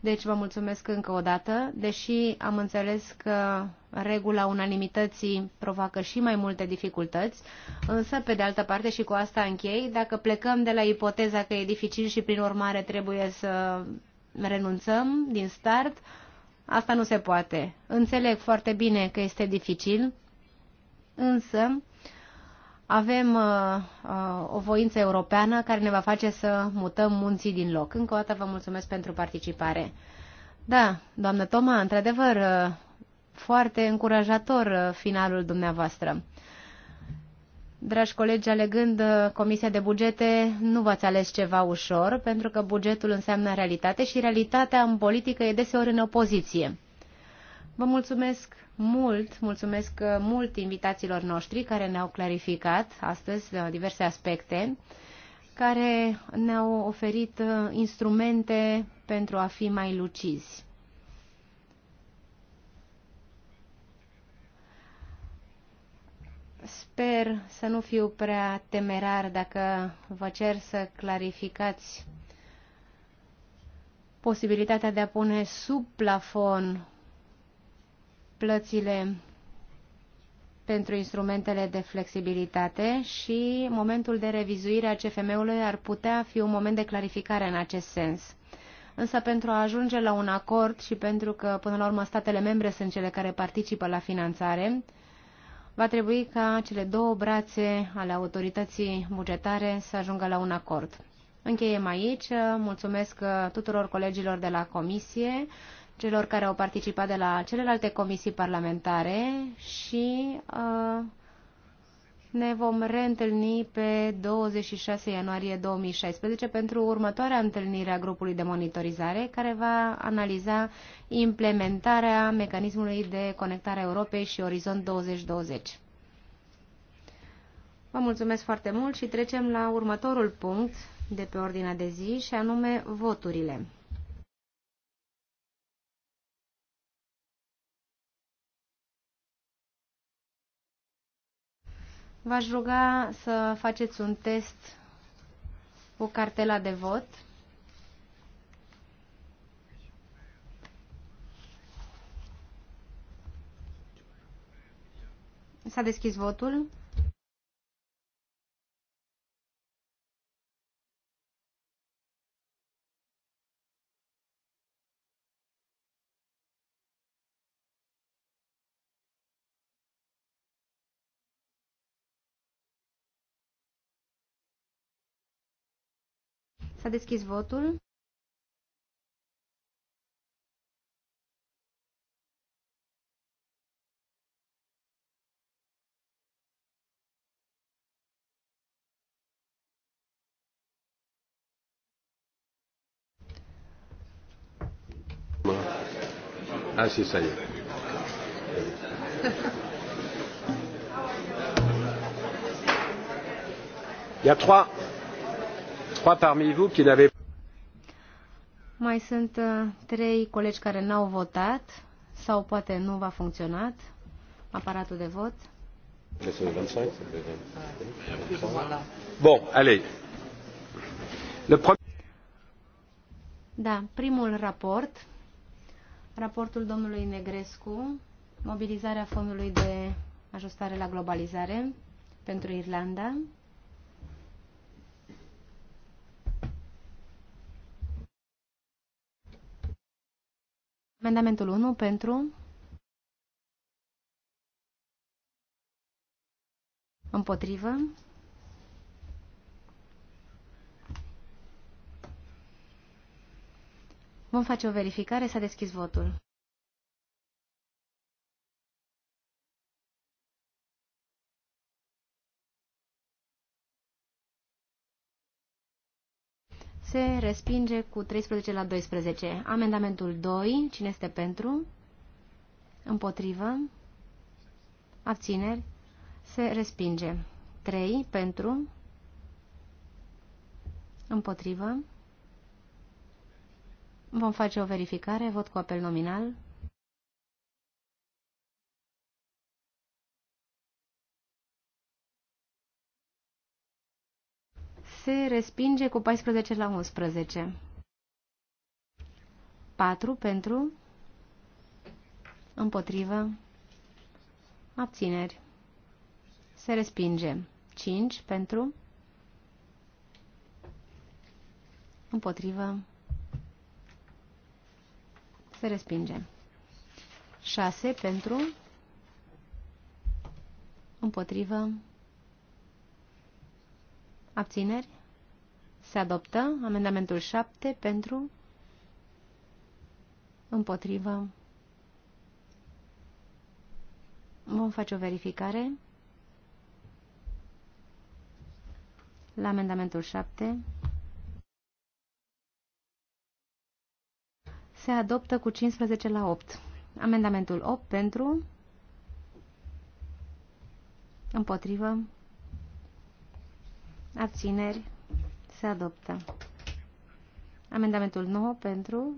deci vă mulțumesc încă o dată, deși am înțeles că regula unanimității provoacă și mai multe dificultăți, însă, pe de altă parte, și cu asta închei, dacă plecăm de la ipoteza că e dificil și, prin urmare, trebuie să renunțăm din start, asta nu se poate. Înțeleg foarte bine că este dificil, însă avem uh, uh, o voință europeană care ne va face să mutăm munții din loc. Încă o dată vă mulțumesc pentru participare. Da, doamnă Toma, într-adevăr, uh, foarte încurajator finalul dumneavoastră. Dragi colegi, alegând Comisia de Bugete, nu v-ați ales ceva ușor, pentru că bugetul înseamnă realitate și realitatea în politică e deseori în opoziție. Vă mulțumesc mult, mulțumesc uh, mult invitațiilor noștri care ne-au clarificat astăzi uh, diverse aspecte, care ne-au oferit uh, instrumente pentru a fi mai lucizi. Sper să nu fiu prea temerar dacă vă cer să clarificați posibilitatea de a pune sub plafon plățile pentru instrumentele de flexibilitate și momentul de revizuire a CFM-ului ar putea fi un moment de clarificare în acest sens. Însă pentru a ajunge la un acord și pentru că până la urmă statele membre sunt cele care participă la finanțare, va trebui ca cele două brațe ale autorității bugetare să ajungă la un acord. Încheiem aici. Mulțumesc uh, tuturor colegilor de la Comisie celor care au participat de la celelalte comisii parlamentare și uh, ne vom reîntâlni pe 26 ianuarie 2016 pentru următoarea întâlnire a grupului de monitorizare care va analiza implementarea mecanismului de conectare a Europei și Orizont 2020. Vă mulțumesc foarte mult și trecem la următorul punct de pe ordinea de zi și anume voturile. V-aș ruga să faceți un test cu cartela de vot. S-a deschis votul. S-a deschis votul. Ah, si, ça Il y a trois, trois parmi vous qui n'avez mai sunt uh, trei colegi care n-au votat sau poate nu va funcționat aparatul de vot. Bon, allez. Le premier... Da, primul raport, raportul domnului Negrescu, mobilizarea fondului de ajustare la globalizare pentru Irlanda. Amendamentul 1 pentru, împotrivă, vom face o verificare, s-a deschis votul. se respinge cu 13 la 12. Amendamentul 2, cine este pentru? Împotrivă. Abțineri. Se respinge. 3, pentru. Împotrivă. Vom face o verificare, vot cu apel nominal. se respinge cu 14 la 11. 4 pentru, împotrivă, abțineri, se respinge. 5 pentru, împotrivă, se respinge. 6 pentru, împotrivă, Abțineri? Se adoptă. Amendamentul 7 pentru? Împotrivă. Vom face o verificare. La amendamentul 7 se adoptă cu 15 la 8. Amendamentul 8 pentru, împotrivă, abțineri, se adoptă. Amendamentul 9 pentru,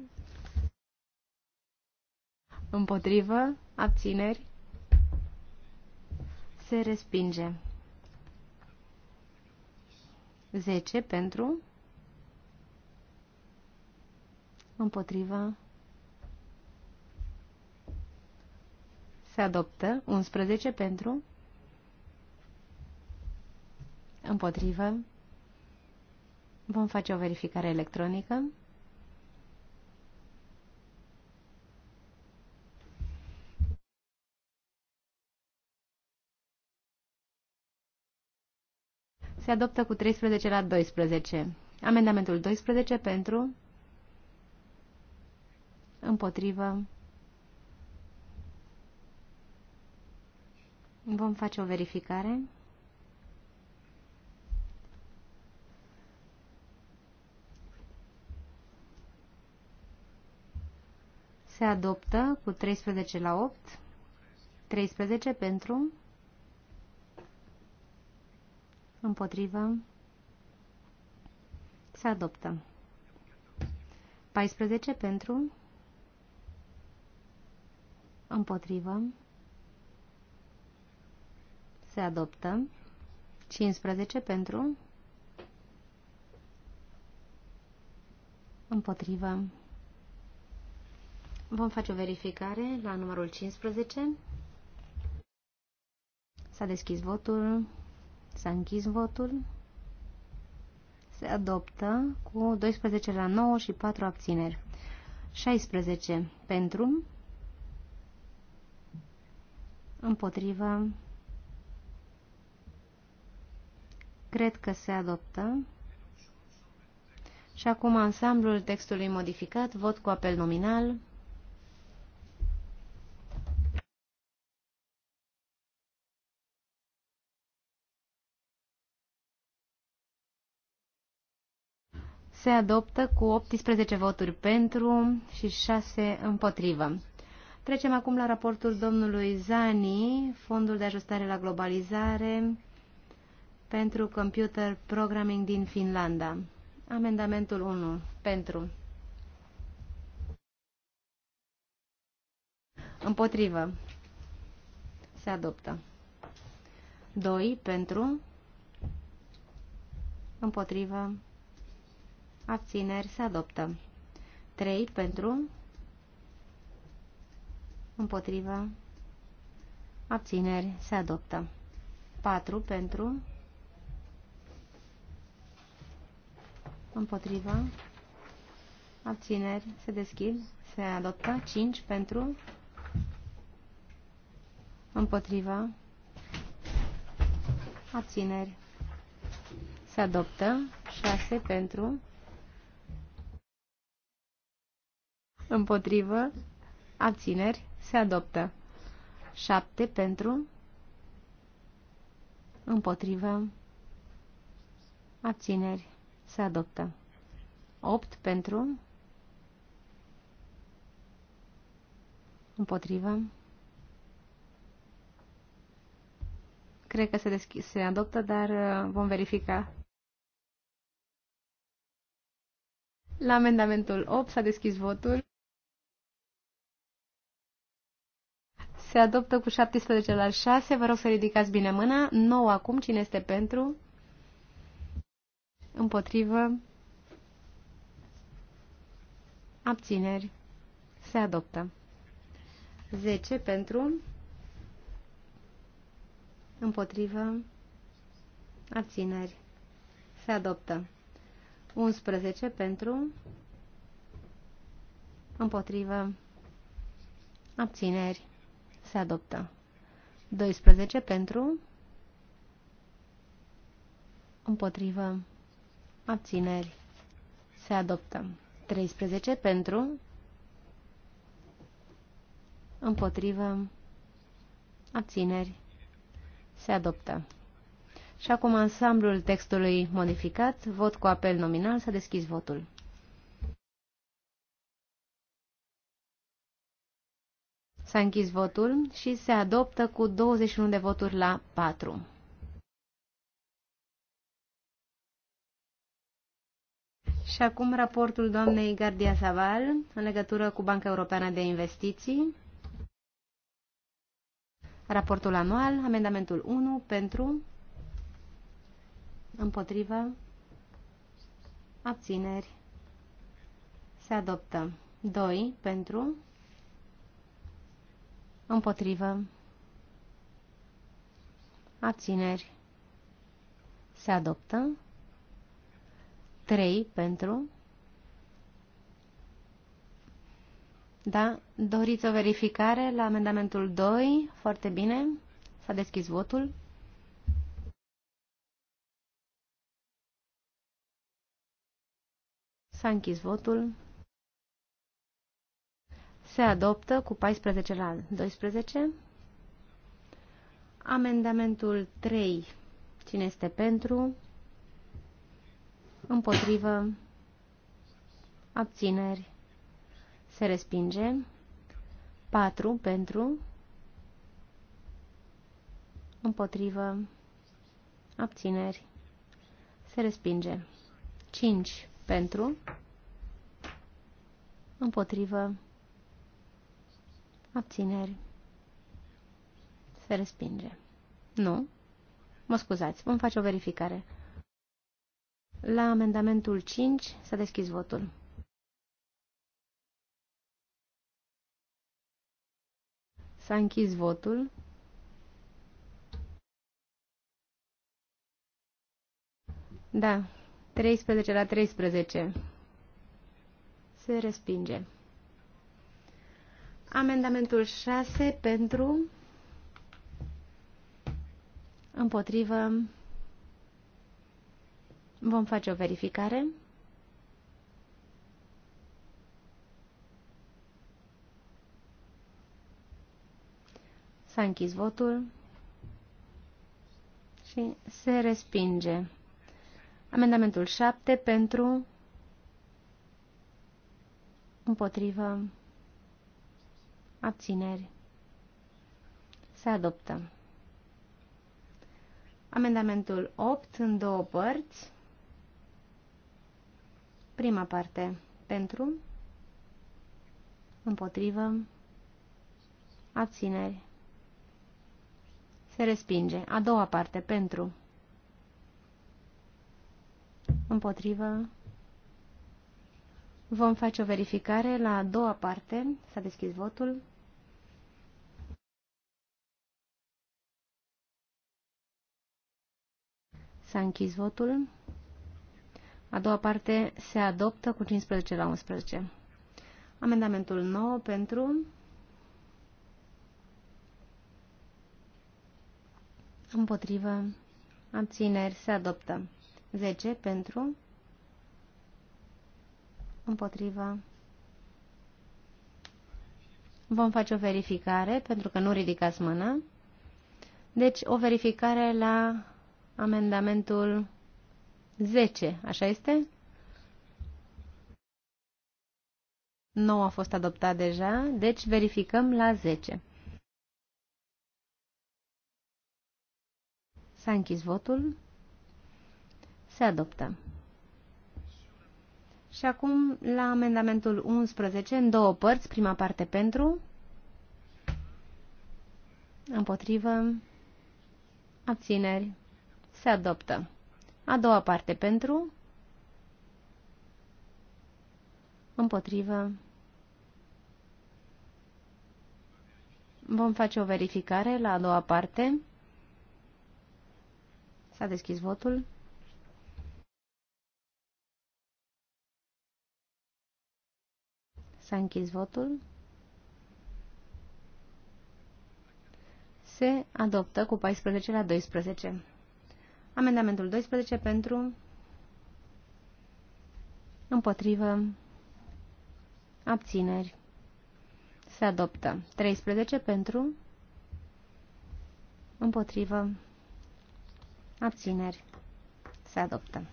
împotrivă, abțineri, se respinge. 10 pentru, împotriva, se adoptă, 11 pentru, Împotrivă. Vom face o verificare electronică. Se adoptă cu 13 la 12. Amendamentul 12 pentru împotrivă. Vom face o verificare. Se adoptă cu 13 la 8. 13 pentru. Împotrivă. Se adoptă. 14 pentru. Împotrivă. Se adoptă. 15 pentru. Împotrivă. Vom face o verificare la numărul 15. S-a deschis votul, s-a închis votul, se adoptă cu 12 la 9 și 4 abțineri. 16 pentru, împotriva, cred că se adoptă. Și acum ansamblul textului modificat, vot cu apel nominal. se adoptă cu 18 voturi pentru și 6 împotrivă. Trecem acum la raportul domnului Zani, Fondul de Ajustare la Globalizare pentru Computer Programming din Finlanda. Amendamentul 1. Pentru. Împotrivă. Se adoptă. 2. Pentru. Împotrivă abțineri, se adoptă. 3 pentru, împotrivă, abțineri, se adoptă. 4 pentru, împotrivă, abțineri, se deschid, se adoptă. 5 pentru, împotrivă, abțineri, se adoptă. 6 pentru, împotrivă, abțineri, se adoptă. 7 pentru, împotrivă, abțineri, se adoptă. 8 pentru, împotrivă, cred că se, deschis, se adoptă, dar uh, vom verifica. La amendamentul 8 s-a deschis votul. Se adoptă cu 17 la 6. Vă rog să ridicați bine mâna. 9 acum. Cine este pentru? Împotrivă. Abțineri. Se adoptă. 10 pentru. Împotrivă. Abțineri. Se adoptă. 11 pentru. Împotrivă. Abțineri se adoptă. 12 pentru, împotrivă, abțineri, se adoptă. 13 pentru, împotrivă, abțineri, se adoptă. Și acum ansamblul textului modificat, vot cu apel nominal, s-a deschis votul. S-a închis votul și se adoptă cu 21 de voturi la 4. Și acum raportul doamnei Gardia Saval în legătură cu Banca Europeană de Investiții. Raportul anual, amendamentul 1 pentru, împotriva, abțineri, se adoptă. 2 pentru, împotrivă, abțineri, se adoptă, 3 pentru, da, doriți o verificare la amendamentul 2, foarte bine, s-a deschis votul. S-a închis votul. Se adoptă cu 14 la 12. Amendamentul 3. Cine este pentru? Împotrivă? Abțineri? Se respinge. 4 pentru? Împotrivă? Abțineri? Se respinge. 5 pentru? Împotrivă? Abțineri. Se respinge. Nu. Mă scuzați, vom face o verificare. La amendamentul 5 s-a deschis votul. S-a închis votul. Da, 13 la 13. Se respinge. Amendamentul 6 pentru, împotrivă, vom face o verificare. S-a închis votul și se respinge. Amendamentul 7 pentru, împotrivă, Abțineri. Se adoptă. Amendamentul 8 în două părți. Prima parte pentru, împotrivă, abțineri. Se respinge. A doua parte pentru, împotrivă. Vom face o verificare la a doua parte. S-a deschis votul. S-a închis votul. A doua parte se adoptă cu 15 la 11. Amendamentul 9 pentru. Împotrivă. Abțineri. Se adoptă. 10 pentru. Împotrivă. Vom face o verificare pentru că nu ridicați mână. Deci o verificare la amendamentul 10, așa este? 9 a fost adoptat deja, deci verificăm la 10. S-a închis votul. Se adoptă. Și acum la amendamentul 11, în două părți, prima parte pentru, împotrivă, abțineri, se adoptă. A doua parte pentru, împotrivă. Vom face o verificare la a doua parte. S-a deschis votul. S-a închis votul. Se adoptă cu 14 la 12. Amendamentul 12 pentru, împotrivă, abțineri. Se adoptă. 13 pentru, împotrivă, abțineri. Se adoptă.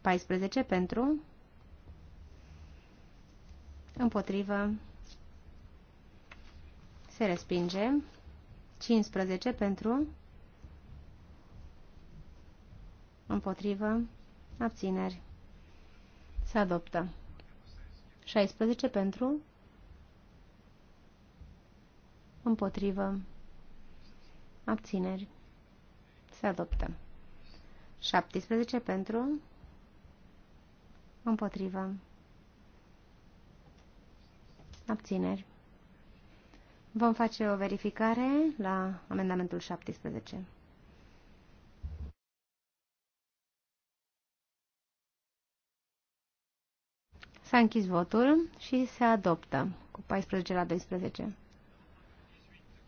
14 pentru, împotrivă, se respinge. 15 pentru, împotrivă, abțineri. Se adoptă. 16 pentru, împotrivă, abțineri. Se adoptă. 17 pentru, împotrivă, abțineri. Vom face o verificare la amendamentul 17. S-a închis votul și se adoptă cu 14 la 12.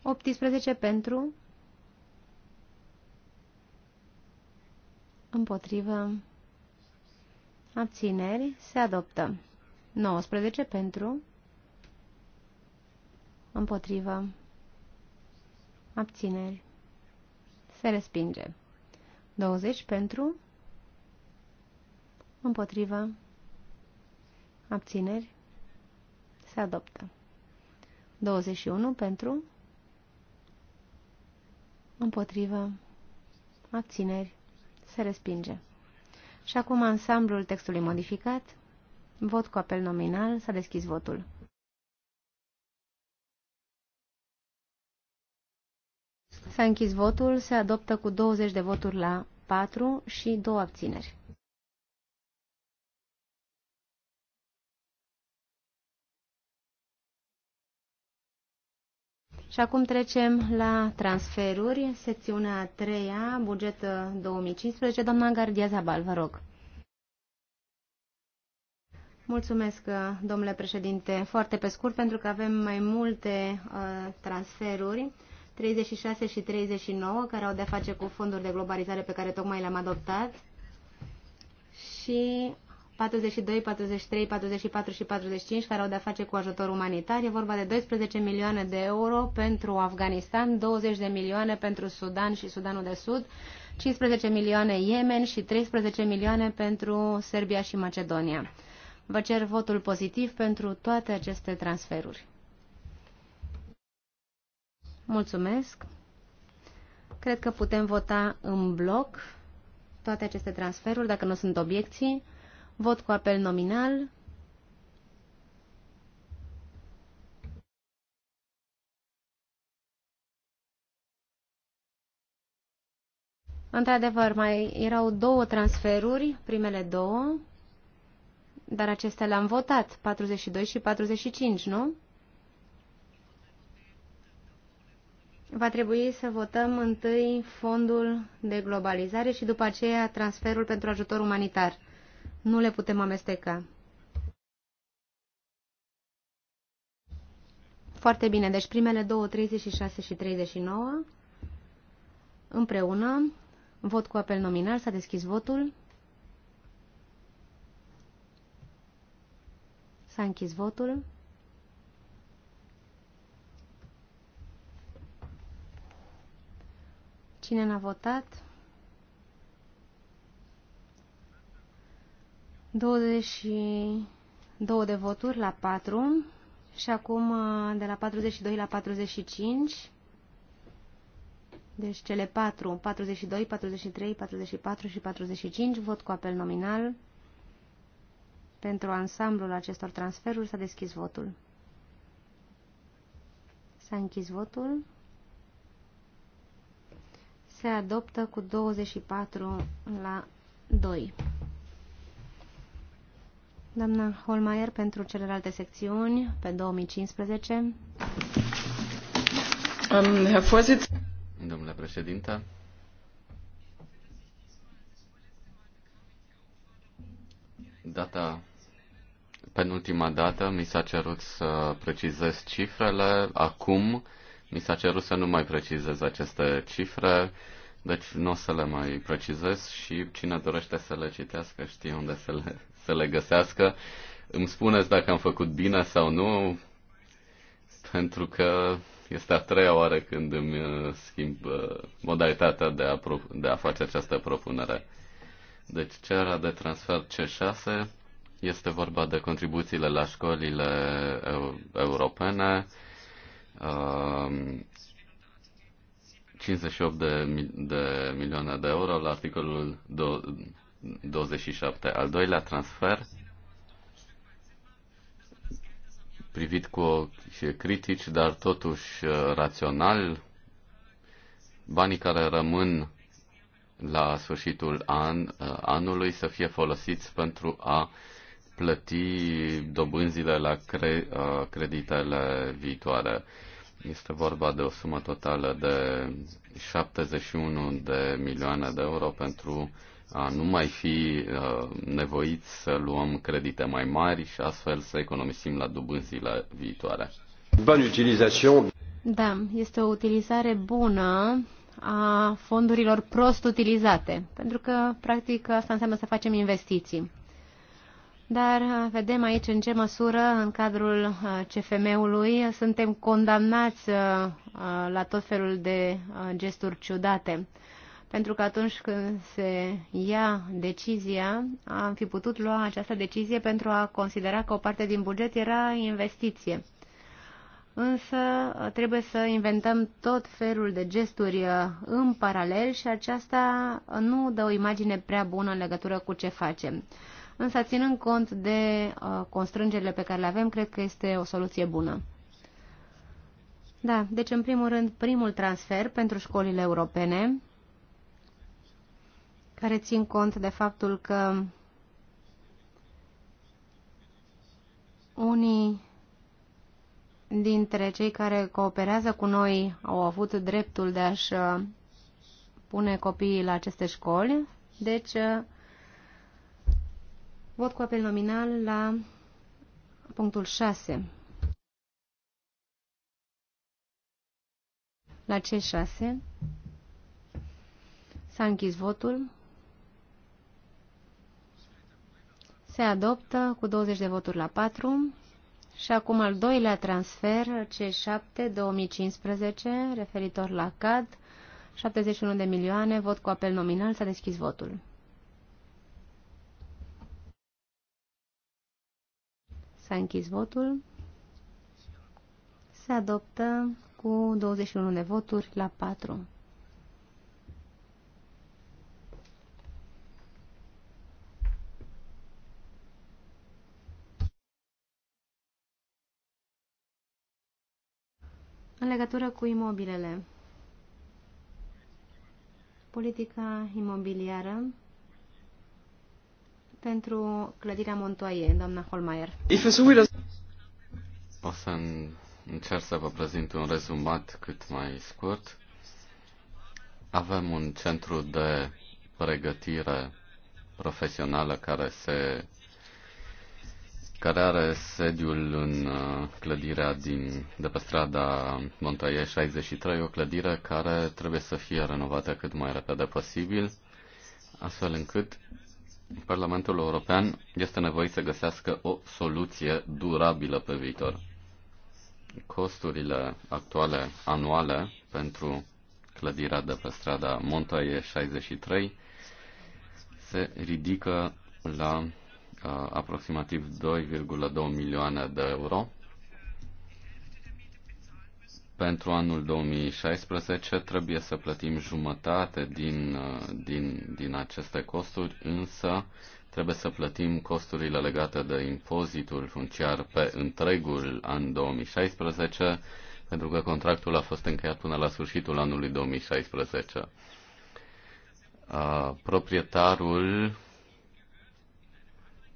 18 pentru, împotrivă, abțineri, se adoptă. 19 pentru, împotrivă, abțineri, se respinge. 20 pentru, împotrivă, Abțineri. Se adoptă. 21 pentru. Împotrivă. Abțineri. Se respinge. Și acum ansamblul textului modificat. Vot cu apel nominal. S-a deschis votul. S-a închis votul, se adoptă cu 20 de voturi la 4 și 2 abțineri. Și acum trecem la transferuri, secțiunea a treia, buget 2015. Uh, Doamna Gardia Zabal, vă rog. Mulțumesc, uh, domnule președinte. Foarte pe scurt, pentru că avem mai multe uh, transferuri, 36 și 39, care au de-a face cu fonduri de globalizare pe care tocmai le-am adoptat și 42, 43, 44 și 45 care au de-a face cu ajutor umanitar. E vorba de 12 milioane de euro pentru Afganistan, 20 de milioane pentru Sudan și Sudanul de Sud, 15 milioane Yemen și 13 milioane pentru Serbia și Macedonia. Vă cer votul pozitiv pentru toate aceste transferuri. Mulțumesc. Cred că putem vota în bloc toate aceste transferuri, dacă nu sunt obiecții. Vot cu apel nominal. Într-adevăr, mai erau două transferuri, primele două, dar acestea le-am votat, 42 și 45, nu? Va trebui să votăm întâi fondul de globalizare și după aceea transferul pentru ajutor umanitar. Nu le putem amesteca. Foarte bine, deci primele două, 36 și 39, împreună, vot cu apel nominal, s-a deschis votul. S-a închis votul. Cine n-a votat? 22 de voturi la 4 și acum uh, de la 42 la 45. Deci cele 4, 42, 43, 44 și 45, vot cu apel nominal. Pentru ansamblul acestor transferuri s-a deschis votul. S-a închis votul. Se adoptă cu 24 la 2. Doamna Holmeier, pentru celelalte secțiuni, pe 2015. Um, Domnule președinte, data, penultima dată mi s-a cerut să precizez cifrele, acum mi s-a cerut să nu mai precizez aceste cifre, deci nu o să le mai precizez și cine dorește să le citească știe unde să le să le găsească. Îmi spuneți dacă am făcut bine sau nu, pentru că este a treia oară când îmi uh, schimb uh, modalitatea de a, de a face această propunere. Deci cererea de transfer C6 este vorba de contribuțiile la școlile europene, 58 um, de, de milioane de euro la articolul 27. Al doilea transfer privit cu critici, dar totuși uh, rațional, banii care rămân la sfârșitul an, uh, anului să fie folosiți pentru a plăti dobânzile la cre, uh, creditele viitoare. Este vorba de o sumă totală de 71 de milioane de euro pentru a nu mai fi uh, nevoit să luăm credite mai mari și astfel să economisim la dobânzile viitoare. Da, este o utilizare bună a fondurilor prost utilizate, pentru că, practic, asta înseamnă să facem investiții. Dar uh, vedem aici în ce măsură, în cadrul uh, CFM-ului, suntem condamnați la tot felul de gesturi ciudate pentru că atunci când se ia decizia, am fi putut lua această decizie pentru a considera că o parte din buget era investiție. Însă trebuie să inventăm tot felul de gesturi uh, în paralel și aceasta nu dă o imagine prea bună în legătură cu ce facem. Însă, ținând cont de uh, constrângerile pe care le avem, cred că este o soluție bună. Da, deci în primul rând, primul transfer pentru școlile europene, care țin cont de faptul că unii dintre cei care cooperează cu noi au avut dreptul de a-și uh, pune copiii la aceste școli. Deci, uh, vot cu apel nominal la punctul 6. La ce 6? S-a închis votul. se adoptă cu 20 de voturi la 4 și acum al doilea transfer, C7 2015, referitor la CAD, 71 de milioane, vot cu apel nominal, s-a deschis votul. S-a închis votul. Se adoptă cu 21 de voturi la 4. În legătură cu imobilele, politica imobiliară pentru clădirea Montoie, doamna Holmeier. O să încerc să vă prezint un rezumat cât mai scurt. Avem un centru de pregătire profesională care se care are sediul în uh, clădirea din, de pe strada Montoie 63, o clădire care trebuie să fie renovată cât mai repede posibil, astfel încât Parlamentul European este nevoit să găsească o soluție durabilă pe viitor. Costurile actuale anuale pentru clădirea de pe strada Montoie 63 se ridică la Uh, aproximativ 2,2 milioane de euro. Pentru anul 2016 trebuie să plătim jumătate din, uh, din, din aceste costuri, însă trebuie să plătim costurile legate de impozitul funciar pe întregul an 2016, pentru că contractul a fost încheiat până la sfârșitul anului 2016. Uh, proprietarul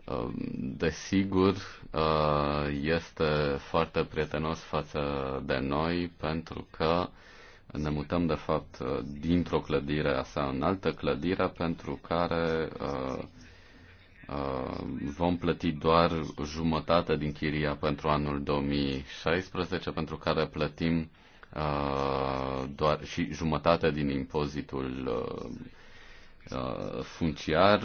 Ehm, desigur, ehm, este foarte prietenos față de noi pentru că ne mutăm, de fapt, dintr-o clădire a sa în altă clădire pentru care ehm, vom plăti doar jumătate din chiria pentru anul 2016, pentru care plătim doar și jumătate din impozitul funciar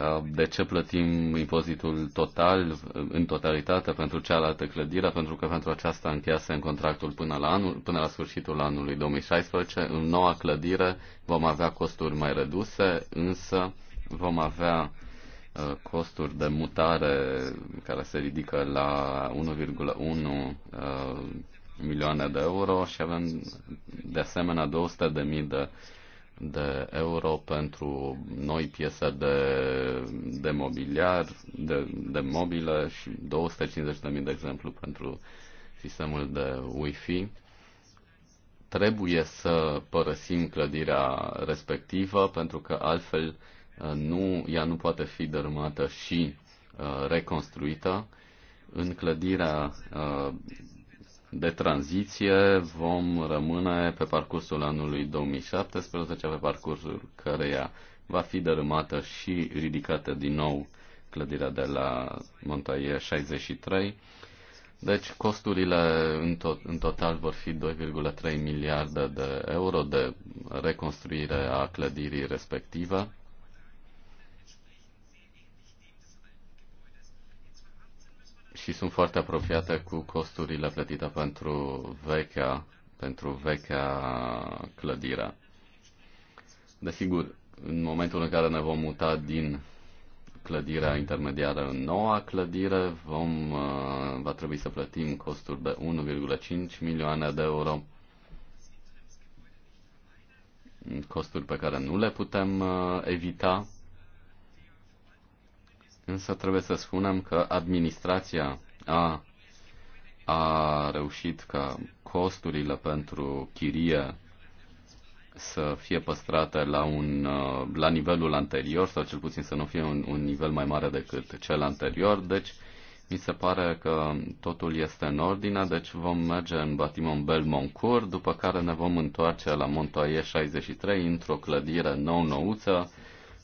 Uh, de ce plătim impozitul total, uh, în totalitate, pentru cealaltă clădire, pentru că pentru aceasta încheiase în contractul până la, anul, până la sfârșitul anului 2016. În noua clădire vom avea costuri mai reduse, însă vom avea uh, costuri de mutare care se ridică la 1,1 milioane de euro și avem de asemenea 200.000 de mii de de euro pentru noi piese de, de mobiliar, de, de mobile și 250.000 de exemplu pentru sistemul de Wi-Fi. Trebuie să părăsim clădirea respectivă pentru că altfel uh, nu, ea nu poate fi dărâmată și uh, reconstruită. În clădirea uh, de tranziție vom rămâne pe parcursul anului 2017, pe parcursul căreia va fi dărâmată și ridicată din nou clădirea de la Montaie 63. Deci costurile în, to- în total vor fi 2,3 miliarde de euro de reconstruire a clădirii respectivă și sunt foarte apropiate cu costurile plătite pentru vechea, pentru vechea clădire. Desigur, în momentul în care ne vom muta din clădirea intermediară în noua clădire, vom, uh, va trebui să plătim costuri de 1,5 milioane de euro, costuri pe care nu le putem uh, evita însă trebuie să spunem că administrația a, a reușit ca costurile pentru chirie să fie păstrate la, un, la nivelul anterior sau cel puțin să nu fie un, un nivel mai mare decât cel anterior. Deci mi se pare că totul este în ordine, deci vom merge în Batimon Belmoncourt, după care ne vom întoarce la Montoie 63 într-o clădire nou-nouță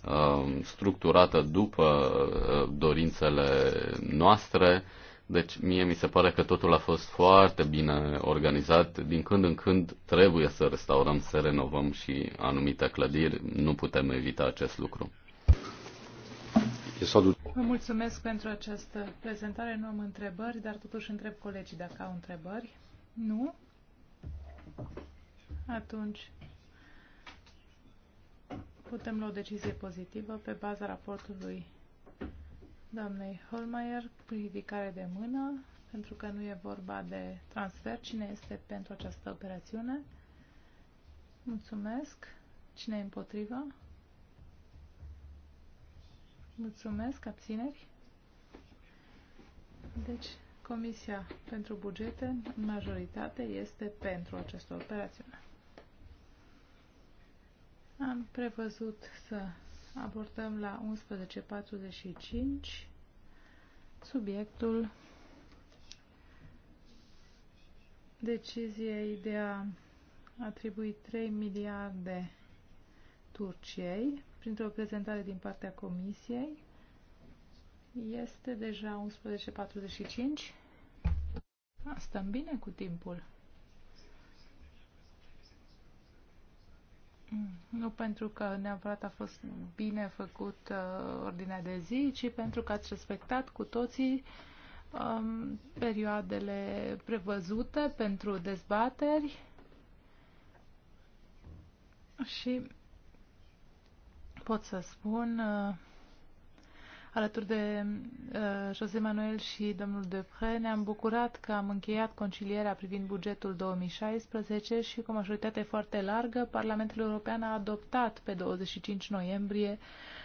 Um, structurată după uh, dorințele noastre. Deci mie mi se pare că totul a fost foarte bine organizat. Din când în când trebuie să restaurăm, să renovăm și anumite clădiri. Nu putem evita acest lucru. Vă mulțumesc pentru această prezentare. Nu am întrebări, dar totuși întreb colegii dacă au întrebări. Nu? Atunci Putem lua o decizie pozitivă pe baza raportului doamnei Holmeier cu ridicare de mână, pentru că nu e vorba de transfer. Cine este pentru această operațiune? Mulțumesc. Cine e împotriva? Mulțumesc. Abțineri? Deci, Comisia pentru Bugete, în majoritate, este pentru această operațiune. Am prevăzut să abordăm la 11.45 subiectul deciziei de a atribui 3 miliarde Turciei printr-o prezentare din partea Comisiei. Este deja 11.45. Stăm bine cu timpul. Mm. Nu pentru că neapărat a fost bine făcut uh, ordinea de zi, ci pentru că ați respectat cu toții um, perioadele prevăzute pentru dezbateri și pot să spun uh, Alături de uh, José Manuel și domnul Depre ne-am bucurat că am încheiat concilierea privind bugetul 2016 și cu majoritate foarte largă Parlamentul European a adoptat pe 25 noiembrie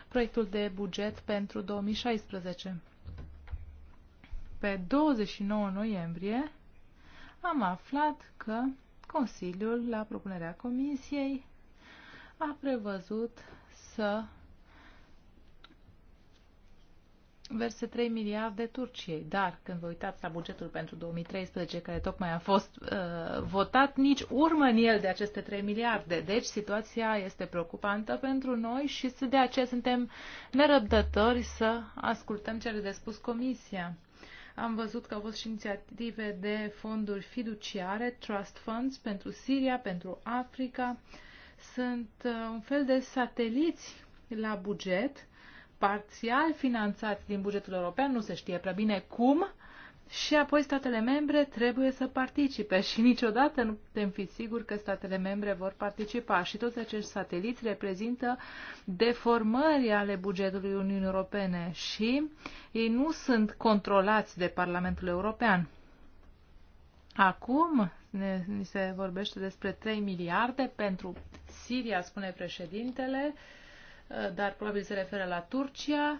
proiectul de buget pentru 2016. Pe 29 noiembrie am aflat că Consiliul, la propunerea Comisiei, a prevăzut să verse 3 miliarde Turciei. Dar când vă uitați la bugetul pentru 2013, care tocmai a fost uh, votat, nici urmă în el de aceste 3 miliarde. Deci situația este preocupantă pentru noi și de aceea suntem nerăbdători să ascultăm ce are de spus Comisia. Am văzut că au fost și inițiative de fonduri fiduciare, trust funds pentru Siria, pentru Africa. Sunt uh, un fel de sateliți la buget parțial finanțați din bugetul european, nu se știe prea bine cum, și apoi statele membre trebuie să participe și niciodată nu putem fi siguri că statele membre vor participa și toți acești sateliți reprezintă deformări ale bugetului Uniunii Europene și ei nu sunt controlați de Parlamentul European. Acum ne, ni se vorbește despre 3 miliarde pentru Siria, spune președintele, uh, Eh, dar probabil se referă la Turcia.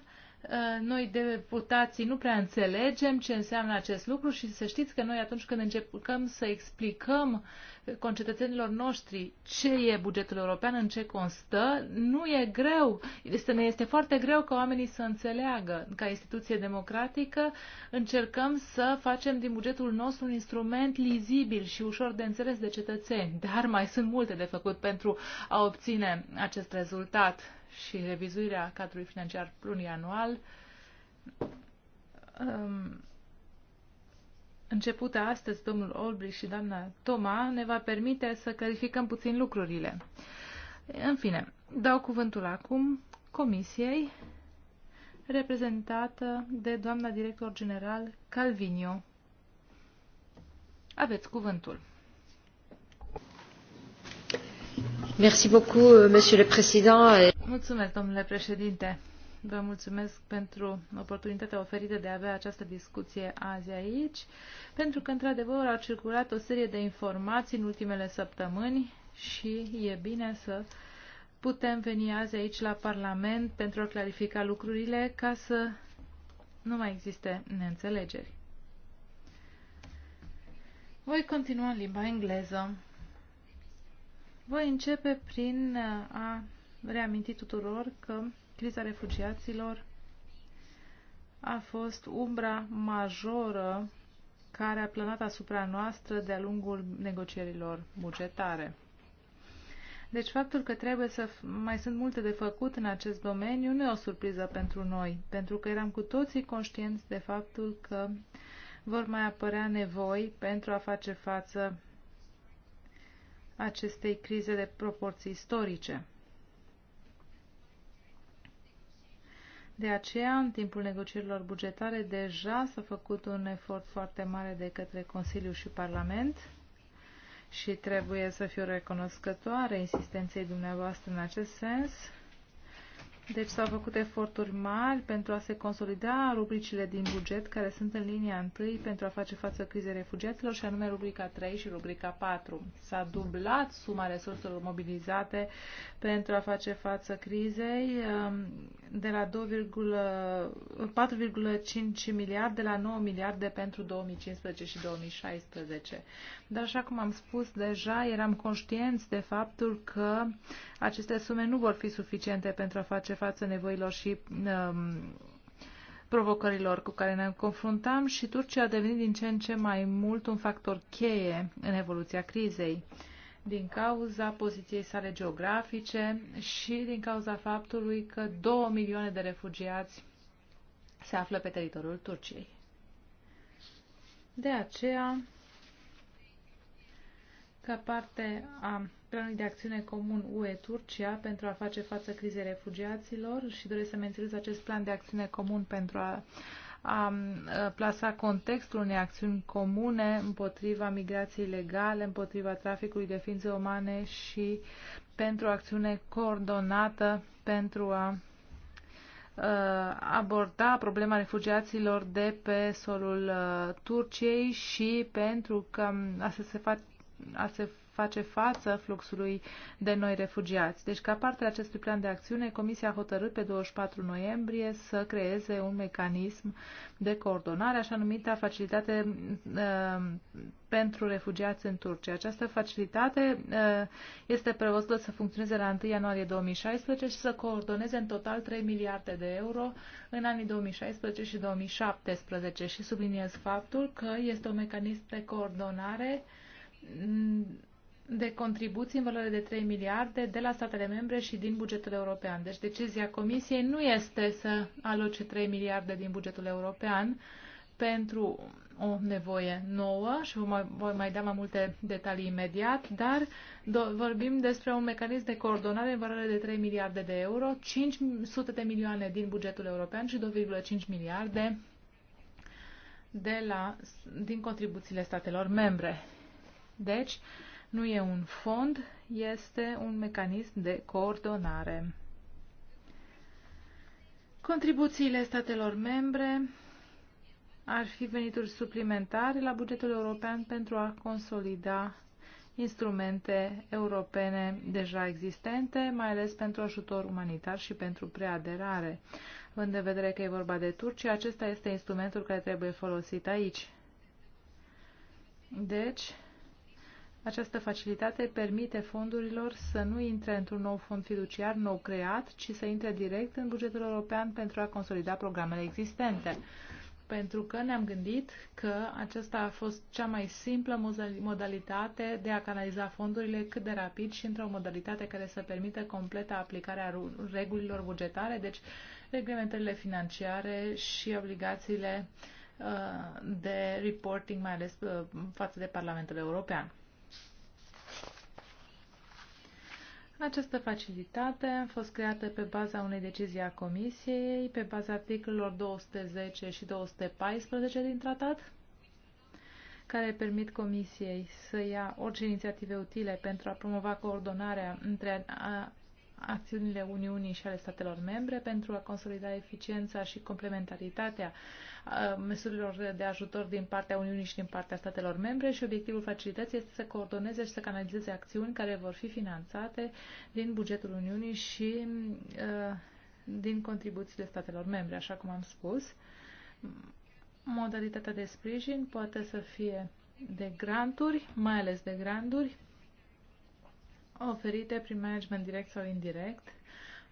Eh, noi, deputații, nu prea înțelegem ce înseamnă acest lucru și să știți că noi atunci când începem să explicăm concetățenilor noștri ce e bugetul european, în ce constă, nu e greu. Este, ne este foarte greu ca oamenii să înțeleagă. Ca instituție democratică încercăm să facem din bugetul nostru un instrument lizibil și ușor de înțeles de cetățeni, dar mai sunt multe de făcut pentru a obține acest rezultat și revizuirea cadrului financiar plurianual um, începută astăzi domnul Olbrich și doamna Toma ne va permite să clarificăm puțin lucrurile. În fine, dau cuvântul acum comisiei reprezentată de doamna director general Calvinio. Aveți cuvântul. Merci beaucoup, euh, monsieur le président. Mulțumesc, domnule președinte. Vă mulțumesc pentru oportunitatea oferită de a avea această discuție azi aici, pentru că, într-adevăr, au circulat o serie de informații în ultimele săptămâni și e bine să putem veni azi aici la Parlament pentru a clarifica lucrurile ca să nu mai existe neînțelegeri. Voi continua în limba engleză. Voi începe prin a reaminti tuturor că criza refugiaților a fost umbra majoră care a plănat asupra noastră de-a lungul negocierilor bugetare. Deci faptul că trebuie să mai sunt multe de făcut în acest domeniu nu e o surpriză pentru noi, pentru că eram cu toții conștienți de faptul că vor mai apărea nevoi pentru a face față acestei crize de proporții istorice. De aceea, în timpul negocierilor bugetare, deja s-a făcut un efort foarte mare de către Consiliu și Parlament și trebuie să fiu recunoscătoare insistenței dumneavoastră în acest sens deci s-au făcut eforturi mari pentru a se consolida rubricile din buget care sunt în linia întâi pentru a face față crizei refugiaților și anume rubrica 3 și rubrica 4. S-a dublat suma resurselor mobilizate pentru a face față crizei um, de la 4,5 miliarde la 9 miliarde pentru 2015 și 2016. Dar așa cum am spus deja, eram conștienți de faptul că aceste sume nu vor fi suficiente pentru a face față nevoilor și um, provocărilor cu care ne confruntăm și Turcia a devenit din ce în ce mai mult un factor cheie în evoluția crizei din cauza poziției sale geografice și din cauza faptului că 2 milioane de refugiați se află pe teritoriul Turciei. De aceea, ca parte a planului de acțiune comun UE-Turcia pentru a face față crizei refugiaților și doresc să menționez acest plan de acțiune comun pentru a, a plasa contextul unei acțiuni comune împotriva migrației legale, împotriva traficului de ființe umane și pentru o acțiune coordonată pentru a aborda problema refugiaților de pe solul Turciei și pentru că a se, se, fa- a se face față fluxului de noi refugiați. Deci, ca parte a acestui plan de acțiune, Comisia a hotărât pe 24 noiembrie să creeze un mecanism de coordonare, așa numită facilitate uh, pentru refugiați în Turcia. Această facilitate uh, este prevăzută să funcționeze la 1 ianuarie 2016 și să coordoneze în total 3 miliarde de euro în anii 2016 și 2017 și subliniez faptul că este un mecanism de coordonare de contribuții în valoare de 3 miliarde de la statele membre și din bugetul european. Deci decizia Comisiei nu este să aloce 3 miliarde din bugetul european pentru o nevoie nouă și vă voi mai da mai multe detalii imediat, dar vorbim despre un mecanism de coordonare în valoare de 3 miliarde de euro, 500 de milioane din bugetul european și 2,5 miliarde de la, din contribuțiile statelor membre. Deci, uh, nu e un fond, este un mecanism de coordonare. Contribuțiile statelor membre ar fi venituri suplimentare la bugetul european pentru a consolida instrumente europene deja existente, mai ales pentru ajutor umanitar și pentru preaderare. Având de vedere că e vorba de Turcia, acesta este instrumentul care trebuie folosit aici. Deci, această facilitate permite fondurilor să nu intre într-un nou fond fiduciar nou creat, ci să intre direct în bugetul european pentru a consolida programele existente. Pentru că ne-am gândit că aceasta a fost cea mai simplă modalitate de a canaliza fondurile cât de rapid și într-o modalitate care să permită completa aplicarea regulilor bugetare, deci reglementările financiare și obligațiile uh, de reporting, mai ales uh, față de Parlamentul European. Această facilitate a fost creată pe baza unei decizii a Comisiei, pe baza articolelor 210 și 214 din tratat, care permit Comisiei să ia orice inițiative utile pentru a promova coordonarea între acțiunile Uniunii și ale statelor membre pentru a consolida eficiența și complementaritatea uh, măsurilor de ajutor din partea Uniunii și din partea statelor membre și obiectivul facilității este să coordoneze și să canalizeze acțiuni care vor fi finanțate din bugetul Uniunii și uh, din contribuțiile statelor membre, așa cum am spus. Modalitatea de sprijin poate să fie de granturi, mai ales de granturi, oferite prin management direct sau indirect,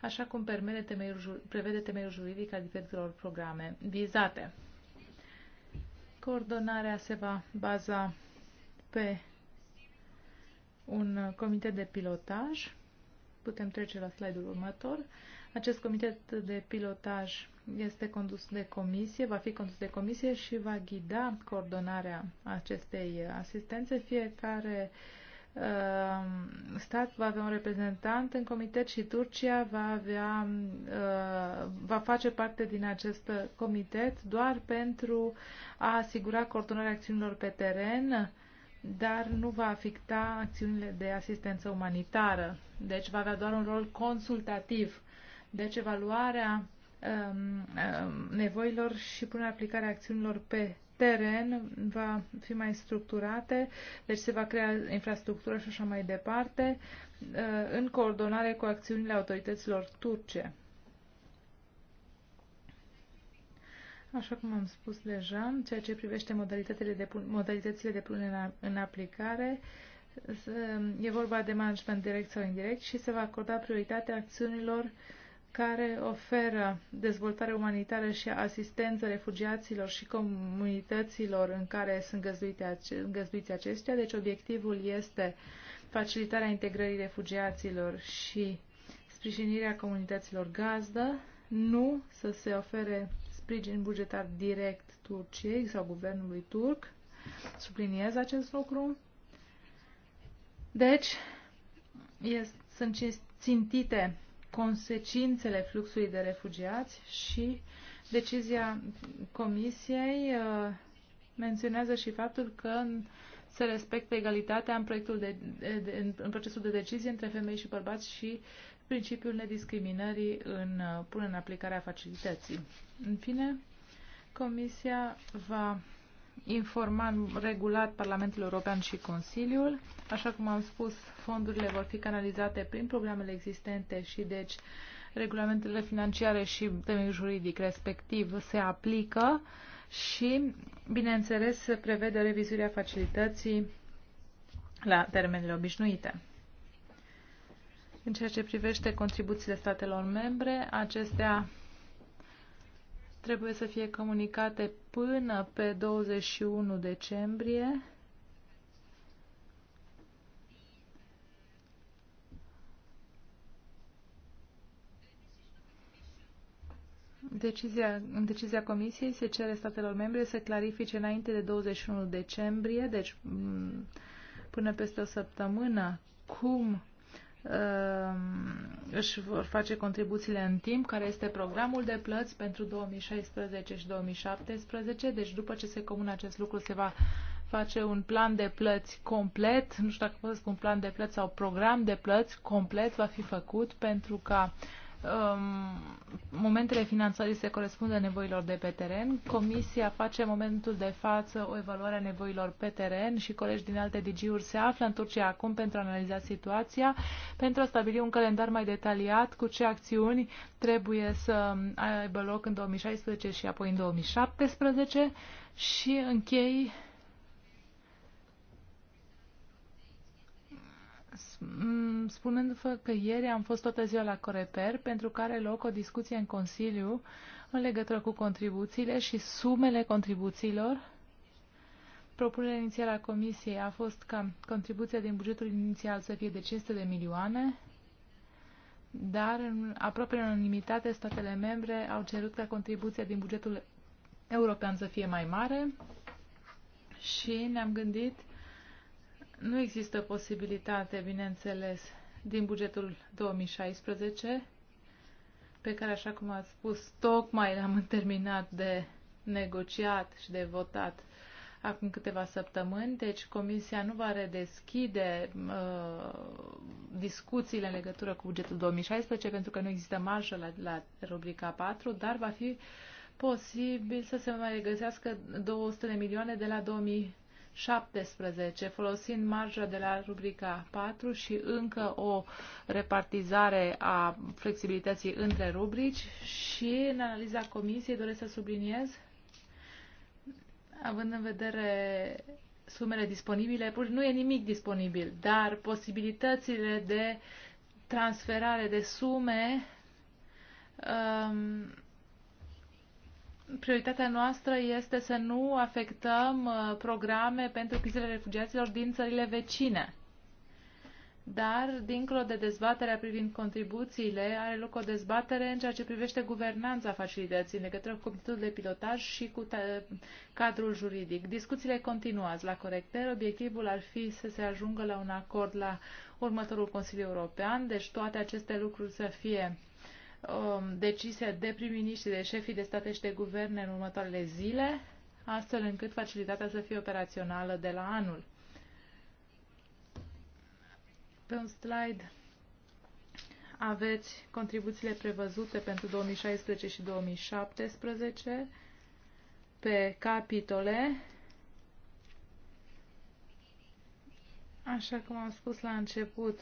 așa cum temeiul, prevede temeiul juridic al diferitelor programe vizate. Coordonarea se va baza pe un comitet de pilotaj. Putem trece la slide-ul următor. Acest comitet de pilotaj este condus de comisie, va fi condus de comisie și va ghida coordonarea acestei asistențe. Fiecare uh, Ehm, stat va avea un reprezentant în comitet și Turcia va, avea, ehm, va face parte din acest comitet doar pentru a asigura coordonarea acțiunilor pe teren, dar nu va afecta acțiunile de asistență umanitară. Deci va avea doar un rol consultativ. Deci evaluarea ehm, nevoilor și punerea aplicarea acțiunilor pe teren va fi mai structurate, deci se va crea infrastructură și așa mai departe, uh, în coordonare cu acțiunile autorităților turce. Așa cum am spus deja, în ceea ce privește modalitățile de, modalitățile de punere în aplicare, e vorba de management direct sau indirect și se va acorda prioritatea acțiunilor uh, care oferă dezvoltare umanitară și asistență refugiaților și comunităților în care sunt găzduite, găzduiți aceștia. Deci obiectivul este facilitarea integrării refugiaților și sprijinirea comunităților gazdă, nu să se ofere sprijin bugetar direct Turciei sau guvernului turc. Subliniez acest lucru. Deci, este, sunt țintite consecințele fluxului de refugiați și decizia Comisiei uh, menționează și faptul că se respectă egalitatea în, proiectul de, în procesul de decizie între femei și bărbați și principiul nediscriminării în uh, pune în aplicare facilității. În fine, Comisia va informa în regulat Parlamentul European și Consiliul. Așa cum am spus, fondurile vor fi canalizate prin programele existente și deci regulamentele financiare și temei juridic respectiv se aplică și, bineînțeles, se prevede revizuirea facilității la termenele obișnuite. În ceea ce privește contribuțiile statelor membre, acestea trebuie să fie comunicate până pe 21 decembrie. Decizia, în decizia Comisiei se cere statelor membre să clarifice înainte de 21 decembrie, deci până peste o săptămână, cum Ehm, își vor face contribuțiile în timp, care este programul de plăți pentru 2016 și 2017. Deci după ce se comună acest lucru se va face un plan de plăți complet, nu știu dacă pot să spun plan de plăți sau program de plăți complet va fi făcut pentru ca um, momentele finanțării se corespundă nevoilor de pe teren. Comisia face în momentul de față o evaluare a nevoilor pe teren și colegi din alte DG-uri se află în Turcia acum pentru a analiza situația, pentru a stabili un calendar mai detaliat cu ce acțiuni trebuie să aibă loc în 2016 și apoi în 2017 și închei Mm, spunându-vă că ieri am fost toată ziua la Coreper, pentru care loc o discuție în Consiliu în legătură cu contribuțiile și sumele contribuțiilor. Propunerea inițială a Comisiei a fost ca contribuția din bugetul inițial să fie de 500 de milioane, dar în aproape în unanimitate statele membre au cerut ca contribuția din bugetul european să fie mai mare și ne-am gândit nu există posibilitate, bineînțeles, din bugetul 2016, pe care, așa cum ați spus, tocmai l-am terminat de negociat și de votat acum câteva săptămâni, deci Comisia nu va redeschide uh, discuțiile în legătură cu bugetul 2016 pentru că nu există marjă la, la rubrica 4, dar va fi posibil să se mai regăsească 200 de milioane de la 2000 17, folosind marja de la rubrica 4 și încă o repartizare a flexibilității între rubrici și în analiza comisiei doresc să subliniez, având în vedere sumele disponibile, pur nu e nimic disponibil, dar posibilitățile de transferare de sume um, prioritatea noastră este să nu afectăm uh, programe pentru crizele refugiaților din țările vecine. Dar, dincolo de dezbaterea privind contribuțiile, are loc o dezbatere în ceea ce privește guvernanța facilității în legătură cu comitetul de pilotaj și cu cadrul juridic. Discuțiile continuați la corecter. Obiectivul ar fi să se ajungă la un acord la următorul Consiliu European, deci toate aceste lucruri să fie um, decise de prim-miniștri, de șefii de state și de guverne în următoarele zile, astfel încât facilitatea să fie operațională de la anul. Pe un slide aveți contribuțiile prevăzute pentru 2016 și 2017 pe capitole. Așa cum am spus la început,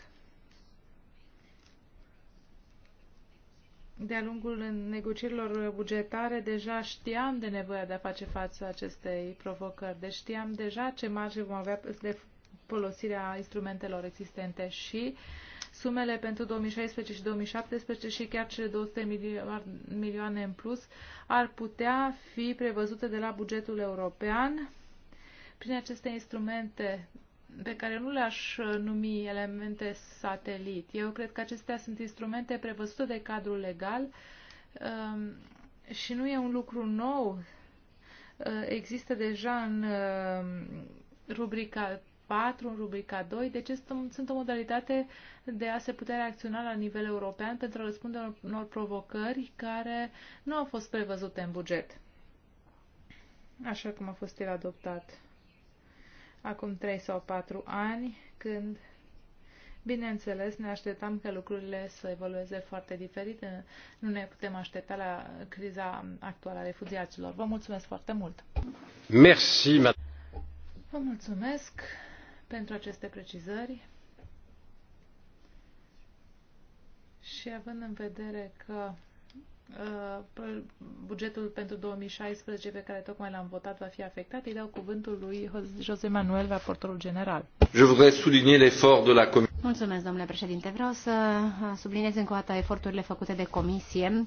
de-a lungul negocierilor bugetare deja știam de nevoia de a face față acestei provocări, deci știam deja ce marge vom avea de folosirea instrumentelor existente și sumele pentru 2016 și 2017 și chiar cele 200 milioane în plus ar putea fi prevăzute de la bugetul european prin aceste instrumente pe care nu le-aș uh, numi elemente satelit. Eu cred că acestea sunt instrumente prevăzute de cadrul legal um, și nu e un lucru nou. Uh, există deja în uh, rubrica 4, în rubrica 2, deci sunt o modalitate de a se putea reacționa la nivel european pentru a răspunde unor provocări care nu au fost prevăzute în buget, așa cum a fost el adoptat acum 3 sau 4 ani, când, bineînțeles, ne așteptam că lucrurile să evolueze foarte diferit. Nu ne putem aștepta la criza actuală a refugiaților. Vă mulțumesc foarte mult! Merci, Vă mulțumesc pentru aceste precizări. Și având în vedere că Uh, bugetul pentru 2016 pe care tocmai l-am votat va fi afectat. Îi dau cuvântul lui José Manuel, raportorul general. Je voudrais souligner l'effort de la Mulțumesc, domnule președinte. Vreau să subliniez încă o dată eforturile făcute de comisie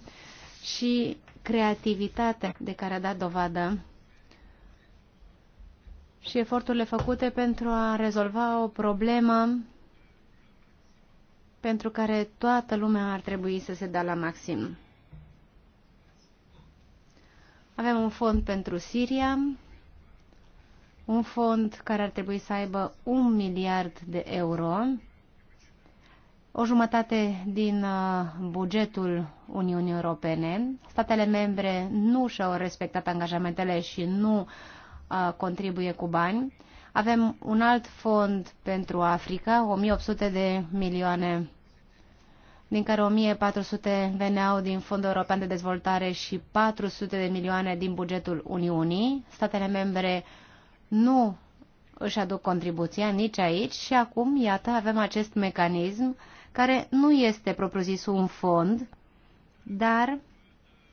și creativitatea de care a dat dovadă și eforturile făcute pentru a rezolva o problemă pentru care toată lumea ar trebui să se dea la maxim. Avem un fond pentru Siria, un fond care ar trebui să aibă un miliard de euro, o jumătate din uh, bugetul Uniunii Europene. Statele membre nu și-au respectat angajamentele și nu uh, contribuie cu bani. Avem un alt fond pentru Africa, 1800 de milioane din care 1400 veneau din Fondul European de Dezvoltare și 400 de milioane din bugetul Uniunii. Statele membre nu își aduc contribuția nici aici și acum, iată, avem acest mecanism care nu este propriu-zis un fond, dar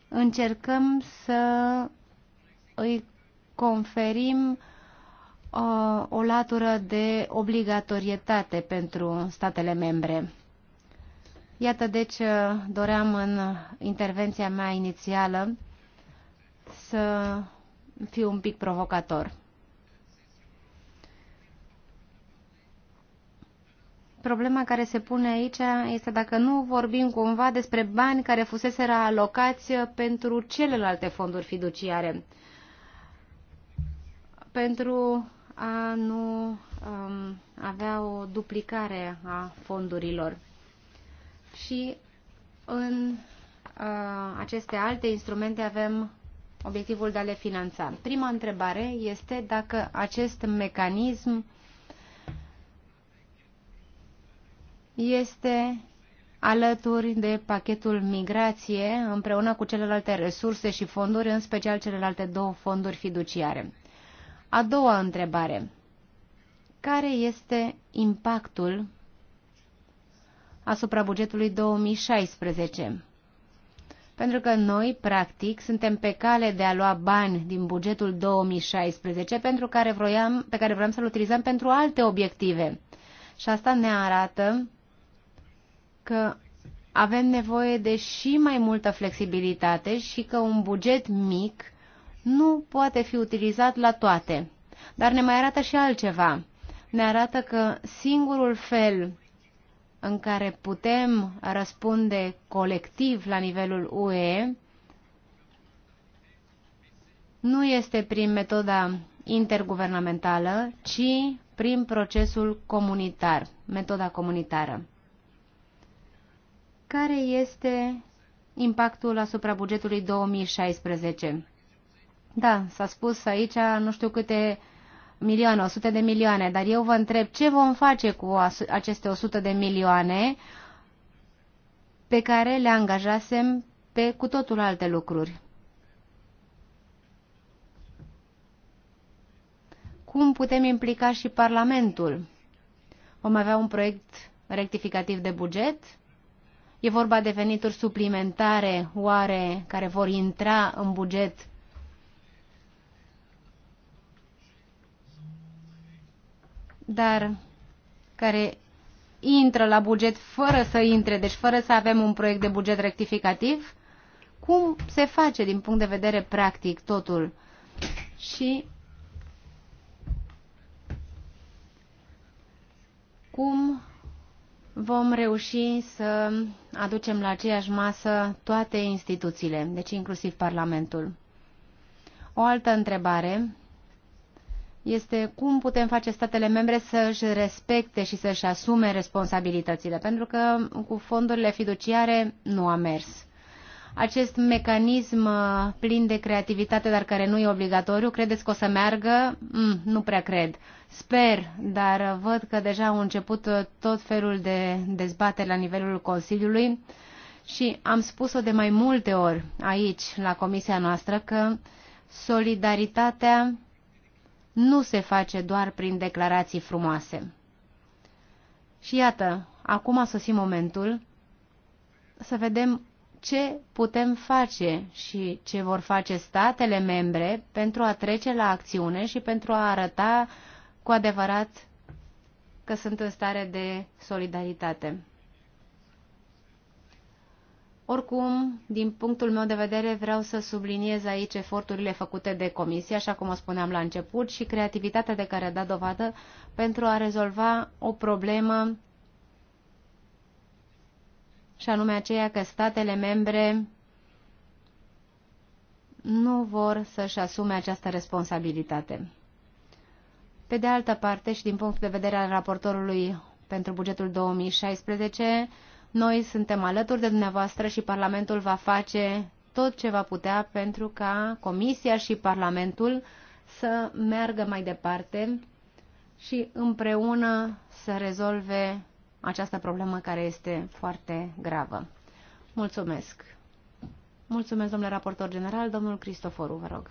încercăm să îi conferim o, uh, o latură de obligatorietate pentru statele membre. Iată deci uh, doream în intervenția mea inițială să fiu un pic provocator. Problema care se pune aici este dacă nu vorbim cumva despre bani care fusese alocați pentru celelalte fonduri fiduciare, pentru a nu um, avea o duplicare a fondurilor și în uh, aceste alte instrumente avem obiectivul de a le finanța. Prima întrebare este dacă acest mecanism este alături de pachetul migrație împreună cu celelalte resurse și fonduri, în special celelalte două fonduri fiduciare. A doua întrebare. Care este impactul asupra bugetului 2016. Pentru că noi, practic, suntem pe cale de a lua bani din bugetul 2016 pentru care vroiam, pe care vroiam să-l utilizăm pentru alte obiective. Și asta ne arată că avem nevoie de și mai multă flexibilitate și că un buget mic nu poate fi utilizat la toate. Dar ne mai arată și altceva. Ne arată că singurul fel în care putem răspunde colectiv la nivelul UE nu este prin metoda interguvernamentală, ci prin procesul comunitar, metoda comunitară. Care este impactul asupra bugetului 2016? Da, s-a spus aici nu știu câte milioane, 100 de milioane, dar eu vă întreb ce vom face cu aceste 100 de milioane pe care le angajasem pe cu totul alte lucruri. Cum putem implica și Parlamentul? Vom avea un proiect rectificativ de buget? E vorba de venituri suplimentare, oare, care vor intra în buget dar care intră la buget fără să intre, deci fără să avem un proiect de buget rectificativ, cum se face din punct de vedere practic totul? Și cum vom reuși să aducem la aceeași masă toate instituțiile, deci inclusiv Parlamentul. O altă întrebare este cum putem face statele membre să-și respecte și să-și asume responsabilitățile, pentru că cu fondurile fiduciare nu a mers. Acest mecanism uh, plin de creativitate, dar care nu e obligatoriu, credeți că o să meargă? Mm, nu prea cred. Sper, dar uh, văd că deja au început uh, tot felul de dezbateri la nivelul Consiliului și am spus-o de mai multe ori aici, la comisia noastră, că solidaritatea nu se face doar prin declarații frumoase. Și iată, acum a sosit momentul să vedem ce putem face și ce vor face statele membre pentru a trece la acțiune și pentru a arăta cu adevărat că sunt în stare de solidaritate. Oricum, din punctul meu de vedere, vreau să subliniez aici eforturile făcute de comisie, așa cum o spuneam la început, și creativitatea de care a dat dovadă pentru a rezolva o problemă și anume aceea că statele membre nu vor să-și asume această responsabilitate. Pe de altă parte, și din punct de vedere al raportorului pentru bugetul 2016, noi suntem alături de dumneavoastră și Parlamentul va face tot ce va putea pentru ca Comisia și Parlamentul să meargă mai departe și împreună să rezolve această problemă care este foarte gravă. Mulțumesc! Mulțumesc, domnule raportor general, domnul Cristoforu, vă rog.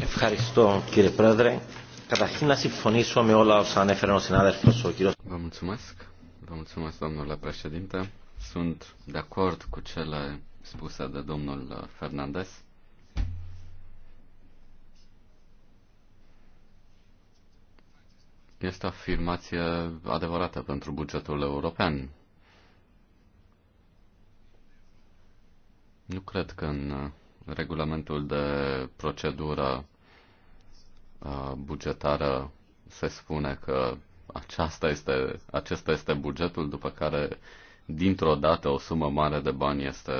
Ευχαριστώ, κύριε Πρόεδρε. Καταρχήν να συμφωνήσω με όλα όσα ανέφερε ο συνάδελφος ο κύριος. Vă mulțumesc. Vă mulțumesc, domnule președinte. Sunt de acord cu cele spuse de domnul Fernandez. Este o afirmație adevărată pentru bugetul european. Nu cred că în regulamentul de procedură uh, bugetară se spune că aceasta este, acesta este bugetul după care dintr-o dată o sumă mare de bani este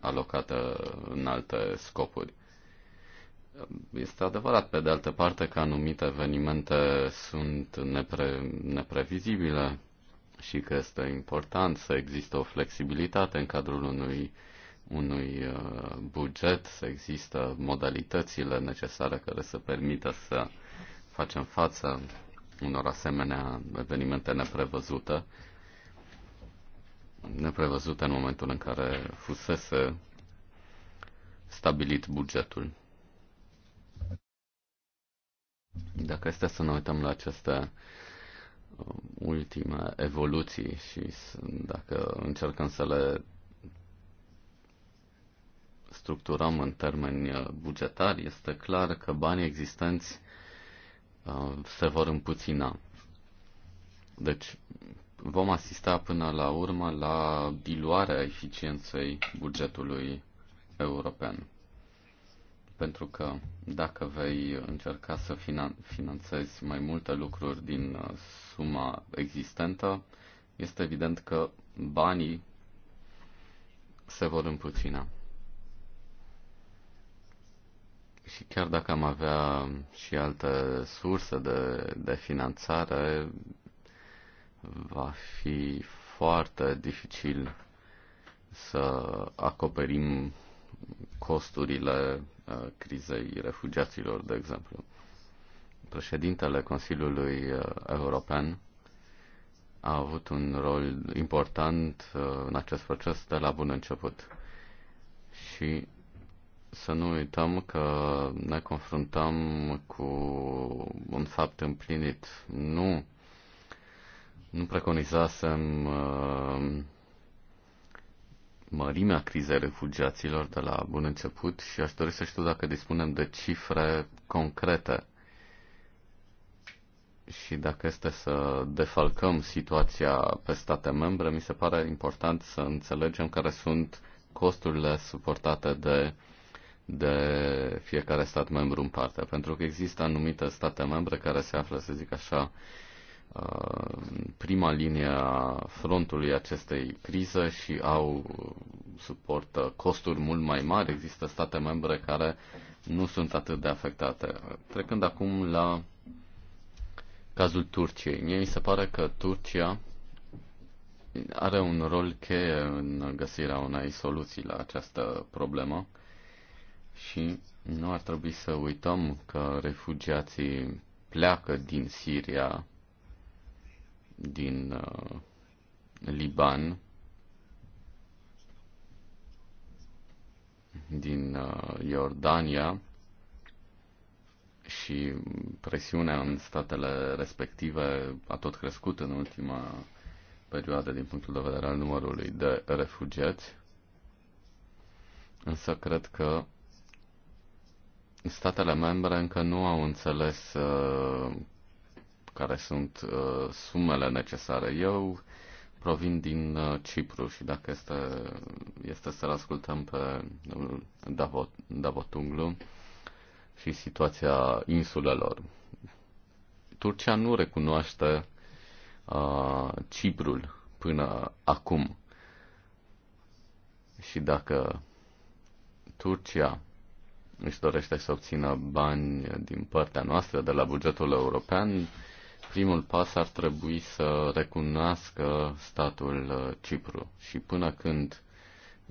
alocată în alte scopuri. Este adevărat, pe de altă parte, că anumite evenimente sunt nepre, neprevizibile și că este important să există o flexibilitate în cadrul unui, unui uh, buget, să există modalitățile necesare care să permită să facem față unor asemenea evenimente neprevăzute, neprevăzute în momentul în care fusese stabilit bugetul. Dacă este să ne uităm la aceste uh, ultime evoluții și dacă încercăm să le structurăm în termeni uh, bugetari, este clar că banii existenți Uh, se vor împuțina. Deci vom asista până la urmă la diluarea eficienței bugetului european. Pentru că dacă vei încerca să finan- finanțezi mai multe lucruri din uh, suma existentă, este evident că banii se vor împuțina. Și chiar dacă am avea și alte surse de, de finanțare, va fi foarte dificil să acoperim costurile uh, crizei refugiaților, de exemplu. Președintele Consiliului uh, European a avut un rol important uh, în acest proces de la bun început și să nu uităm că ne confruntăm cu un fapt împlinit. Nu, nu preconizasem uh, mărimea crizei refugiaților de la bun început și aș dori să știu dacă dispunem de cifre concrete și dacă este să defalcăm situația pe state membre, mi se pare important să înțelegem care sunt costurile suportate de uh, de fiecare stat membru în parte, pentru că există anumite state membre care se află, să zic așa, uh, prima linie a frontului acestei crize și au suportă costuri mult mai mari. Există state membre care nu sunt atât de afectate. Trecând acum la cazul Turciei. Mie mi se pare că Turcia are un rol cheie în găsirea unei soluții la această problemă și nu ar trebui să uităm că refugiații pleacă din Siria, din uh, Liban, din uh, Iordania și presiunea în statele respective a tot crescut în ultima perioadă din punctul de vedere al numărului de refugiați. Însă cred că statele membre încă nu au înțeles uh, care sunt uh, sumele necesare. Eu provin din uh, Cipru și dacă este, este să-l ascultăm pe Davot, Davotunglu și situația insulelor. Turcia nu recunoaște uh, Ciprul până acum. Și dacă Turcia își dorește să obțină bani din partea noastră, de la bugetul european, primul pas ar trebui să recunoască statul uh, Cipru. Și până când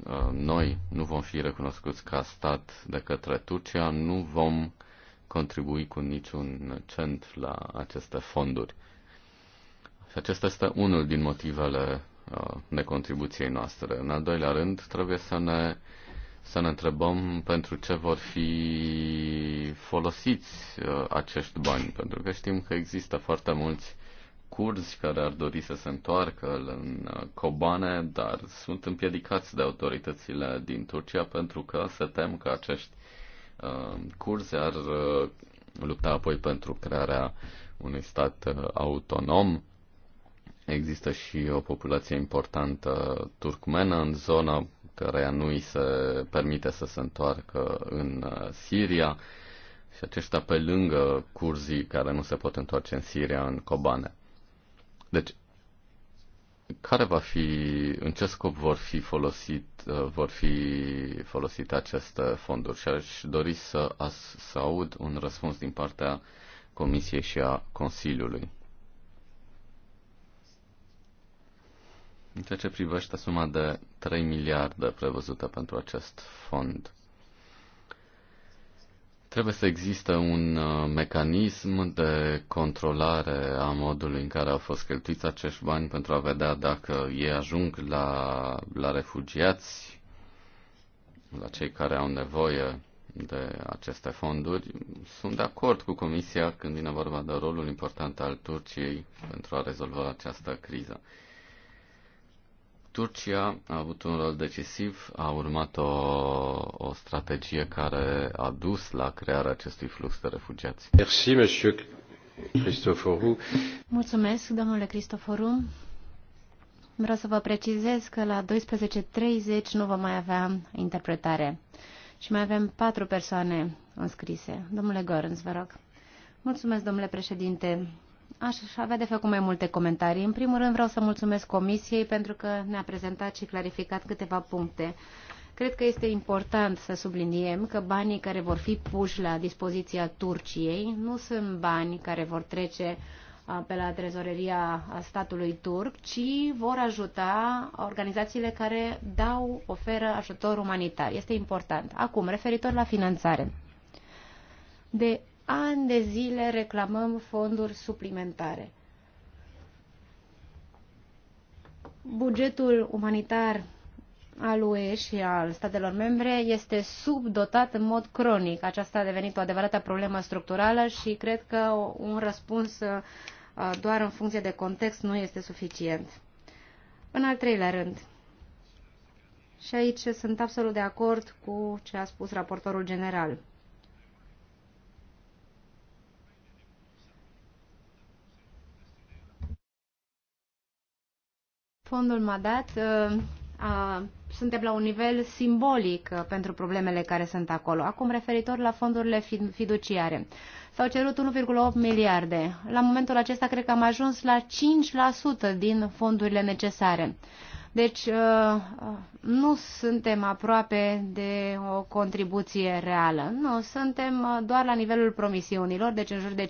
uh, noi nu vom fi recunoscuți ca stat de către Turcia, nu vom contribui cu niciun cent la aceste fonduri. Și acesta este unul din motivele uh, necontribuției noastre. În al doilea rând, trebuie să ne uh, să ne întrebăm pentru ce vor fi folosiți uh, acești bani, pentru că știm că există foarte mulți curzi care ar dori să se întoarcă în uh, Kobane, dar sunt împiedicați de autoritățile din Turcia pentru că se tem că acești uh, curzi ar lupta apoi pentru crearea unui stat autonom. Există și o populație importantă turcmenă în zona căreia nu îi se permite să se întoarcă în uh, Siria și aceștia pe lângă curzii care nu se pot întoarce în Siria, în Kobane. Deci, care va fi, în ce scop vor fi folosit, uh, vor fi folosite aceste fonduri? Și aș dori să, să aud un răspuns din partea Comisiei și a Consiliului. În ceea ce privește suma de 3 miliarde prevăzută pentru acest fond, trebuie să existe un uh, mecanism de controlare a modului în care au fost cheltuiți acești bani pentru a vedea dacă ei ajung la, la refugiați, la cei care au nevoie de aceste fonduri. Sunt de acord cu Comisia când vine vorba de rolul important al Turciei pentru a rezolva această criză. Turcia a avut un rol decisiv, a urmat o, o strategie care a dus la crearea acestui flux de refugiați. Merci, monsieur Cristoforu. Mulțumesc, domnule Cristoforu. Vreau să vă precizez că la 12.30 nu vom mai avea interpretare și mai avem patru persoane înscrise. Domnule Gorens, vă rog. Mulțumesc, domnule președinte. Aș avea de făcut mai multe comentarii. În primul rând vreau să mulțumesc Comisiei pentru că ne-a prezentat și clarificat câteva puncte. Cred că este important să subliniem că banii care vor fi puși la dispoziția Turciei nu sunt bani care vor trece pe la trezoreria statului turc, ci vor ajuta organizațiile care dau, oferă ajutor umanitar. Este important. Acum, referitor la finanțare. De ani de zile reclamăm fonduri suplimentare. Bugetul umanitar al UE și al statelor membre este subdotat în mod cronic. Aceasta a devenit o adevărată problemă structurală și cred că un răspuns uh, doar în funcție de context nu este suficient. În al treilea rând, și aici sunt absolut de acord cu ce a spus raportorul general. fondul m uh, a, suntem la un nivel simbolic uh, pentru problemele care sunt acolo. Acum, referitor la fondurile fiduciare, s-au cerut 1,8 miliarde. La momentul acesta, cred că am ajuns la 5% din fondurile necesare. Deci uh, uh, nu suntem aproape de o contribuție reală. Nu, suntem uh, doar la nivelul promisiunilor, deci în jur de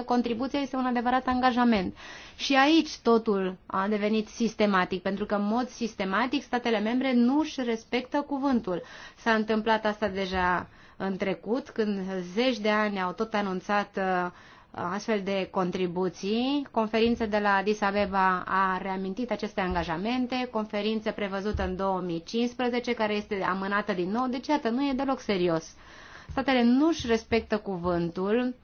5%. Contribuția este un adevărat angajament. Și aici totul a devenit sistematic, pentru că în mod sistematic statele membre nu își respectă cuvântul. S-a întâmplat asta deja în trecut, când zeci de ani au tot anunțat uh, astfel de contribuții. Conferința de la Addis Abeba a reamintit aceste angajamente, conferință prevăzută în 2015, care este amânată din nou, deci iată, nu e deloc serios. Statele nu își respectă cuvântul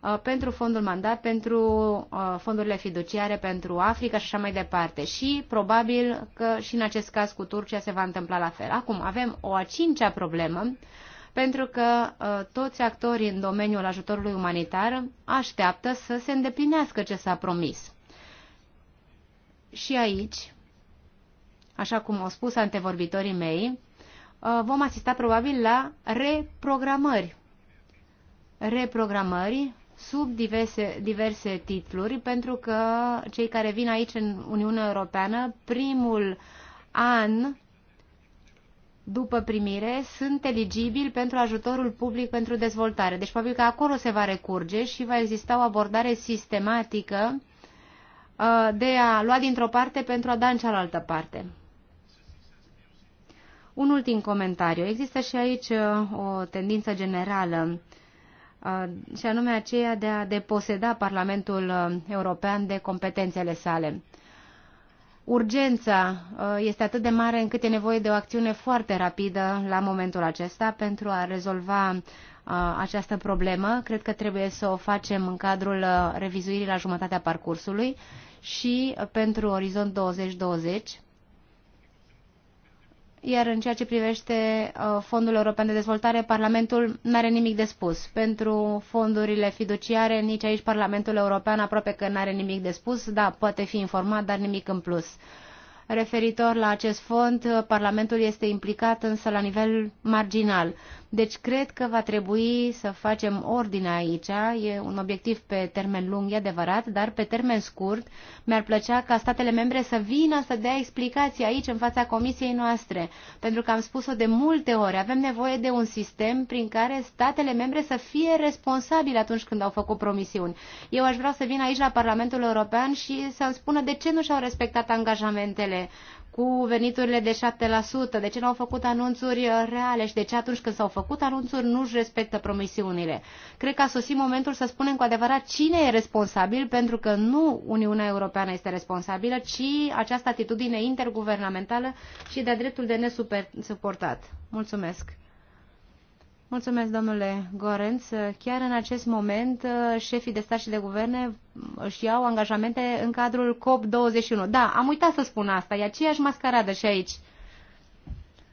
uh, pentru fondul mandat, pentru uh, fondurile fiduciare, pentru Africa și așa mai departe. Și probabil că și în acest caz cu Turcia se va întâmpla la fel. Acum avem o a cincea problemă pentru că uh, toți actorii în domeniul ajutorului umanitar așteaptă să se îndeplinească ce s-a promis. Și aici, așa cum au spus antevorbitorii mei, uh, vom asista probabil la reprogramări. Reprogramări sub diverse, diverse titluri, pentru că cei care vin aici în Uniunea Europeană, primul an după primire sunt eligibili pentru ajutorul public pentru dezvoltare. Deci probabil că acolo se va recurge și va exista o abordare sistematică uh, de a lua dintr-o parte pentru a da în cealaltă parte. Un ultim comentariu. Există și aici uh, o tendință generală uh, și anume aceea de a deposeda Parlamentul European de competențele sale urgența uh, este atât de mare încât e nevoie de o acțiune foarte rapidă la momentul acesta pentru a rezolva uh, această problemă. Cred că trebuie să o facem în cadrul uh, revizuirii la jumătatea parcursului și pentru Orizont 2020 iar în ceea ce privește uh, Fondul European de Dezvoltare, Parlamentul nu are nimic de spus. Pentru fondurile fiduciare, nici aici Parlamentul European aproape că nu are nimic de spus, da, poate fi informat, dar nimic în plus. Referitor la acest fond, Parlamentul este implicat însă la nivel marginal. Deci cred că va trebui să facem ordine aici. E un obiectiv pe termen lung, e adevărat, dar pe termen scurt mi-ar plăcea ca statele membre să vină să dea explicații aici în fața comisiei noastre. Pentru că am spus-o de multe ori, avem nevoie de un sistem prin care statele membre să fie responsabile atunci când au făcut promisiuni. Eu aș vrea să vin aici la Parlamentul European și să-mi spună de ce nu și-au respectat angajamentele cu veniturile de 7%, de ce nu au făcut anunțuri uh, reale și de ce atunci când s-au făcut anunțuri nu își respectă promisiunile. Cred că a sosit momentul să spunem cu adevărat cine e responsabil, pentru că nu Uniunea Europeană este responsabilă, ci această atitudine interguvernamentală și de-a dreptul de nesuportat. Mulțumesc! Mulțumesc, domnule Gorenț. Chiar în acest moment, șefii de stat și de guverne își iau angajamente în cadrul COP21. Da, am uitat să spun asta. E aceeași mascaradă și aici.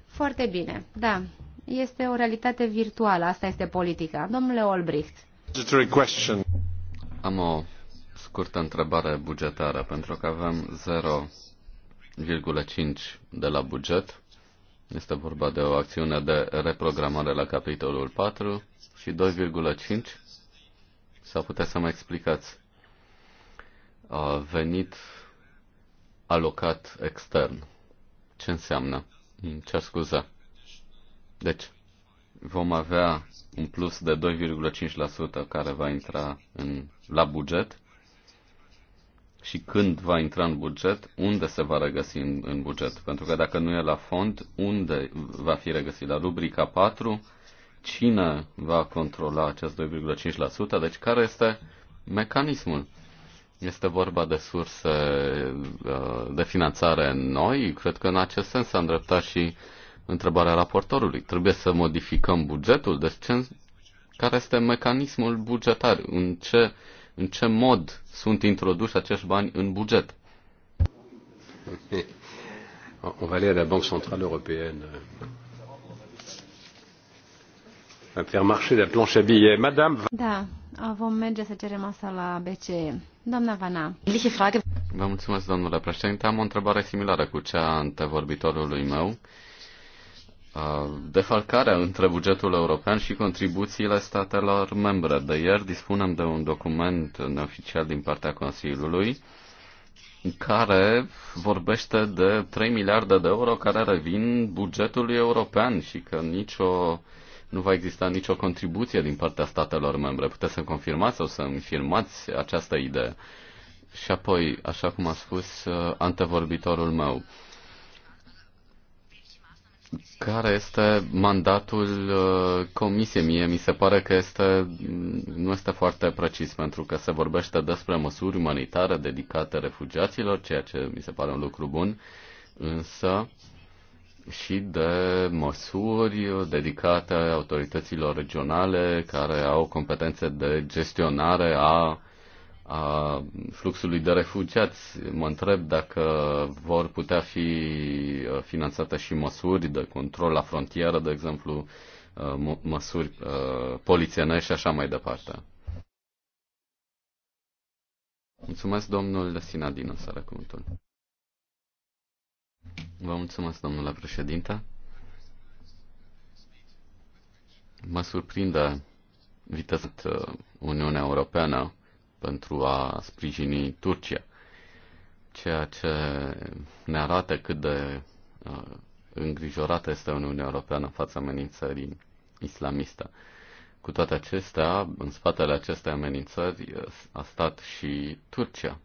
Foarte bine. Da, este o realitate virtuală. Asta este politica. Domnule Olbricht. Am o scurtă întrebare bugetară, pentru că avem 0,5 de la buget este vorba de o acțiune de reprogramare la capitolul 4 și 2,5. Sau puteți să mă explicați? venit alocat extern. Ce înseamnă? Ce scuză? Deci, vom avea un plus de 2,5% care va intra în, la buget și când va intra în buget, unde se va regăsi în, în buget. Pentru că dacă nu e la fond, unde va fi regăsit? La rubrica 4, cine va controla acest 2,5%? Deci care este mecanismul? Este vorba de surse uh, de finanțare noi. Cred că în acest sens s-a îndreptat și întrebarea raportorului. Trebuie să modificăm bugetul? Deci ce, care este mecanismul bugetar? În ce în ce mod sunt introduși acești bani în buget. On va aller à la Banque Centrale Européenne. Va faire marcher la planche à billets. Madame. Da, vom merge să cerem asta la BCE. Doamna Vana. Vă mulțumesc, domnule președinte. Am o întrebare similară cu cea antevorbitorului meu. Uh, defalcarea între bugetul european și contribuțiile statelor membre. De ieri dispunem de un document neoficial din partea Consiliului care vorbește de 3 miliarde de euro care revin bugetului european și că nicio, nu va exista nicio contribuție din partea statelor membre. Puteți să confirmați sau să infirmați această idee. Și apoi, așa cum a spus uh, antevorbitorul meu, care este mandatul uh, comisiei. Mie mi se pare că este, nu este foarte precis, pentru că se vorbește despre măsuri umanitare dedicate refugiaților, ceea ce mi se pare un lucru bun, însă și de măsuri dedicate autorităților regionale care au competențe de gestionare a a fluxului de refugiați. Mă întreb dacă vor putea fi uh, finanțate și măsuri de control la frontieră, de exemplu, uh, măsuri uh, polițienești și așa mai departe. Mulțumesc, domnul Sinadino, să recuvântul. Vă mulțumesc, domnule președinte. Mă surprinde viteza Uniunea Europeană pentru a sprijini Turcia, ceea ce ne arată cât de uh, îngrijorată este Uniunea Europeană în fața amenințării islamiste. Cu toate acestea, în spatele acestei amenințări uh, a stat și Turcia.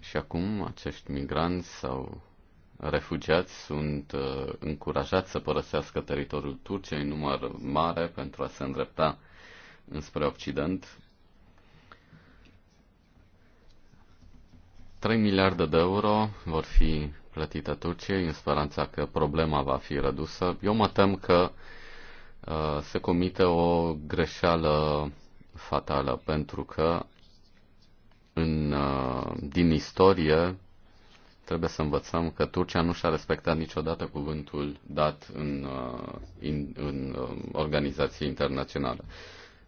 Și acum acești migranți sau refugiați sunt uh, încurajați să părăsească teritoriul Turciei în număr mare pentru a se îndrepta înspre Occident. 3 miliarde de euro vor fi plătite Turciei în speranța că problema va fi redusă. Eu mă tem că uh, se comite o greșeală fatală pentru că în, uh, din istorie trebuie să învățăm că Turcia nu și-a respectat niciodată cuvântul dat în, uh, în, în uh, organizații internaționale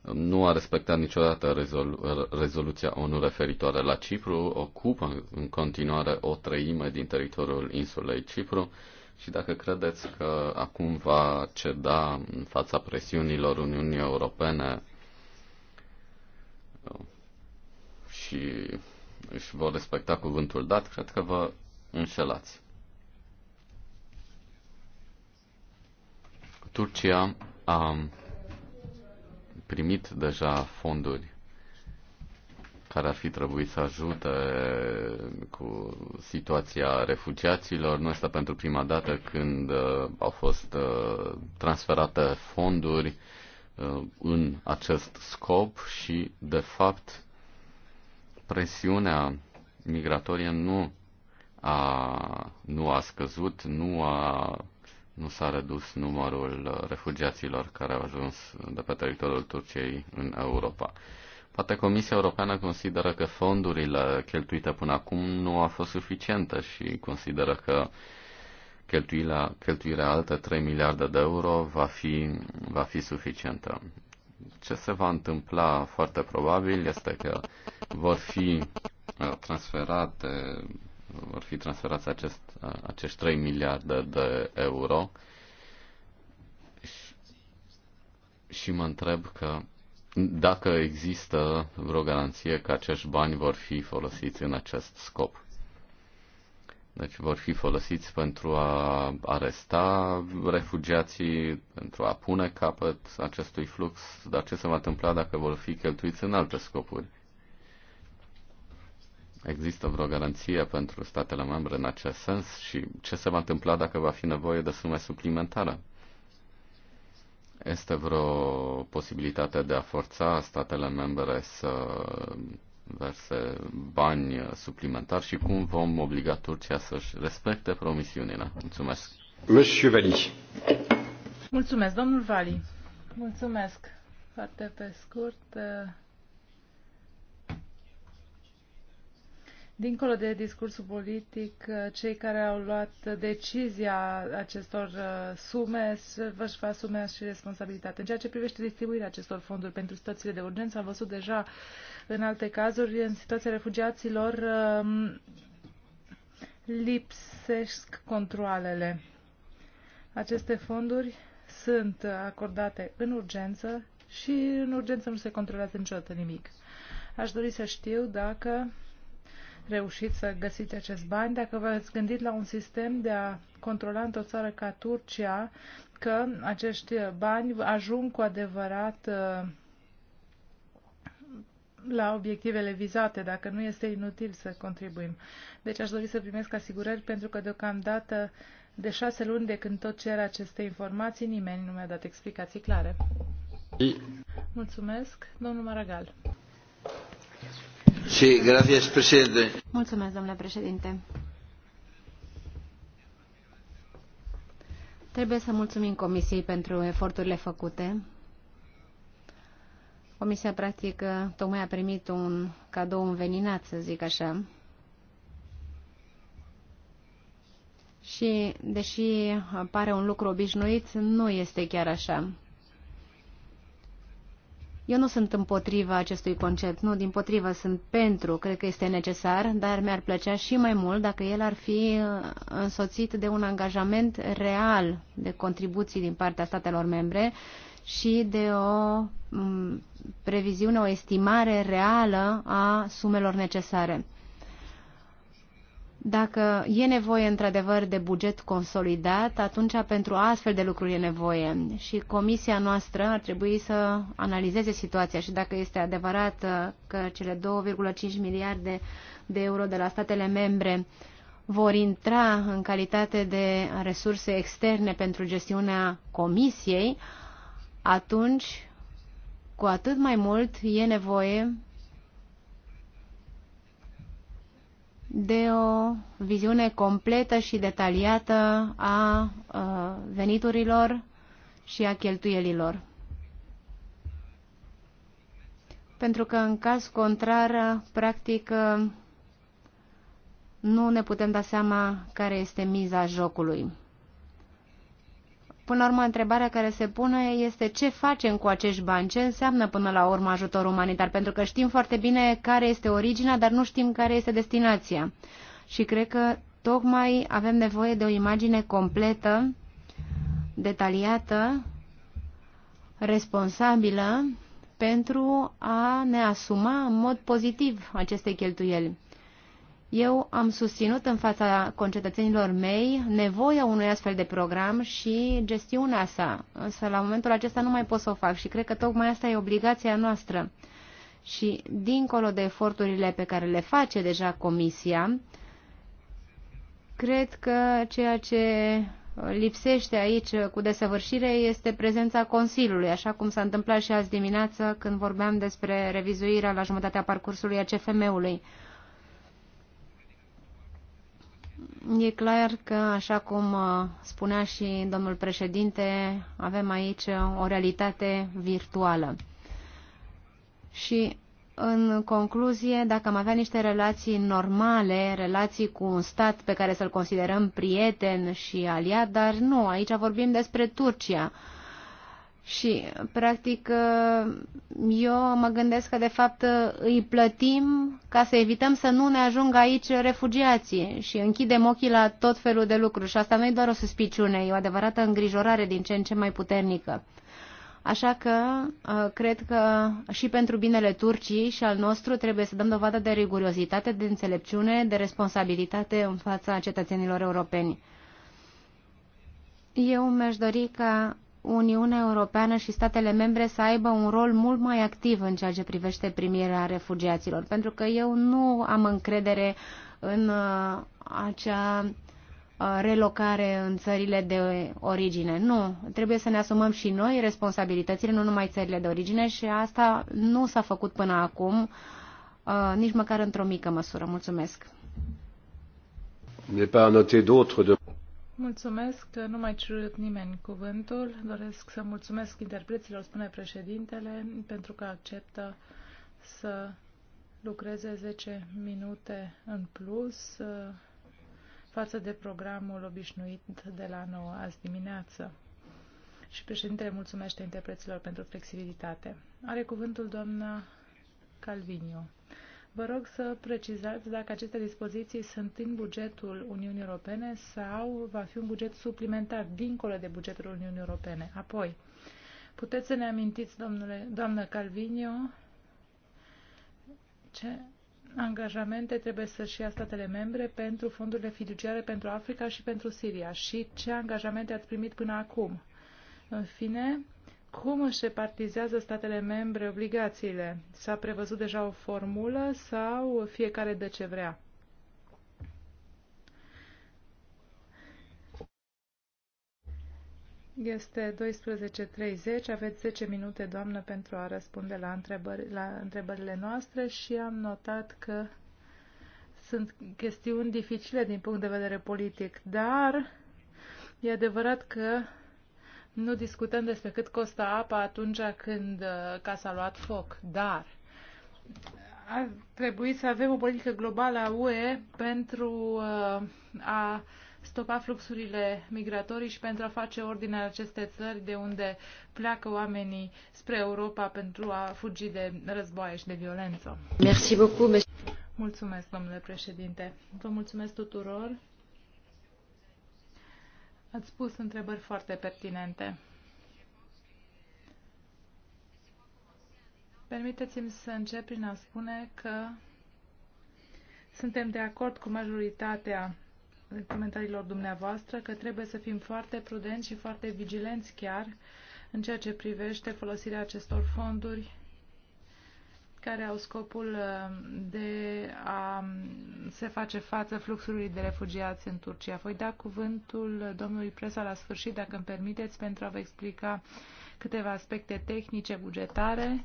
nu a respectat niciodată rezol, rezoluția ONU referitoare la Cipru, ocupă în continuare o treime din teritoriul insulei Cipru și dacă credeți că acum va ceda în fața presiunilor Uniunii Europene și își vor respecta cuvântul dat, cred că vă înșelați. Turcia a primit deja fonduri care ar fi trebuit să ajute cu situația refugiaților. Nu este pentru prima dată când uh, au fost uh, transferate fonduri uh, în acest scop și, de fapt, presiunea migratorie nu a, nu a scăzut, nu a nu s-a redus numărul uh, refugiaților care au ajuns de pe teritoriul Turciei în Europa. Poate Comisia Europeană consideră că fondurile cheltuite până acum nu au fost suficiente și consideră că cheltuirea, cheltuirea altă 3 miliarde de euro va fi, va fi suficientă. Ce se va întâmpla foarte probabil este că vor fi uh, transferate vor fi transferați acest, acești 3 miliarde de euro și, și mă întreb că dacă există vreo garanție că acești bani vor fi folosiți în acest scop. Deci vor fi folosiți pentru a aresta refugiații, pentru a pune capăt acestui flux, dar ce se va întâmpla dacă vor fi cheltuiți în alte scopuri? Există vreo garanție pentru statele membre în acest sens și ce se va întâmpla dacă va fi nevoie de sume suplimentare? Este vreo posibilitate de a forța statele membre să verse bani suplimentari și cum vom obliga Turcia să-și respecte promisiunile? Mulțumesc. Monsieur Vali. Mulțumesc, domnul Vali. Mulțumesc. Foarte pe scurt. Dincolo de discursul politic, uh, cei care au luat decizia acestor uh, sume vă-și va asuma și responsabilitatea. În ceea ce privește distribuirea acestor fonduri pentru situațiile de urgență, am văzut deja în alte cazuri, în situația refugiaților, um, lipsesc controlele. Aceste fonduri sunt acordate în urgență și în urgență nu se controlează niciodată nimic. Aș dori să știu dacă reușit să găsiți acest bani, dacă v-ați gândit la un sistem de a controla într-o țară ca Turcia că acești bani ajung cu adevărat uh, la obiectivele vizate, dacă nu este inutil să contribuim. Deci aș dori să primesc asigurări pentru că deocamdată de șase luni de când tot cer aceste informații, nimeni nu mi-a dat explicații clare. Mulțumesc, domnul Maragal. Mulțumesc, domnule președinte. Trebuie să mulțumim Comisiei pentru eforturile făcute. Comisia, practic, tocmai a primit un cadou înveninat, să zic așa. Și, deși pare un lucru obișnuit, nu este chiar așa. Eu nu sunt împotriva acestui concept, nu, din potrivă, sunt pentru, cred că este necesar, dar mi-ar plăcea și mai mult dacă el ar fi uh, însoțit de un angajament real de contribuții din partea statelor membre și de o mm, previziune, o estimare reală a sumelor necesare. Dacă e nevoie într-adevăr de buget consolidat, atunci pentru astfel de lucruri e nevoie și comisia noastră ar trebui să analizeze situația și dacă este adevărat uh, că cele 2,5 miliarde de euro de la statele membre vor intra în calitate de resurse externe pentru gestiunea comisiei, atunci cu atât mai mult e nevoie de o viziune completă și detaliată a veniturilor și a cheltuielilor. Pentru că, în caz contrar, practic, nu ne putem da seama care este miza jocului. Până la urmă, întrebarea care se pune este ce facem cu acești bani, ce înseamnă până la urmă ajutor umanitar, pentru că știm foarte bine care este originea, dar nu știm care este destinația. Și cred că tocmai avem nevoie de o imagine completă, detaliată, responsabilă, pentru a ne asuma în mod pozitiv aceste cheltuieli. Eu am susținut în fața concetățenilor mei nevoia unui astfel de program și gestiunea sa, însă la momentul acesta nu mai pot să o fac și cred că tocmai asta e obligația noastră. Și dincolo de eforturile pe care le face deja Comisia, cred că ceea ce lipsește aici cu desăvârșire este prezența Consiliului, așa cum s-a întâmplat și azi dimineață când vorbeam despre revizuirea la jumătatea parcursului a CFM-ului. E clar că, așa cum uh, spunea și domnul președinte, avem aici uh, o realitate virtuală. Și, în concluzie, dacă am avea niște relații normale, relații cu un stat pe care să-l considerăm prieten și aliat, dar nu, aici vorbim despre Turcia și, practic, uh, eu mă gândesc că, de fapt, uh, îi plătim ca să evităm să nu ne ajungă aici refugiații și închidem ochii la tot felul de lucruri. Și asta nu e doar o suspiciune, e o adevărată îngrijorare din ce în ce mai puternică. Așa că uh, cred că și pentru binele Turciei și al nostru trebuie să dăm dovadă de rigurozitate, de înțelepciune, de responsabilitate în fața cetățenilor europeni. Eu mi-aș dori ca Uniunea Europeană și statele membre să aibă un rol mult mai activ în ceea ce privește primirea refugiaților, pentru că eu nu am încredere în uh, acea uh, relocare în țările de origine. Nu, trebuie să ne asumăm și noi responsabilitățile, nu numai țările de origine și asta nu s-a făcut până acum, uh, nici măcar într-o mică măsură. Mulțumesc. Mulțumesc, nu mai cerut nimeni cuvântul. Doresc să mulțumesc interpreților, spune președintele, pentru că acceptă să lucreze 10 minute în plus uh, față de programul obișnuit de la 9 azi dimineață. Și președintele mulțumește interpreților pentru flexibilitate. Are cuvântul doamna Calvinio. Vă rog să precizați dacă aceste dispoziții sunt în bugetul Uniunii Europene sau va fi un buget suplimentar dincolo de bugetul Uniunii Europene. Apoi, puteți să ne amintiți, domnule, doamnă Calvinio, ce angajamente trebuie să-și ia statele membre pentru fondurile fiduciare pentru Africa și pentru Siria și ce angajamente ați primit până acum. În fine, cum își repartizează statele membre obligațiile? S-a prevăzut deja o formulă sau fiecare de ce vrea? Este 12.30, aveți 10 minute, doamnă, pentru a răspunde la, întrebări, la întrebările noastre și am notat că sunt chestiuni dificile din punct de vedere politic, dar e adevărat că nu discutăm despre cât costă apa atunci când uh, casa a luat foc, dar ar trebui să avem o politică globală a UE pentru uh, a stopa fluxurile migratorii și pentru a face ordine în aceste țări de unde pleacă oamenii spre Europa pentru a fugi de războaie și de violență. Mulțumesc, domnule președinte. Vă mulțumesc tuturor. Ați spus întrebări foarte pertinente. Permiteți-mi să încep prin a spune că suntem de acord cu majoritatea comentariilor dumneavoastră că trebuie să fim foarte prudenți și foarte vigilenți chiar în ceea ce privește folosirea acestor fonduri care au scopul uh, de a se face față fluxului de refugiați în Turcia. Voi da cuvântul domnului Presa la sfârșit, dacă îmi permiteți, pentru a vă explica câteva aspecte tehnice, bugetare.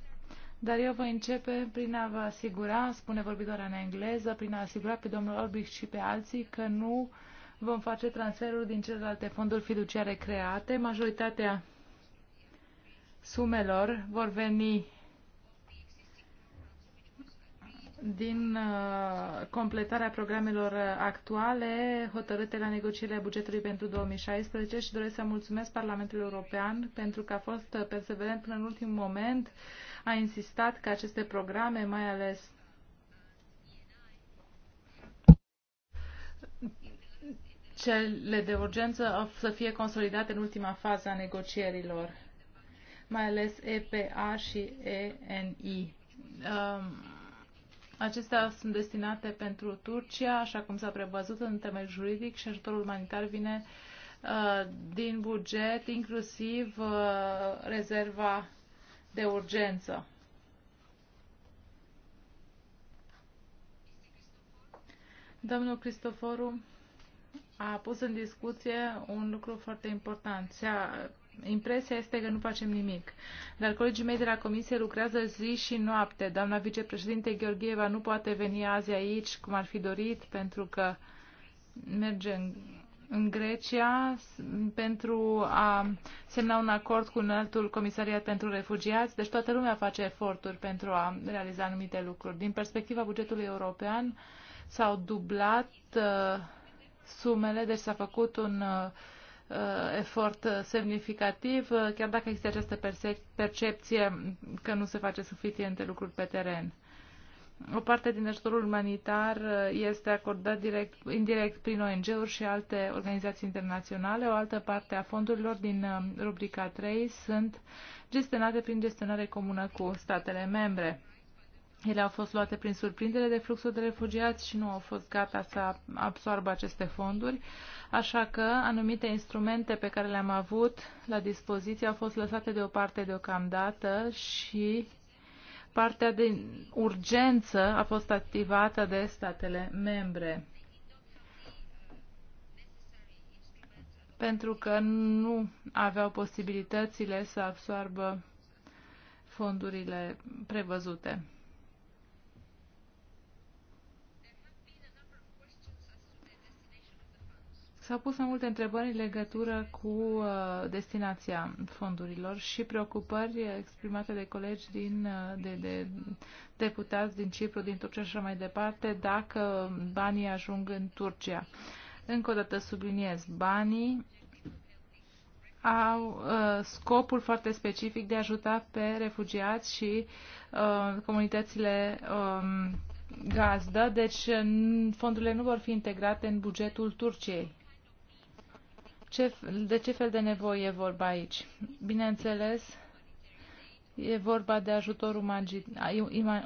Dar eu voi începe prin a vă asigura, spune vorbitoarea în engleză, prin a asigura pe domnul Orbic și pe alții că nu vom face transferul din celelalte fonduri fiduciare create. Majoritatea sumelor vor veni din uh, completarea programelor actuale hotărâte la negocierea bugetului pentru 2016 și doresc să mulțumesc Parlamentul European pentru că a fost uh, perseverent până în ultimul moment, a insistat că aceste programe, mai ales cele de urgență, să fie consolidate în ultima fază a negocierilor, mai ales EPA și ENI. Um, Acestea sunt destinate pentru Turcia, așa cum s-a prevăzut în temel juridic și ajutorul umanitar vine uh, din buget, inclusiv uh, rezerva de urgență. Domnul Cristoforu a pus în discuție un lucru foarte important. Impresia este că nu facem nimic. Dar colegii mei de la comisie lucrează zi și noapte. Doamna vicepreședinte Gheorgheva nu poate veni azi aici, cum ar fi dorit, pentru că merge în, în Grecia pentru a semna un acord cu un altul comisariat pentru refugiați. Deci toată lumea face eforturi pentru a realiza anumite lucruri. Din perspectiva bugetului european s-au dublat uh, sumele, deci s-a făcut un uh, Uh, efort semnificativ, uh, chiar dacă există această percepție că nu se face suficiente lucruri pe teren. O parte din ajutorul umanitar uh, este acordat direct, indirect prin ONG-uri și alte organizații internaționale. O altă parte a fondurilor din rubrica 3 sunt gestionate prin gestionare comună cu statele membre. Ele au fost luate prin surprindere de fluxul de refugiați și nu au fost gata să absorbă aceste fonduri, așa că anumite instrumente pe care le-am avut la dispoziție au fost lăsate deoparte deocamdată și partea de urgență a fost activată de statele membre. Pentru că nu aveau posibilitățile să absorbă fondurile prevăzute. S-au pus mai multe întrebări în legătură cu uh, destinația fondurilor și preocupări exprimate de colegi din, uh, de, de deputați din Cipru, din Turcia și așa mai departe, dacă banii ajung în Turcia. Încă o dată subliniez, banii au uh, scopul foarte specific de a ajuta pe refugiați și uh, comunitățile um, gazdă, deci fondurile nu vor fi integrate în bugetul Turciei. Ce, de ce fel de nevoie e vorba aici? Bineînțeles, e vorba de ajutor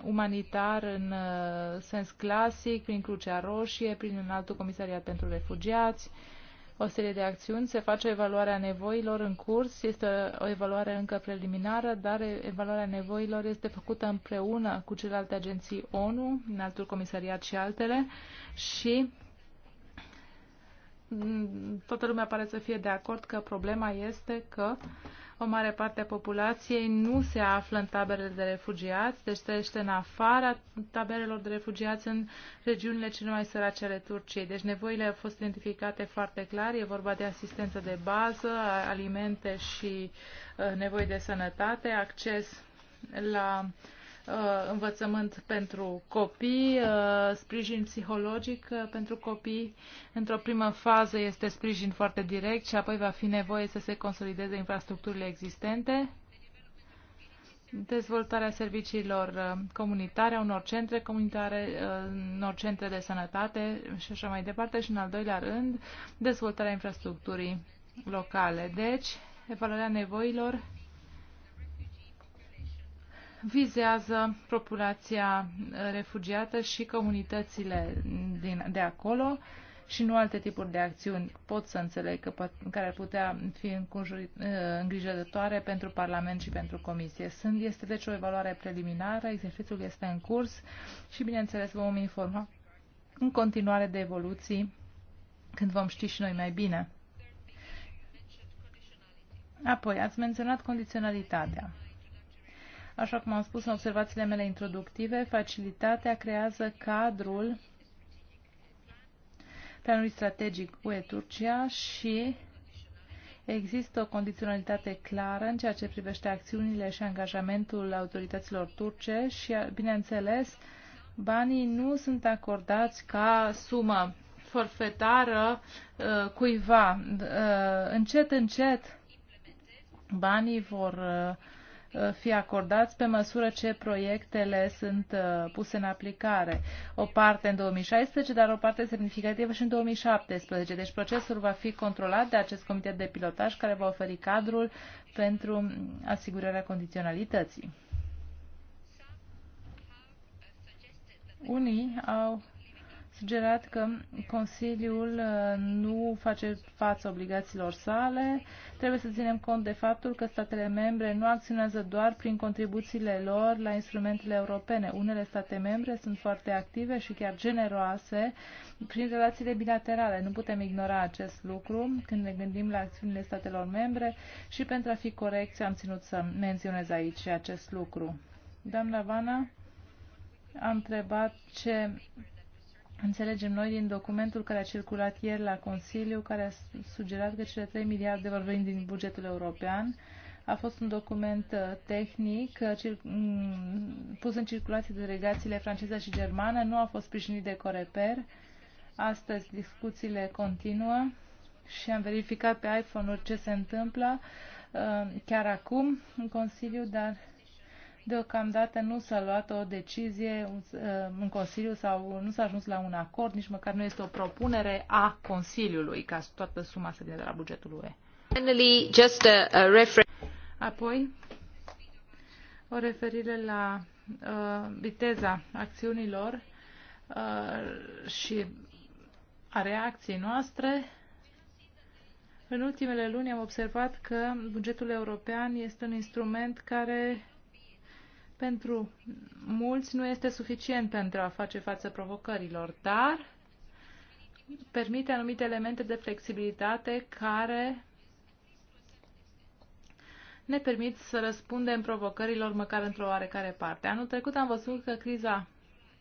umanitar în uh, sens clasic, prin Crucea Roșie, prin Înaltul Comisariat pentru Refugiați, o serie de acțiuni. Se face o evaluare a nevoilor în curs, este o evaluare încă preliminară, dar evaluarea nevoilor este făcută împreună cu celelalte agenții ONU, Înaltul Comisariat și altele și Mm, toată lumea pare să fie de acord că problema este că o mare parte a populației nu se află în taberele de refugiați, deci trăiește în afara taberelor de refugiați în regiunile cele mai sărace ale Turciei. Deci nevoile au fost identificate foarte clar, e vorba de asistență de bază, alimente și uh, nevoi de sănătate, acces la uh, Uh, învățământ pentru copii, uh, sprijin psihologic uh, pentru copii. Într-o primă fază este sprijin foarte direct și apoi va fi nevoie să se consolideze infrastructurile existente. Dezvoltarea serviciilor comunitare, a unor centre comunitare, unor centre de sănătate și așa mai departe. Și în al doilea rând, dezvoltarea infrastructurii locale. Deci, evaluarea nevoilor vizează populația refugiată și comunitățile din, de acolo și nu alte tipuri de acțiuni. Pot să înțeleg că pot, care ar putea fi eh, îngrijorătoare pentru Parlament și pentru Comisie. Sunt, este deci o evaluare preliminară, exercițiul este în curs și, bineînțeles, vom informa în continuare de evoluții când vom ști și noi mai bine. Apoi, ați menționat condiționalitatea. Așa cum am spus în observațiile mele introductive, facilitatea creează cadrul planului strategic UE-Turcia și Există o condiționalitate clară în ceea ce privește acțiunile și angajamentul autorităților turce și, bineînțeles, banii nu sunt acordați ca sumă forfetară uh, cuiva. Uh, încet, încet, banii vor uh, Uh, fi acordați pe măsură ce proiectele sunt uh, puse în aplicare. O parte în 2016, dar o parte semnificativă și în 2017. Deci procesul va fi controlat de acest comitet de pilotaj care va oferi cadrul pentru asigurarea condiționalității. Unii au sugerat că Consiliul uh, nu face față obligațiilor sale. Trebuie să ținem cont de faptul că statele membre nu acționează doar prin contribuțiile lor la instrumentele europene. Unele state membre sunt foarte active și chiar generoase prin relațiile bilaterale. Nu putem ignora acest lucru când ne gândim la acțiunile statelor membre și pentru a fi corecți am ținut să menționez aici acest lucru. Doamna Vana a întrebat ce Înțelegem noi din documentul care a circulat ieri la Consiliu, care a sugerat că cele 3 miliarde vor veni din bugetul european. A fost un document uh, tehnic uh, mm, pus în circulație de delegațiile franceză și germană, nu a fost sprijinit de Coreper. Astăzi discuțiile continuă și am verificat pe iPhone-uri ce se întâmplă uh, chiar acum în Consiliu, dar Deocamdată nu s-a luat o decizie în uh, Consiliu sau nu s-a ajuns la un acord, nici măcar nu este o propunere a Consiliului ca toată suma să vină de la bugetul UE. Finally, just a, a Apoi, o referire la uh, viteza acțiunilor uh, și a reacției noastre. În ultimele luni am observat că bugetul european este un instrument care pentru mulți nu este suficient pentru a face față provocărilor, dar permite anumite elemente de flexibilitate care ne permit să răspundem provocărilor măcar într-o oarecare parte. Anul trecut am văzut că criza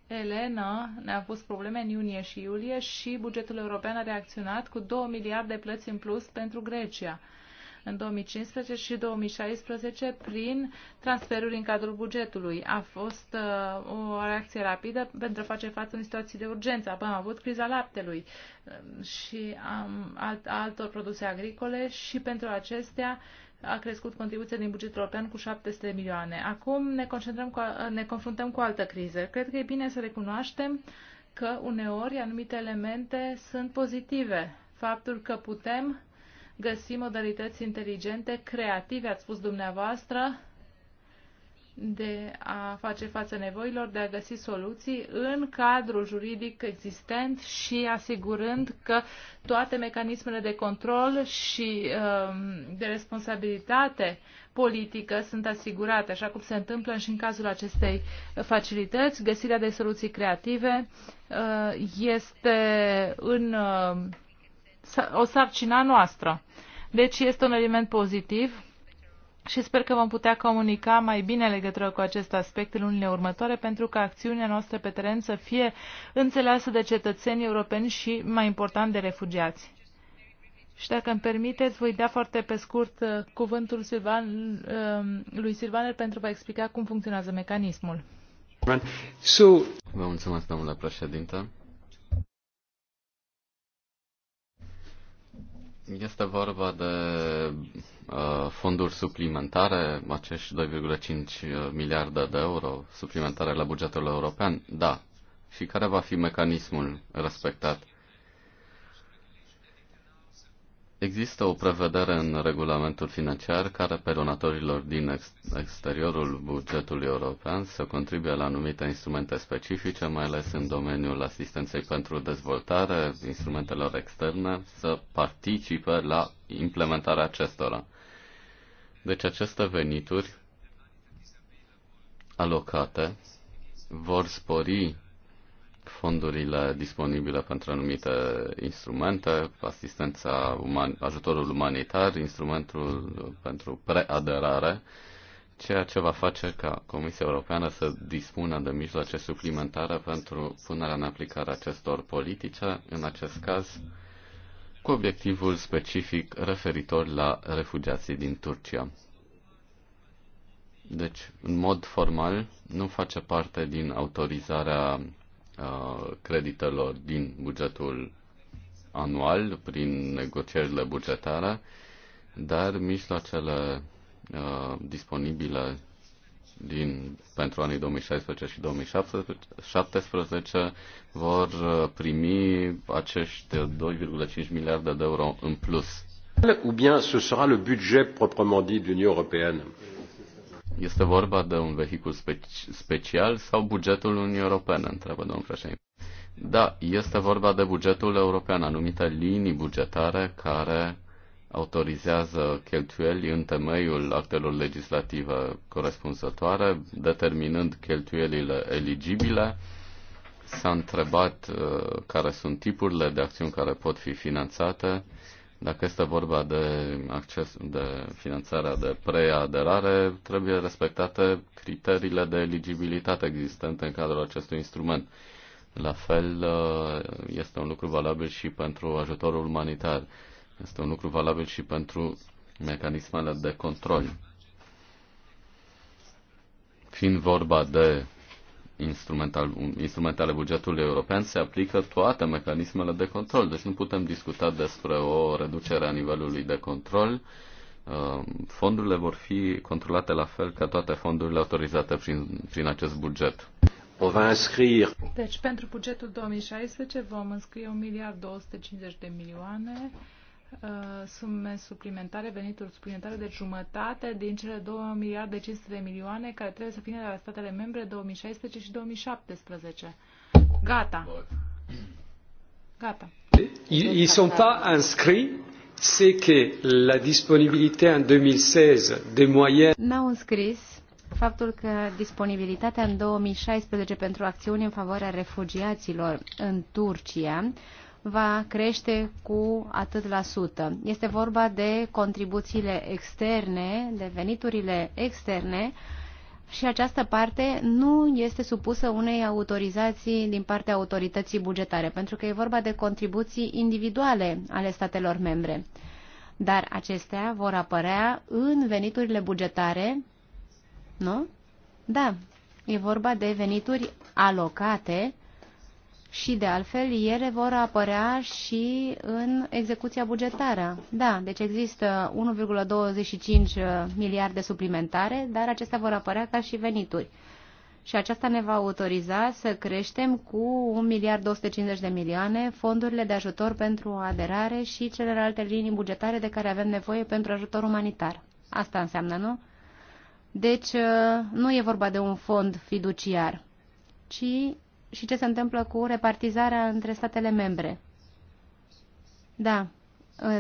Elena ne-a pus probleme în iunie și iulie și bugetul european a reacționat cu 2 miliarde de plăți în plus pentru Grecia în 2015 și 2016 prin transferuri în cadrul bugetului. A fost uh, o reacție rapidă pentru a face față unei situații de urgență. Apoi am avut criza laptelui uh, și um, alt, altor produse agricole și pentru acestea a crescut contribuția din bugetul european cu 700 de milioane. Acum ne, concentrăm cu, ne confruntăm cu altă criză. Cred că e bine să recunoaștem că uneori anumite elemente sunt pozitive. Faptul că putem găsi modalități inteligente, creative, ați spus dumneavoastră, de a face față nevoilor, de a găsi soluții în cadrul juridic existent și asigurând că toate mecanismele de control și um, de responsabilitate politică sunt asigurate, așa cum se întâmplă și în cazul acestei facilități. Găsirea de soluții creative uh, este în uh, o sarcina noastră. Deci este un element pozitiv și sper că vom putea comunica mai bine legătură cu acest aspect în lunile următoare pentru ca acțiunea noastră pe teren să fie înțeleasă de cetățenii europeni și, mai important, de refugiați. Și dacă îmi permiteți, voi da foarte pe scurt uh, cuvântul Silvan, um, lui Silvaner pentru a explica cum funcționează mecanismul. Vă mulțumesc, domnule președinte. Este vorba de uh, fonduri suplimentare, acești 2,5 uh, miliarde de euro suplimentare la bugetul european, da. Și care va fi mecanismul respectat? Există o prevedere în regulamentul financiar care pe donatorilor din ex- exteriorul bugetului european să contribuie la anumite instrumente specifice, mai ales în domeniul asistenței pentru dezvoltare, instrumentelor externe, să participe la implementarea acestora. Deci aceste venituri alocate vor spori fondurile disponibile pentru anumite instrumente, asistența uman, ajutorul umanitar, instrumentul pentru preaderare, ceea ce va face ca Comisia Europeană să dispună de mijloace suplimentare pentru punerea în aplicare acestor politice, în acest caz cu obiectivul specific referitor la refugiații din Turcia. Deci, în mod formal, nu face parte din autorizarea creditelor din bugetul anual prin negocierile bugetare, dar mijloacele disponibile din, pentru anii 2016 și 2017 vor primi acești 2,5 miliarde de euro în plus. Ou bien ce sera le budget proprement dit de l'Union européenne este vorba de un vehicul speci- special sau bugetul Uniunii Europene, întreabă domnul președinte. Da, este vorba de bugetul european, anumite linii bugetare care autorizează cheltuieli în temeiul actelor legislative corespunzătoare, determinând cheltuielile eligibile. S-a întrebat uh, care sunt tipurile de acțiuni care pot fi finanțate dacă este vorba de acces, de finanțarea de preaderare, trebuie respectate criteriile de eligibilitate existente în cadrul acestui instrument. La fel, uh, este un lucru valabil și pentru ajutorul umanitar. Este un lucru valabil și pentru mecanismele de control. Fiind vorba de instrumental, instrumentale bugetului european se aplică toate mecanismele de control. Deci nu putem discuta despre o reducere a nivelului de control. Uh, fondurile vor fi controlate la fel ca toate fondurile autorizate prin, prin acest buget. On va Deci pentru bugetul 2016 vom înscrie 1 miliard 250 de milioane Uh, sume suplimentare, venituri suplimentare de deci jumătate din cele 2 miliarde 500 de milioane care trebuie să vină de la statele membre 2016 și 2017. Gata. Gata. Ils sont pas inscrits, c'est que la disponibilité în 2016 de moyens N-au înscris faptul că disponibilitatea în 2016 pentru acțiuni în favoarea refugiaților în Turcia va crește cu atât la sută. Este vorba de contribuțiile externe, de veniturile externe și această parte nu este supusă unei autorizații din partea autorității bugetare, pentru că e vorba de contribuții individuale ale statelor membre. Dar acestea vor apărea în veniturile bugetare, nu? Da, e vorba de venituri alocate și, de altfel, ele vor apărea și în execuția bugetară. Da, deci există 1,25 uh, miliarde suplimentare, dar acestea vor apărea ca și venituri. Și aceasta ne va autoriza să creștem cu 1 miliard 250 de milioane fondurile de ajutor pentru aderare și celelalte linii bugetare de care avem nevoie pentru ajutor umanitar. Asta înseamnă, nu? Deci uh, nu e vorba de un fond fiduciar, ci și ce se întâmplă cu repartizarea între statele membre. Da,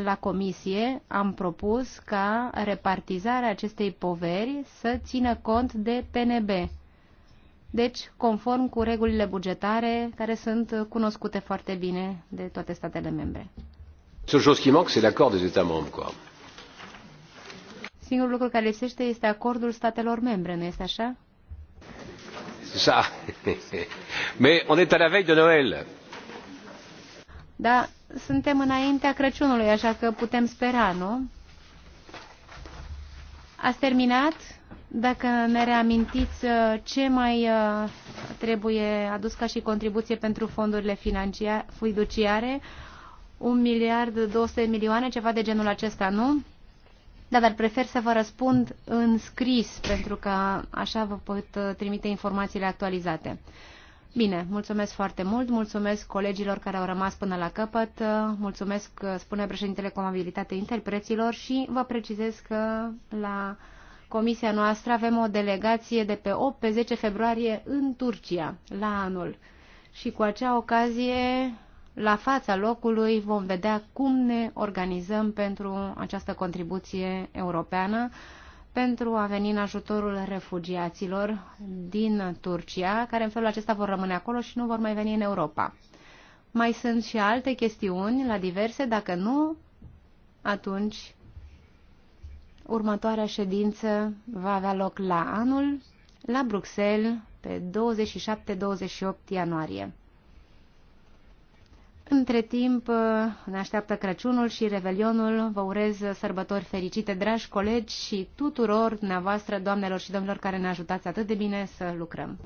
la comisie am propus ca repartizarea acestei poveri să țină cont de PNB, deci conform cu regulile bugetare care sunt cunoscute foarte bine de toate statele membre. Singurul lucru care lipsește este acordul statelor membre, nu este așa? ça. Mais on est à la veille de Noël. Da, suntem înaintea Crăciunului, așa că putem spera, nu? Ați terminat? Dacă ne reamintiți uh, ce mai uh, trebuie adus ca și contribuție pentru fondurile financiare, fiduciare, un miliard 200 milioane, ceva de genul acesta, nu? Da, dar prefer să vă răspund în scris, pentru că așa vă pot uh, trimite informațiile actualizate. Bine, mulțumesc foarte mult, mulțumesc colegilor care au rămas până la capăt, uh, mulțumesc, uh, spune președintele Comabilitate interpreților și vă precizez că la comisia noastră avem o delegație de pe 8 pe 10 februarie în Turcia, la anul. Și cu acea ocazie la fața locului vom vedea cum ne organizăm pentru această contribuție europeană pentru a veni în ajutorul refugiaților din Turcia, care în felul acesta vor rămâne acolo și nu vor mai veni în Europa. Mai sunt și alte chestiuni la diverse, dacă nu, atunci următoarea ședință va avea loc la anul, la Bruxelles, pe 27-28 ianuarie. Între timp, ne așteaptă Crăciunul și Revelionul. Vă urez sărbători fericite, dragi colegi, și tuturor dumneavoastră, doamnelor și domnilor, care ne ajutați atât de bine să lucrăm.